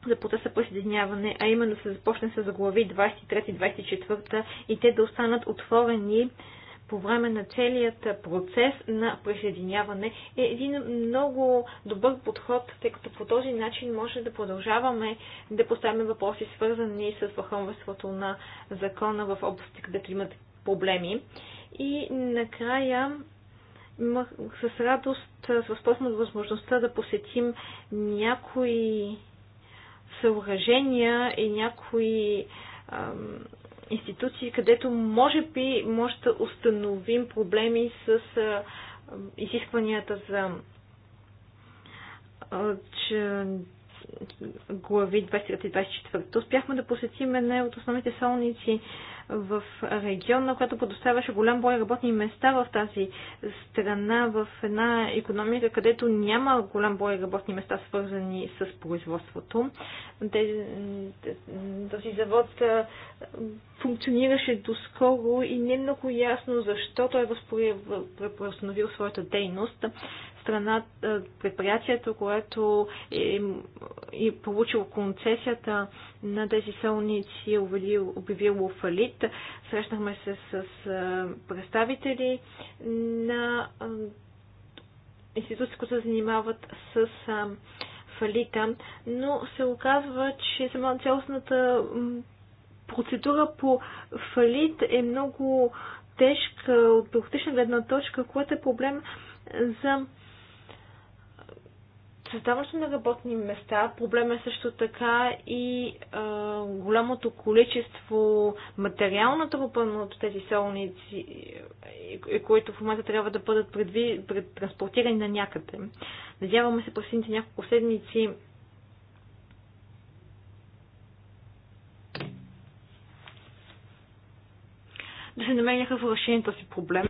[SPEAKER 6] за процеса присъединяване, а именно да се започне с глави 23-24 и те да останат отворени по време на целият процес на присъединяване е един много добър подход, тъй като по този начин може да продължаваме да поставяме въпроси, свързани с върховенството на закона в областите, където имат проблеми. И накрая с радост, с възползвам от възможността да посетим някои съоръжения и някои институции, където може би може да установим проблеми с изискванията за че, глави 23-24. Успяхме да посетим една от основните солници в региона, която предоставяше голям брой работни места в тази страна, в една економика, където няма голям брой работни места, свързани с производството. Този завод функционираше доскоро и не е много ясно защо той е възпостановил своята дейност страна, предприятието, което е, е получило концесията на тези сълници, е обявило фалит. Срещнахме се с, с представители на институции, които се занимават с фалита, но се оказва, че сама цялостната процедура по фалит е много тежка от бюрократична гледна точка, което е проблем за създаването на работни места. Проблем е също така и а, голямото количество материално трупано от тези солници, е, е, които в момента трябва да бъдат предви, пред, транспортирани на някъде. Надяваме се последните няколко седмици да се намери някакво решение този проблем.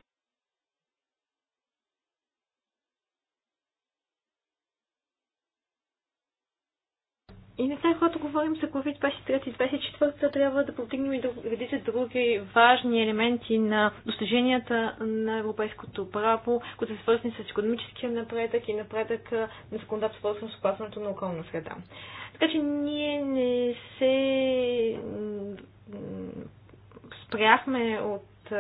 [SPEAKER 6] И не сега, когато говорим за COVID 23 24, трябва да повдигнем и да редица други важни елементи на достиженията на европейското право, които са свързани с економическия напредък и напредък на законодателството с опазването на околна среда. Така че ние не се спряхме от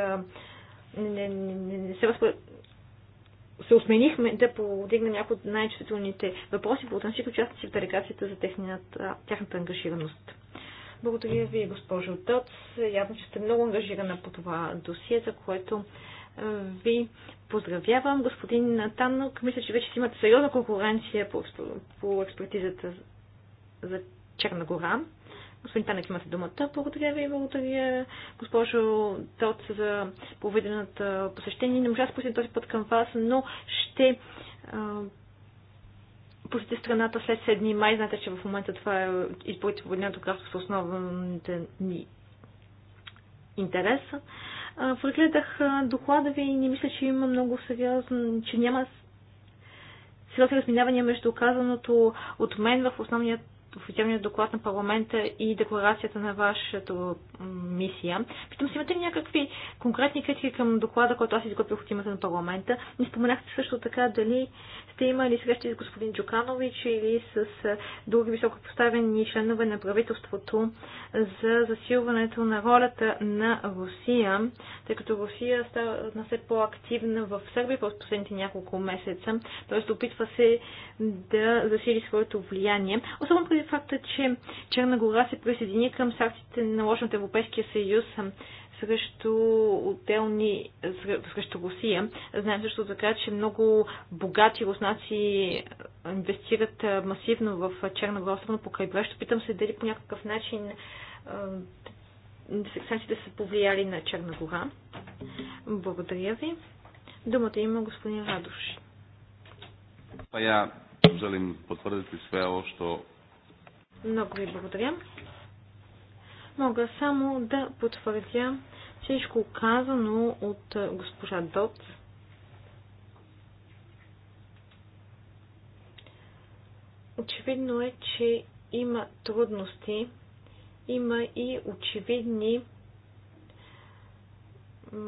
[SPEAKER 6] не, не, не, не се възпри се осменихме да повдигнем някои от най-чувствителните въпроси по отношение участници в делегацията за тяхната, ангажираност. Благодаря ви, госпожо Тоц. Явно, че сте много ангажирана по това досие, за което ви поздравявам. Господин Натанок, мисля, че вече си имате сериозна конкуренция по, по експертизата за Черна гора. Господин Танек, имате думата. Благодаря ви, благодаря госпожо Тот за поведената посещение. Не можа да спустя този път към вас, но ще посетите посетя страната след 7 май. Знаете, че в момента това е изборите в Обединеното кралство с основните ни интерес. Прегледах доклада ви и не мисля, че има много сериозно, че няма сериозни разминавания между оказаното от мен в основният официалния доклад на парламента и декларацията на вашата мисия. Питам се, имате ли някакви конкретни критики към доклада, който аз изготвих от името на парламента? Не споменахте също така дали сте имали срещи с господин Джуканович или с други високопоставени членове на правителството за засилването на ролята на Русия, тъй като Русия стана все по-активна в Сърбия през последните няколко месеца, т.е. опитва се да засили своето влияние. Особено преди е, факта, че Черна гора се присъедини към санкциите наложени от Европейския съюз срещу отделни, срещу Русия. Знаем също така, че много богати руснаци инвестират масивно в Черна гора, особено по крайбрежието. Питам се дали по някакъв начин санкциите са повлияли на Черна гора. Благодаря ви. Думата има господин Радуш.
[SPEAKER 1] Pa ja želim potvrditi sve ovo što
[SPEAKER 6] много ви благодаря. Мога само да потвърдя е всичко казано от е, госпожа Дот. Очевидно е, че има трудности, има и очевидни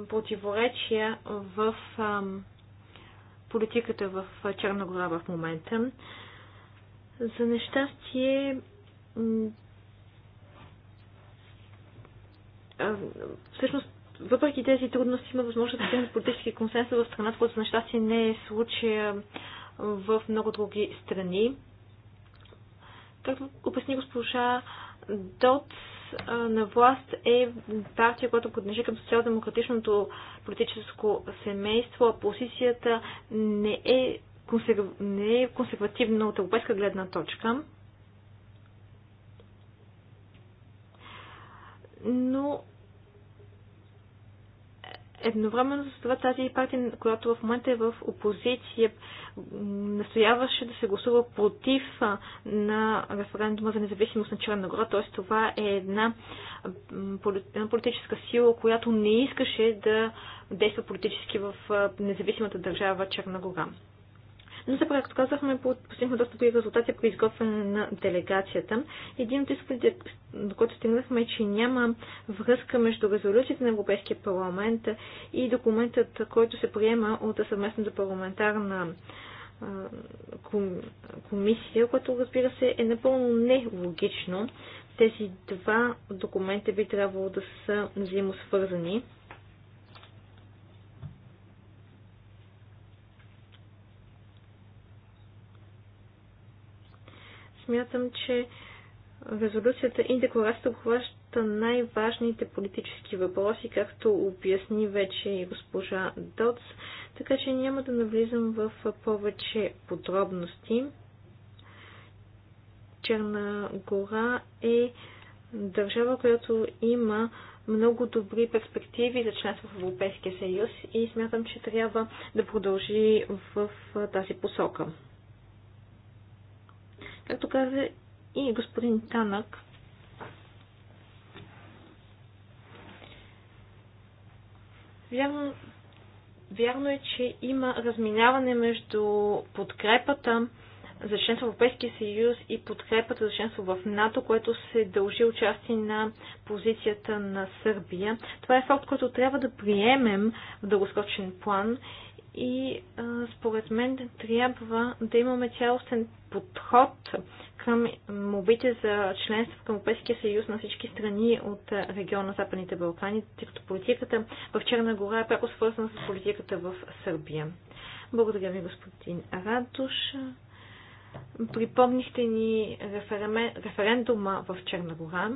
[SPEAKER 6] противоречия в политиката в Черна гора в момента. За нещастие всъщност, въпреки тези трудности, има възможност да постигнем политически консенсус в страната, което за нещастие не е случая в много други страни. Както обясни госпожа Дот, на власт е партия, която поднежи към социал-демократичното политическо семейство, а позицията не е, консерв... не е консервативна от европейска гледна точка. но едновременно с това тази партия, която в момента е в опозиция, настояваше да се гласува против на референдума за независимост на Черна гора. Т.е. това е една политическа сила, която не искаше да действа политически в независимата държава Черна гора. Но за както казахме, постигнахме доста добри резултати при изготвяне на делегацията. Един от изходите, до който стигнахме, е, че няма връзка между резолюцията на Европейския парламент и документът, който се приема от съвместната парламентарна комисия, което разбира се е напълно нелогично. Тези два документа би трябвало да са взаимосвързани. Смятам, че резолюцията и декларацията обхваща най-важните политически въпроси, както обясни вече и госпожа Доц, така че няма да навлизам в повече подробности. Черна гора е държава, която има много добри перспективи за членство в Европейския съюз и смятам, че трябва да продължи в тази посока. Както каза и господин Танък, вярно, вярно е, че има разминаване между подкрепата за членство в Европейския съюз и подкрепата за членство в НАТО, което се дължи участи на позицията на Сърбия. Това е факт, който трябва да приемем в дългосрочен план и според мен трябва да имаме цялостен подход към мобите за членство към Европейския съюз на всички страни от региона Западните Балкани, тъй като политиката в Черна гора е пряко свързана с политиката в Сърбия. Благодаря ви, господин Радуш. Припомнихте ни референдума в Черна гора.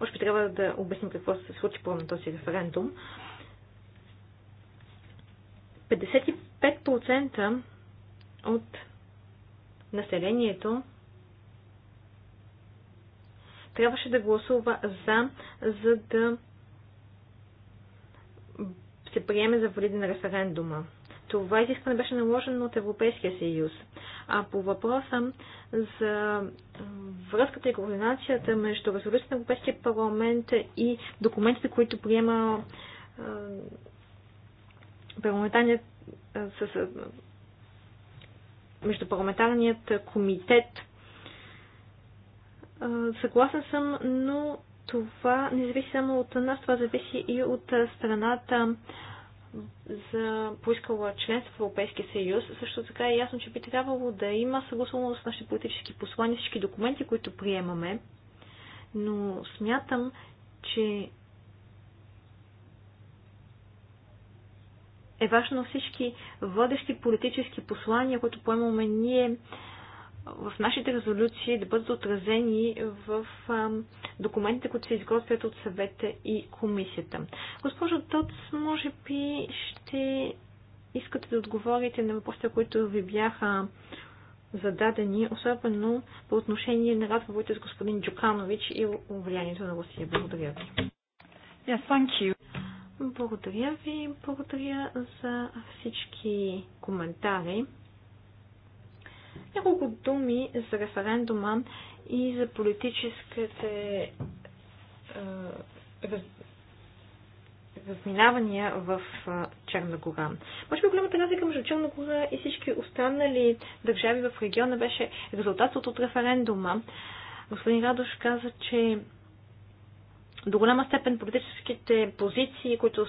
[SPEAKER 6] Може би трябва да обясним какво се случи по този референдум. 55% от населението трябваше да гласува за, за да се приеме за валиден референдума. Това изискване беше наложено от Европейския съюз. А по въпроса за връзката и координацията между резолюцията на Европейския парламент и документите, които приема парламентарният с междупарламентарният комитет. Съгласна съм, но това не зависи само от нас, това зависи и от страната за поискала членство в Европейския съюз. Също така е ясно, че би трябвало да има съгласуваност с нашите политически послания, всички документи, които приемаме. Но смятам, че е важно всички водещи политически послания, които поемаме ние в нашите резолюции, да бъдат отразени в документите, които се изготвят от съвета и комисията. Госпожо Тоц, може би ще искате да отговорите на въпросите, които ви бяха зададени, особено по отношение на разговорите с господин Джуканович и влиянието на Русия. Благодаря ви. Yes, thank you. Благодаря ви. Благодаря за всички коментари. Няколко думи за референдума и за политическите разминавания в Черна гора. Може би голямата разлика между Черна гора и всички останали държави в региона беше резултатът от референдума. Господин Радош каза, че до голяма степен политическите позиции, които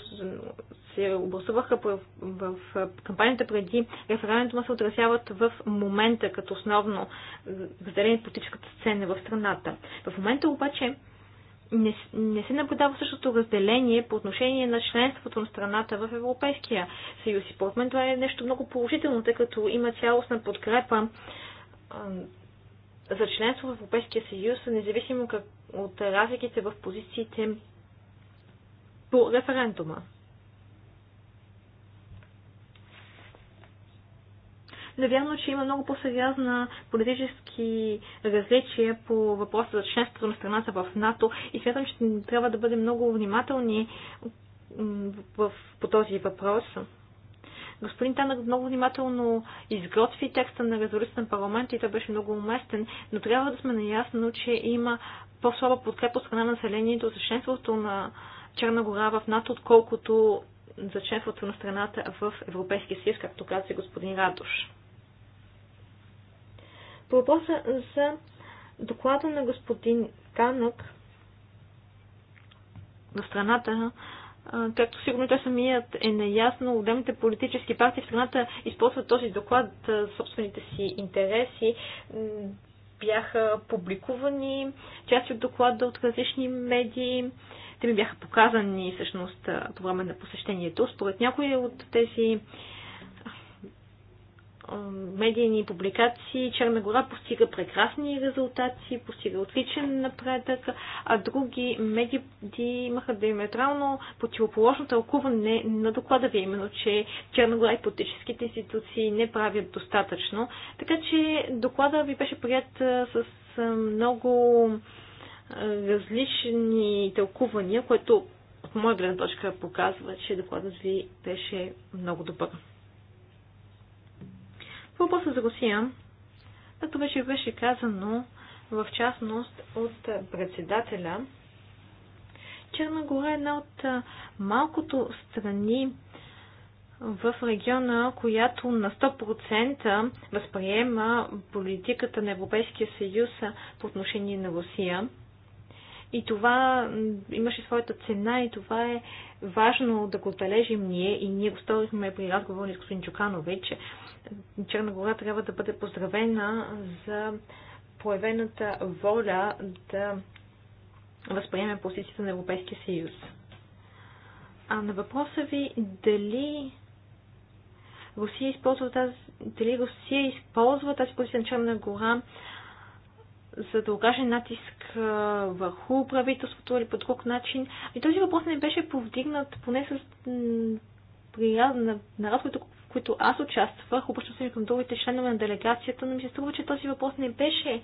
[SPEAKER 6] се образуваха в кампанията преди референдума, се отразяват в момента като основно разделение политическата сцена в страната. В момента обаче не, не се наблюдава същото разделение по отношение на членството на страната в Европейския съюз. И по мен това е нещо много положително, тъй като има цялостна подкрепа за членство в Европейския съюз, независимо как, от разликите в позициите по референдума. Навярно, че има много по-сериозна политически различия по въпроса за членството на страната в НАТО и смятам, че трябва да бъдем много внимателни в, по този въпрос. Господин Танък много внимателно изготви текста на резолюцията на парламента и той беше много уместен, но трябва да сме наясно, че има по-слаба подкрепа от страна на населението за членството на Черна гора в НАТО, отколкото за членството на страната в Европейския съюз, както каза господин Радош. По въпроса за доклада на господин Танък в страната Както сигурно той самият е наясно, отделните политически партии в страната използват този доклад за собствените си интереси. Бяха публикувани части от доклада от различни медии. Те ми бяха показани всъщност по време на посещението. Според някои от тези медийни публикации Черна гора постига прекрасни резултати, постига отличен напредък, а други медии имаха диаметрално противоположно тълкуване на доклада ви, именно, че Черна гора и политическите институции не правят достатъчно. Така че доклада ви беше прият с много различни тълкувания, което от моя гледна точка показва, че докладът ви беше много добър. Въпросът за Русия, както беше, беше казано, в частност от председателя, Черна гора е една от малкото страни в региона, която на 100% възприема политиката на Европейския съюз по отношение на Русия. И това имаше своята цена и това е важно да го отбележим ние и ние го сторихме при разговор с господин Чуканович, Черна гора трябва да бъде поздравена за проявената воля да възприеме позицията на Европейския съюз. А на въпроса ви дали Русия използва тази, дали Русия използва тази позиция на Черна гора за да окаже натиск върху правителството или по друг начин. И този въпрос не беше повдигнат поне с на, на разходите, които аз участвах, обръщам се към другите членове на делегацията, но ми се струва, че този въпрос не беше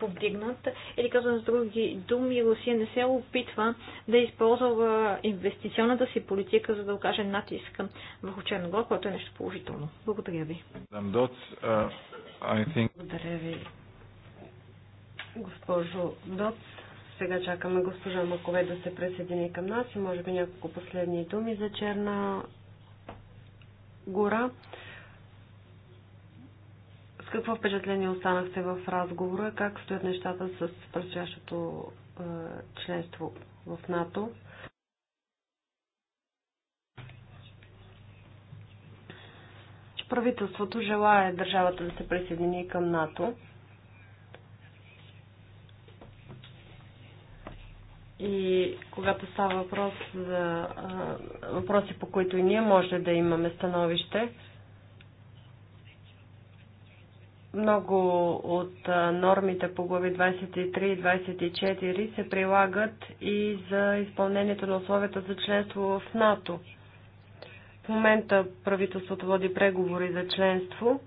[SPEAKER 6] повдигнат. Или казвам с други думи, Русия не се опитва да използва инвестиционната си политика, за да окаже натиск върху Черногор, което е нещо положително. Благодаря ви. Благодаря ви,
[SPEAKER 5] госпожо Дот. Сега чакаме госпожа Макове да се присъедини към нас и може би няколко последни думи за Черна гора. С какво впечатление останахте в разговора? Как стоят нещата с предстоящото е, членство в НАТО? Правителството желая държавата да се присъедини към НАТО. И когато става въпрос за а, въпроси, по които и ние може да имаме становище, много от а, нормите по глави 23 и 24 се прилагат и за изпълнението на условията за членство в НАТО. В момента правителството води преговори за членство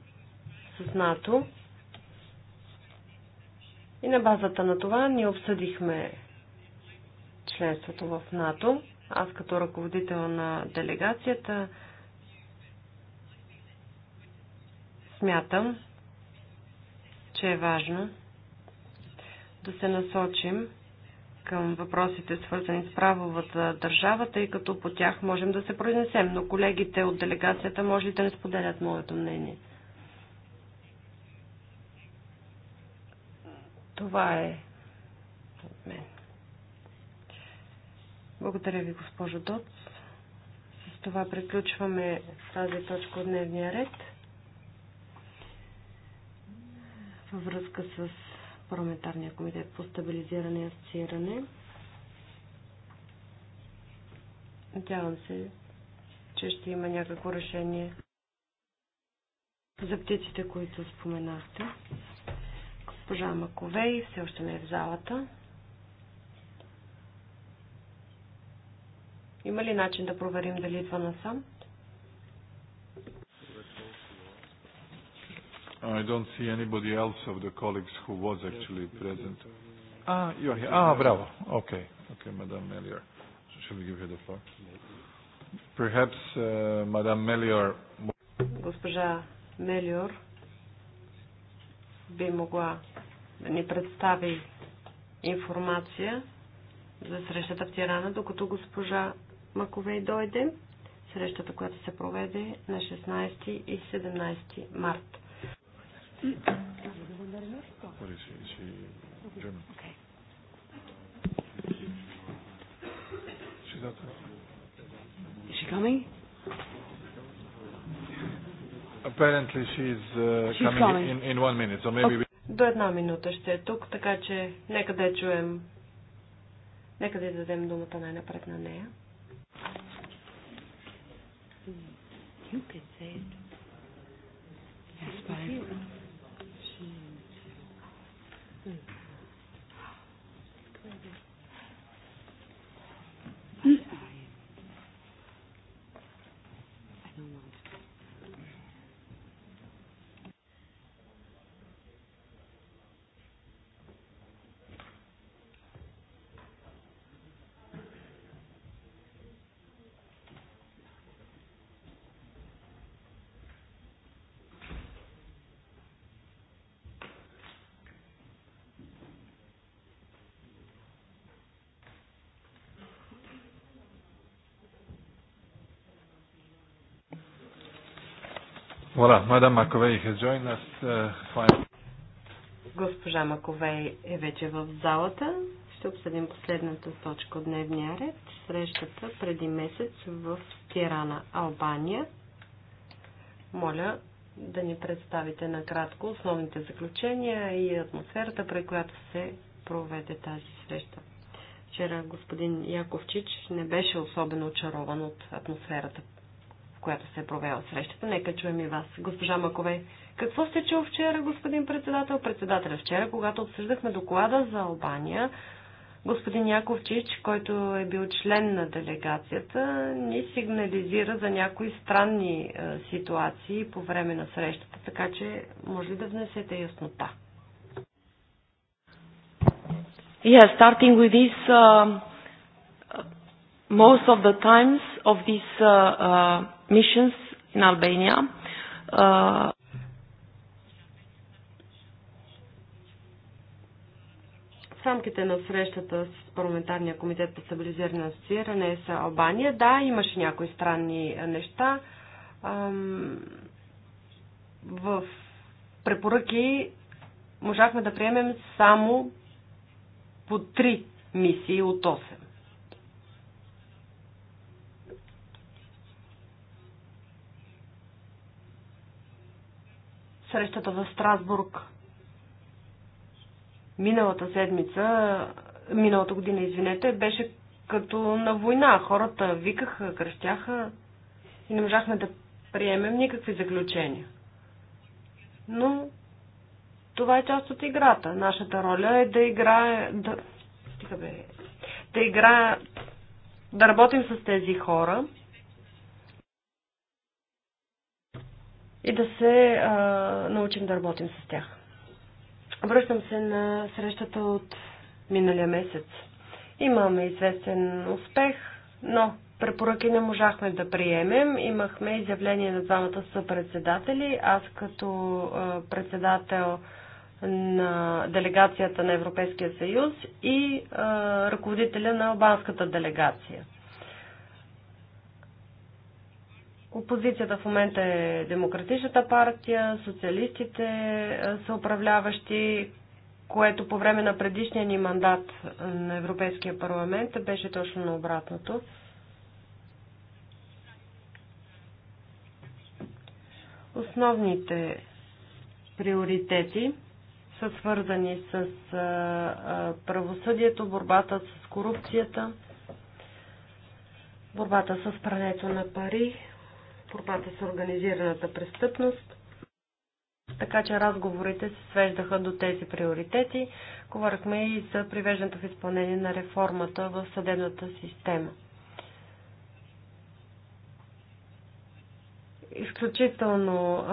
[SPEAKER 5] с НАТО. И на базата на това ние обсъдихме членството в НАТО. Аз като ръководител на делегацията смятам, че е важно да се насочим към въпросите, свързани с правовата държава, тъй като по тях можем да се произнесем, но колегите от делегацията може и да не споделят моето мнение. Това е Благодаря ви, госпожо Доц. С това приключваме тази точка от дневния ред във връзка с парламентарния комитет по стабилизиране и асоцииране. Надявам се, че ще има някакво решение за птиците, които споменахте. Госпожа Маковей все още не е в залата. Има ли начин да проверим дали идва насам?
[SPEAKER 4] I don't see anybody else of the colleagues who was actually present. Ah, you're here. Ah, bravo. Okay. Okay, Madame Melior. Shall we give her the floor? Perhaps uh, Madame Melior...
[SPEAKER 5] Госпожа Мелиор би могла да ни представи информация за срещата в Тирана, докато госпожа Маковей дойде, срещата, която се проведе на 16 и 17 март. Is
[SPEAKER 4] she coming? Apparently uh, coming, coming. In, in one minute, so maybe okay. we...
[SPEAKER 5] До една минута ще е тук, така че нека да чуем. Нека да дадем думата най-напред на нея.
[SPEAKER 2] You can say it. Yes, but I...
[SPEAKER 4] Voilà, Madame Маковей has joined us. Uh, fine.
[SPEAKER 5] Госпожа Маковей е вече в залата. Ще обсъдим последната точка от дневния ред. Срещата преди месец в Тирана, Албания. Моля да ни представите накратко основните заключения и атмосферата, при която се проведе тази среща. Вчера господин Яковчич не беше особено очарован от атмосферата която се е провела срещата. Нека чуем и вас. Госпожа Макове, какво сте чул вчера, господин председател? Председателя вчера, когато обсъждахме доклада за Албания, господин Яковчич, който е бил член на делегацията, ни сигнализира за някои странни е, ситуации по време на срещата, така че може ли да внесете яснота? Yeah, starting with this, uh, uh, most of the times of this uh, uh, missions in Albania. Uh, в рамките на срещата с парламентарния комитет по стабилизиране на асоцииране с Албания, да, имаше някои странни неща. В препоръки можахме да приемем само по три мисии от 8. срещата в Страсбург миналата седмица, миналата година, извинете, беше като на война. Хората викаха, кръщяха и не можахме да приемем никакви заключения. Но това е част от играта. Нашата роля е да играе... Да, стига бе, да играе... Да работим с тези хора, и да се а, научим да работим с тях. Връщам се на срещата от миналия месец. Имаме известен успех, но препоръки не можахме да приемем. Имахме изявление на двамата съпредседатели. Аз като а, председател на делегацията на Европейския съюз и а, ръководителя на албанската делегация. Опозицията в момента е Демократичната партия, социалистите е, са управляващи, което по време на предишния ни мандат е, на Европейския парламент беше точно на обратното. Основните приоритети са свързани с е, правосъдието, борбата с корупцията, борбата с прането на пари, борбата с организираната престъпност. Така че разговорите се свеждаха до тези приоритети. Говорихме и за привеждането в изпълнение на реформата в съдебната система. Изключително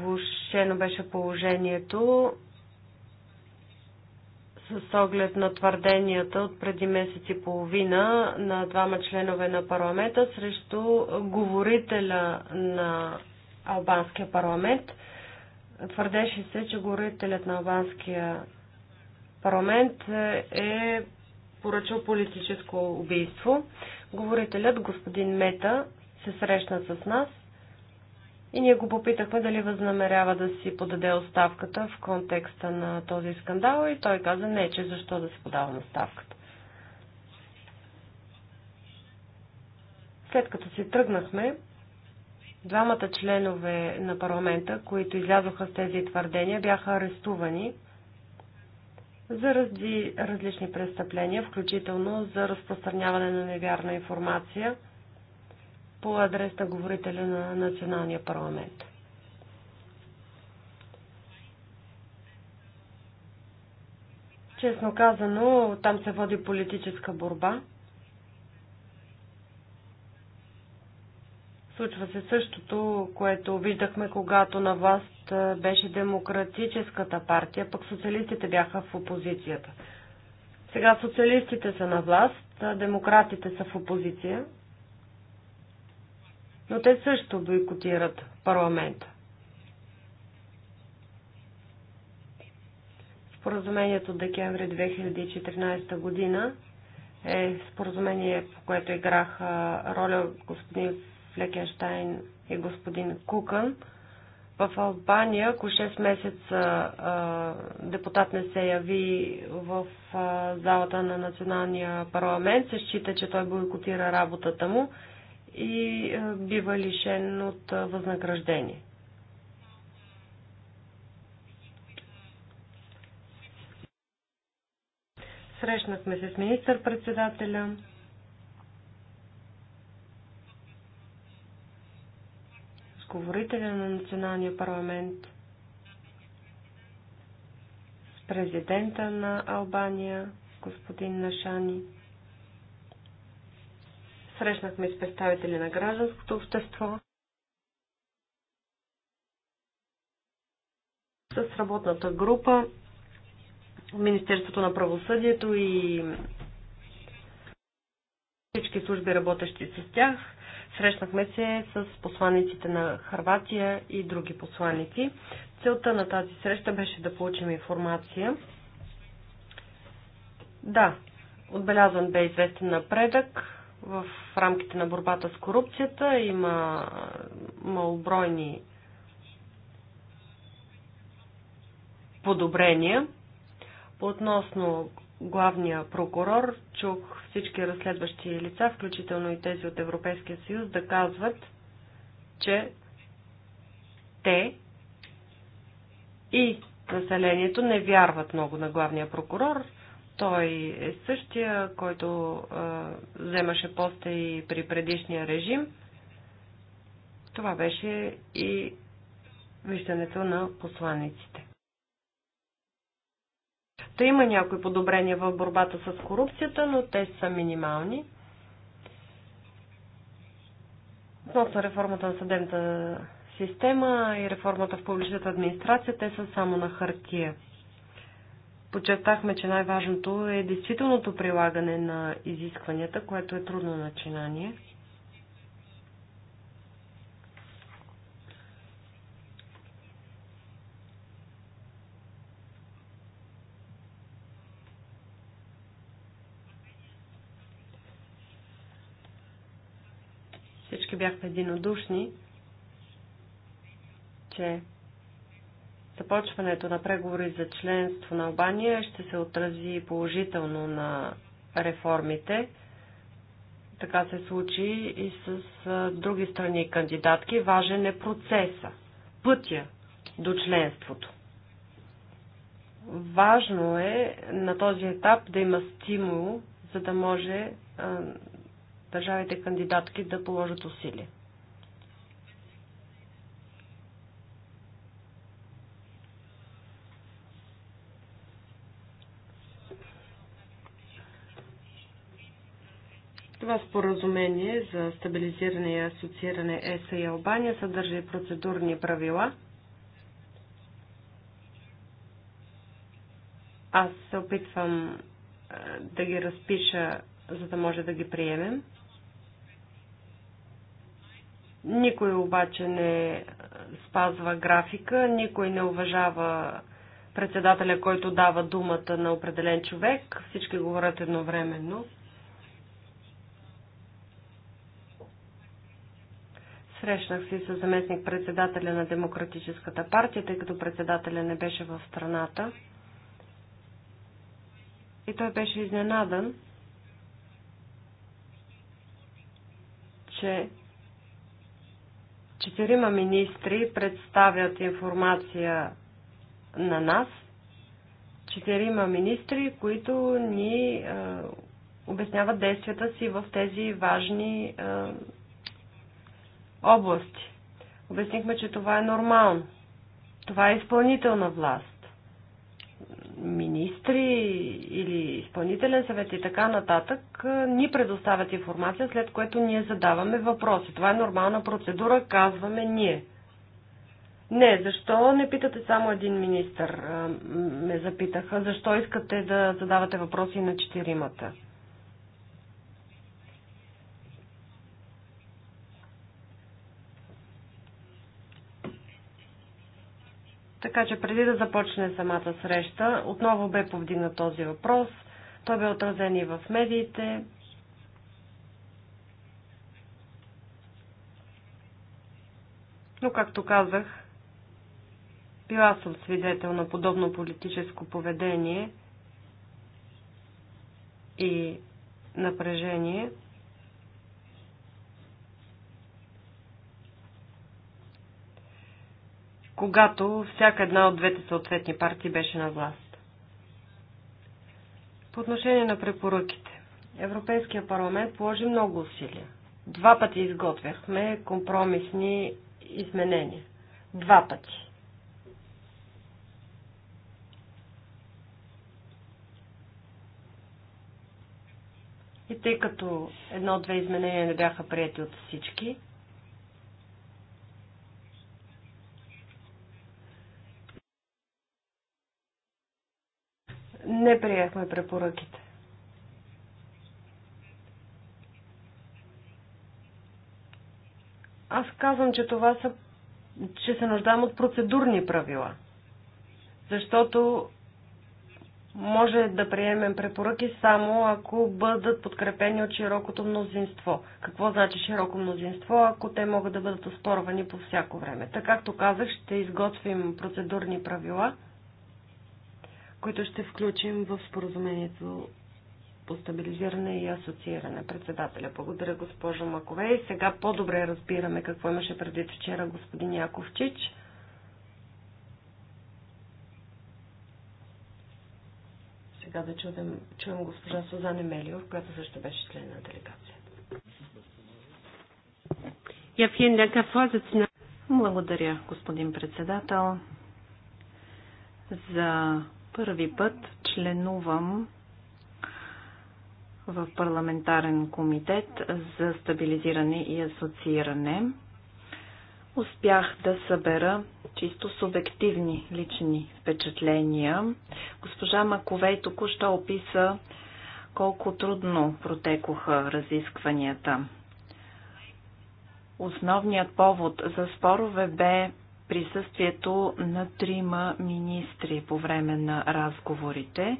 [SPEAKER 5] влушено беше положението с оглед на твърденията от преди месец и половина на двама членове на парламента срещу говорителя на албанския парламент. Твърдеше се, че говорителят на албанския парламент е поръчал политическо убийство. Говорителят, господин Мета, се срещна с нас и ние го попитахме дали възнамерява да си подаде оставката в контекста на този скандал и той каза не, че защо да си подава оставката. След като си тръгнахме, двамата членове на парламента, които излязоха с тези твърдения, бяха арестувани заради различни престъпления, включително за разпространяване на невярна информация – по адрес на говорителя на националния парламент. Честно казано, там се води политическа борба. Случва се същото, което виждахме, когато на власт е, беше Демократическата партия, пък социалистите бяха в опозицията. Сега социалистите са на власт, демократите са в опозиция но те също бойкотират парламента. Споразумението от декември 2014 година е споразумение, по което играха роля господин Флекенштайн и господин Кукън. В Албания, ако 6 месеца депутат не се яви в залата на националния парламент, се счита, че той бойкотира работата му и е, бива лишен от е, възнаграждение. Срещнахме се с министър-председателя. говорителя на националния парламент, с президента на Албания, господин Нашани. Срещнахме с представители на гражданското общество, с работната група, Министерството на правосъдието и всички служби, работещи с тях. Срещнахме се с посланиците на Харватия и други посланици. Целта на тази среща беше да получим информация. Да, отбелязан бе известен напредък в рамките на борбата с корупцията. Има малобройни подобрения. Относно главния прокурор, чух всички разследващи лица, включително и тези от Европейския съюз, да казват, че те и населението не вярват много на главния прокурор. Той е същия, който а, вземаше поста и при предишния режим. Това беше и виждането на посланиците. Та има някои подобрения в борбата с корупцията, но те са минимални. Относно реформата на съдебната система и реформата в публичната администрация, те са само на хартия. Подчертахме, че най-важното е действителното прилагане на изискванията, което е трудно начинание. Всички бяхме единодушни, че Започването на преговори за членство на Албания ще се отрази положително на реформите. Така се случи и с други страни кандидатки. Важен е процеса, пътя до членството. Важно е на този етап да има стимул, за да може държавите кандидатки да положат усилия. Това споразумение за стабилизиране и асоцииране ЕСА и Албания съдържа и процедурни правила. Аз се опитвам е, да ги разпиша, за да може да ги приемем. Никой обаче не е, спазва графика, никой не уважава председателя, който дава думата на определен човек. Всички говорят едновременно. Срещнах се с заместник председателя на Демократическата партия, тъй като председателя не беше в страната. И той беше изненадан, че четирима министри представят информация на нас, четирима министри, които ни е, обясняват действията си в тези важни е, области. Обяснихме, че това е нормално. Това е изпълнителна власт. Министри или изпълнителен съвет и така нататък ни предоставят информация, след което ние задаваме въпроси. Това е нормална процедура, казваме ние. Не, защо не питате само един министр, ме запитаха. Защо искате да задавате въпроси на четиримата? Така че преди да започне самата среща, отново бе повдигнат този въпрос. Той бе отразен и в медиите. Но, както казах, била съм свидетел на подобно политическо поведение и напрежение – когато всяка една от двете съответни партии беше на власт. По отношение на препоръките, Европейския парламент положи много усилия. Два пъти изготвяхме компромисни изменения. Два пъти. И тъй като едно-две изменения не бяха прияти от всички, не приехме препоръките. Аз казвам, че това са, че се нуждаем от процедурни правила. Защото може да приемем препоръки само ако бъдат подкрепени от широкото мнозинство. Какво значи широко мнозинство, ако те могат да бъдат оспорвани по всяко време? Така както казах, ще изготвим процедурни правила – които ще включим в споразумението по стабилизиране и асоцииране. Председателя, благодаря госпожо Макове. И сега по-добре разбираме какво имаше преди вчера господин Яковчич. Сега да чудем, чуем госпожа Сузане Мелиор, която също беше член на делегацията.
[SPEAKER 2] Благодаря, господин председател, за първи път членувам в парламентарен комитет за стабилизиране и асоцииране. Успях да събера чисто субективни лични впечатления. Госпожа Маковей току-що описа колко трудно протекоха разискванията. Основният повод за спорове бе присъствието на трима министри по време на разговорите.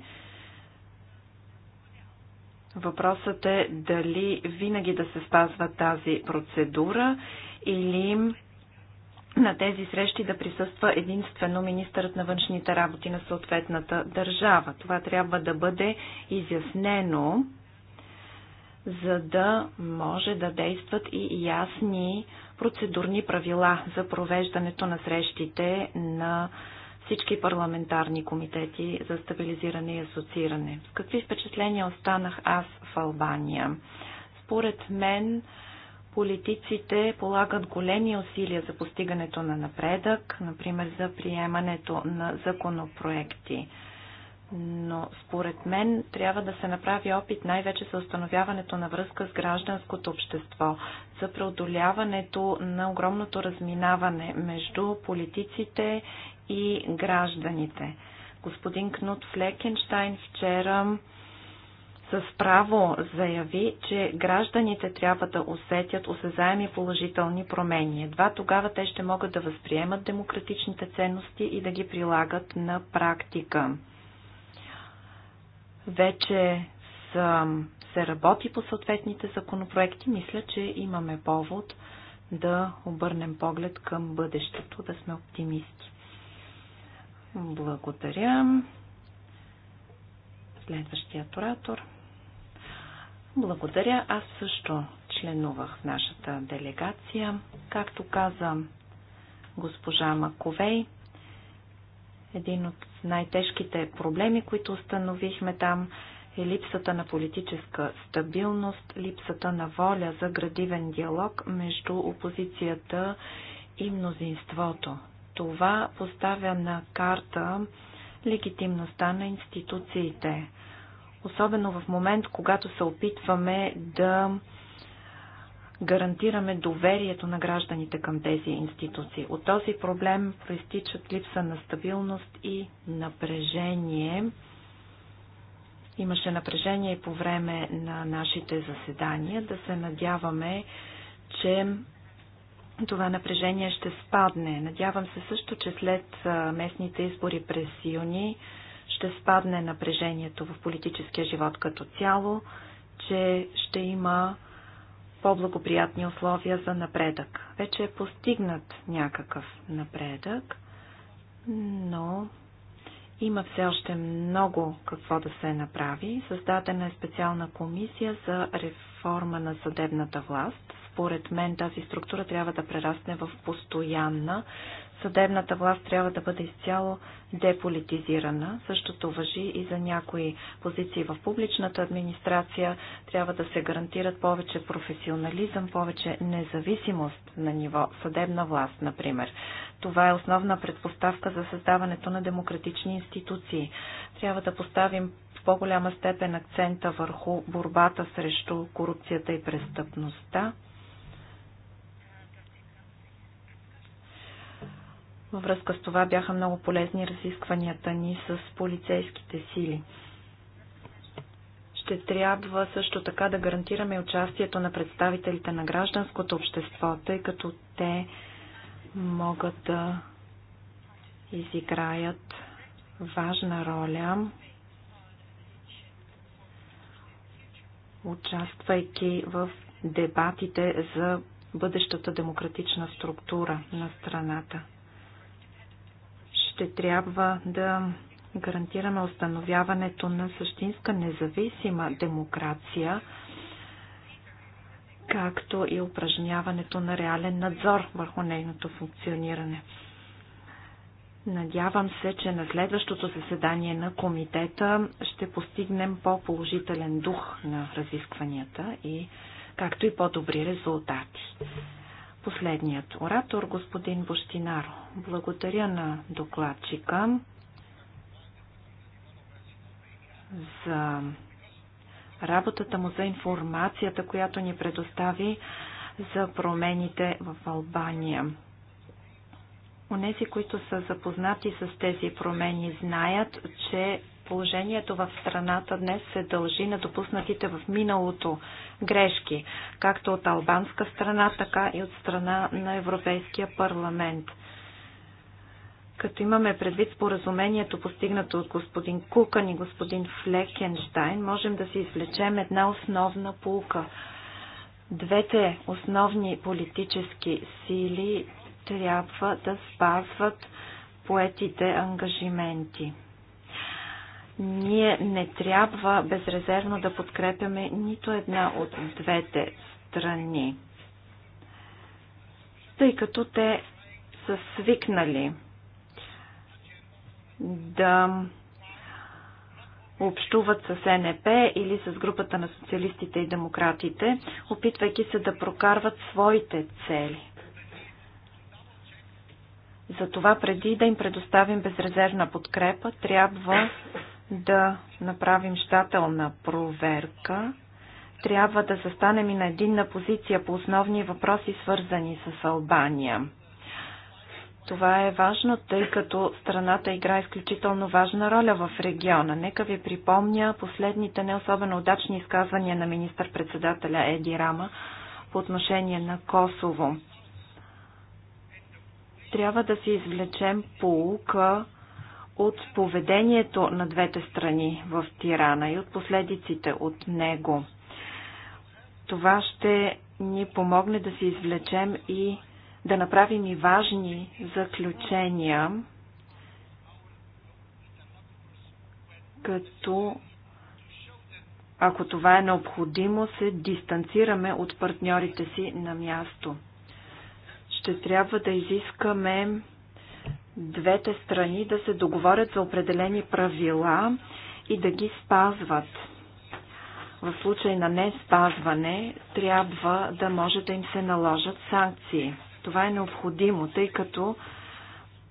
[SPEAKER 2] Въпросът е дали винаги да се спазва тази процедура или на тези срещи да присъства единствено министърът на външните работи на съответната държава. Това трябва да бъде изяснено, за да може да действат и ясни процедурни правила за провеждането на срещите на всички парламентарни комитети за стабилизиране и асоцииране. С какви впечатления останах аз в Албания? Според мен, политиците полагат големи усилия за постигането на напредък, например за приемането на законопроекти но според мен трябва да се направи опит най-вече за установяването на връзка с гражданското общество, за преодоляването на огромното разминаване между политиците и гражданите. Господин Кнут Флекенштайн вчера с право заяви, че гражданите трябва да усетят осезаеми положителни промени. Едва тогава те ще могат да възприемат демократичните ценности и да ги прилагат на практика. Вече са, се работи по съответните законопроекти. Мисля, че имаме повод да обърнем поглед към бъдещето, да сме оптимисти. Благодаря. Следващият оратор. Благодаря. Аз също членувах в нашата делегация. Както каза госпожа Маковей, един от най-тежките проблеми, които установихме там, е липсата на политическа стабилност, липсата на воля за градивен диалог между опозицията и мнозинството. Това поставя на карта легитимността на институциите. Особено в момент, когато се опитваме да гарантираме доверието на гражданите към тези институции. От този проблем проистичат липса на стабилност и напрежение. Имаше напрежение и по време на нашите заседания. Да се надяваме, че това напрежение ще спадне. Надявам се също, че след местните избори през юни ще спадне напрежението в политическия живот като цяло, че ще има по-благоприятни условия за напредък. Вече е постигнат някакъв напредък, но има все още много какво да се направи. Създадена е специална комисия за реформа на съдебната власт. Според мен тази структура трябва да прерасне в постоянна, съдебната власт трябва да бъде изцяло деполитизирана. Същото въжи и за някои позиции в публичната администрация. Трябва да се гарантират повече професионализъм, повече независимост на ниво съдебна власт, например. Това е основна предпоставка за създаването на демократични институции. Трябва да поставим в по-голяма степен акцента върху борбата срещу корупцията и престъпността. Във връзка с това бяха много полезни разискванията ни с полицейските сили. Ще трябва също така да гарантираме участието на представителите на гражданското общество, тъй като те могат да изиграят важна роля, участвайки в дебатите за бъдещата демократична структура на страната ще трябва да гарантираме установяването на същинска независима демокрация, както и упражняването на реален надзор върху нейното функциониране. Надявам се, че на следващото заседание на комитета ще постигнем по-положителен дух на разискванията и както и по-добри резултати. Последният оратор, господин Бощинар, Благодаря на докладчика за работата му, за информацията, която ни предостави за промените в Албания. Онези, които са запознати с тези промени, знаят, че Положението в страната днес се дължи на допуснатите в миналото грешки, както от албанска страна, така и от страна на Европейския парламент. Като имаме предвид споразумението, постигнато от господин Кукан и господин Флекенштайн, можем да си извлечем една основна полука. Двете основни политически сили трябва да спазват поетите ангажименти. Ние не трябва безрезервно да подкрепяме нито една от двете страни, тъй като те са свикнали да общуват с НП или с групата на социалистите и демократите, опитвайки се да прокарват своите цели. Затова преди да им предоставим безрезервна подкрепа, трябва да направим щателна проверка. Трябва да застанем и на единна позиция по основни въпроси, свързани с Албания. Това е важно, тъй като страната игра изключително важна роля в региона. Нека ви припомня последните не особено удачни изказвания на министър-председателя Еди Рама по отношение на Косово. Трябва да си извлечем полука от поведението на двете страни в Тирана и от последиците от него. Това ще ни помогне да се извлечем и да направим и важни заключения, като ако това е необходимо, се дистанцираме от партньорите си на място. Ще трябва да изискаме двете страни да се договорят за определени правила и да ги спазват. В случай на не спазване трябва да може да им се наложат санкции. Това е необходимо, тъй като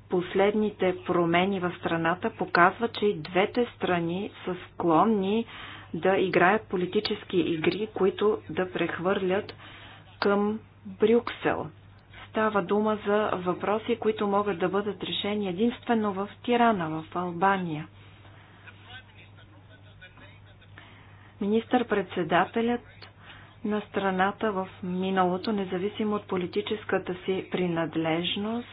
[SPEAKER 2] последните промени в страната показват, че и двете страни са склонни да играят политически игри, които да прехвърлят към Брюксел. Става дума за въпроси, които могат да бъдат решени единствено в Тирана, в Албания. Министър-председателят на страната в миналото, независимо от политическата си принадлежност,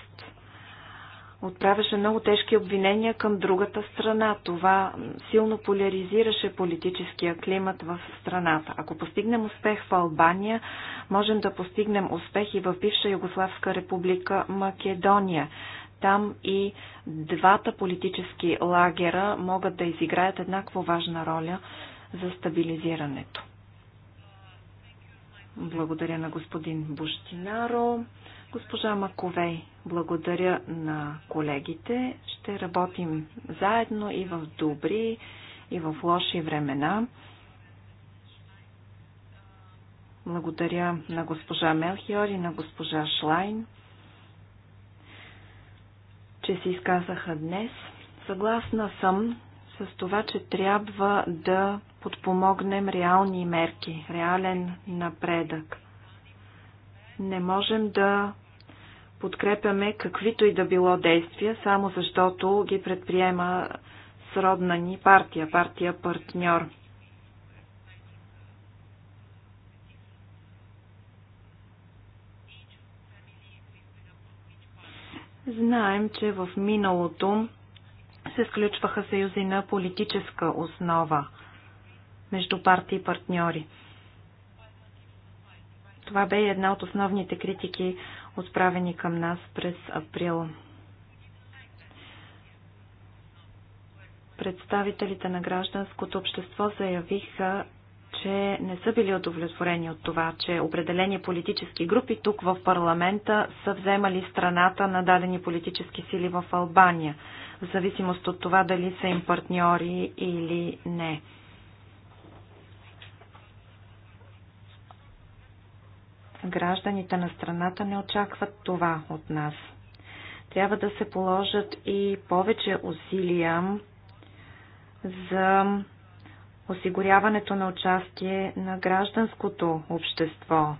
[SPEAKER 2] отправяше много тежки обвинения към другата страна. Това силно поляризираше политическия климат в страната. Ако постигнем успех в Албания, можем да постигнем успех и в бивша Югославска република Македония. Там и двата политически лагера могат да изиграят еднакво важна роля за стабилизирането. Благодаря на господин Буштинаро. Госпожа Маковей, благодаря на колегите. Ще работим заедно и в добри, и в лоши времена. Благодаря на госпожа Мелхиор и на госпожа Шлайн, че се изказаха днес. Съгласна съм с това, че трябва да подпомогнем реални мерки, реален напредък – не можем да подкрепяме каквито и да било действия, само защото ги предприема сродна ни партия, партия партньор. Знаем, че в миналото се сключваха съюзи на политическа основа между партии и партньори. Това бе една от основните критики, отправени към нас през април. Представителите на гражданското общество заявиха, че не са били удовлетворени от това, че определени политически групи тук в парламента са вземали страната на дадени политически сили в Албания, в зависимост от това дали са им партньори или не. Гражданите на страната не очакват това от нас. Трябва да се положат и повече усилия за осигуряването на участие на гражданското общество.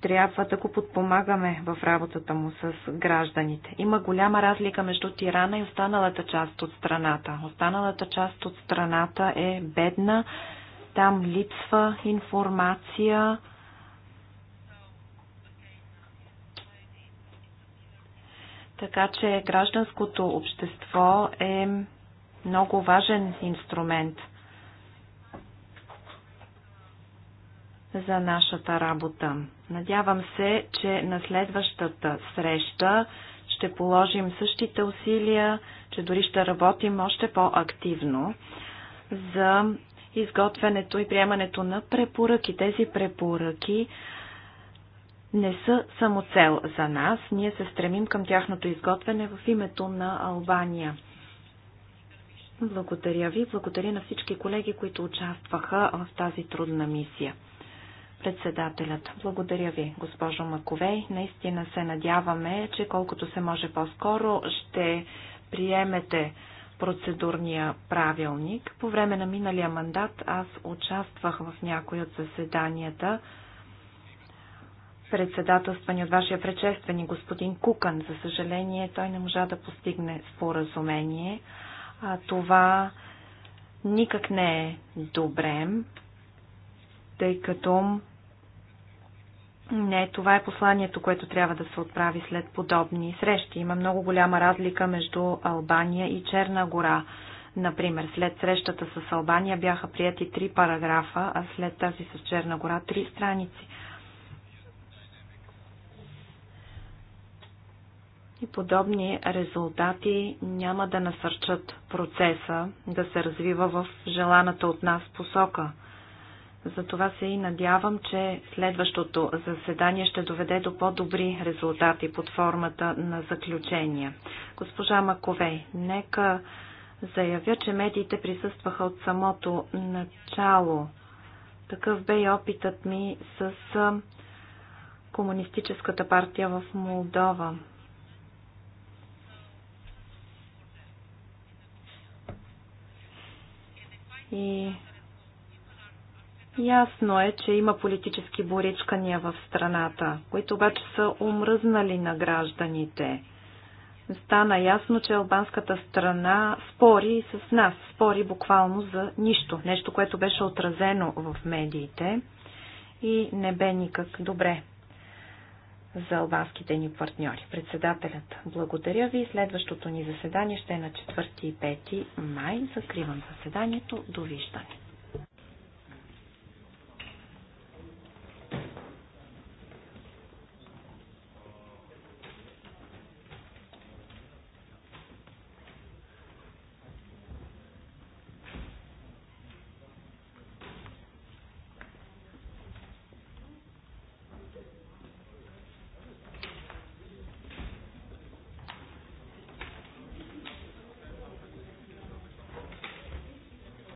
[SPEAKER 2] Трябва да го подпомагаме в работата му с гражданите. Има голяма разлика между Тирана и останалата част от страната. Останалата част от страната е бедна, там липсва информация, Така че гражданското общество е много важен инструмент за нашата работа. Надявам се, че на следващата среща ще положим същите усилия, че дори ще работим още по-активно за изготвянето и приемането на препоръки. Тези препоръки не са само цел за нас, ние се стремим към тяхното изготвяне в името на Албания. Благодаря ви, благодаря на всички колеги, които участваха в тази трудна мисия. Председателят, благодаря ви, госпожо Маковей. Наистина се надяваме, че колкото се може по-скоро ще приемете процедурния правилник. По време на миналия мандат аз участвах в някои от заседанията, председателствани от вашия предшественик господин Кукан. За съжаление, той не можа да постигне споразумение. А, това никак не е добре, тъй като не, това е посланието, което трябва да се отправи след подобни срещи. Има много голяма разлика между Албания и Черна гора. Например, след срещата с Албания бяха прияти три параграфа, а след тази с Черна гора три страници. И подобни резултати няма да насърчат процеса да се развива в желаната от нас посока. Затова се и надявам, че следващото заседание ще доведе до по-добри резултати под формата на заключения. Госпожа Маковей, нека заявя, че медиите присъстваха от самото начало. Такъв бе и опитът ми с Комунистическата партия в Молдова. И ясно е, че има политически боричкания в страната, които обаче са умръзнали на гражданите. Стана ясно, че албанската страна спори с нас, спори буквално за нищо, нещо, което беше отразено в медиите и не бе никак добре за албанските ни партньори. Председателят, благодаря ви. Следващото ни заседание ще е на 4 и 5 май. Закривам заседанието. Довиждане.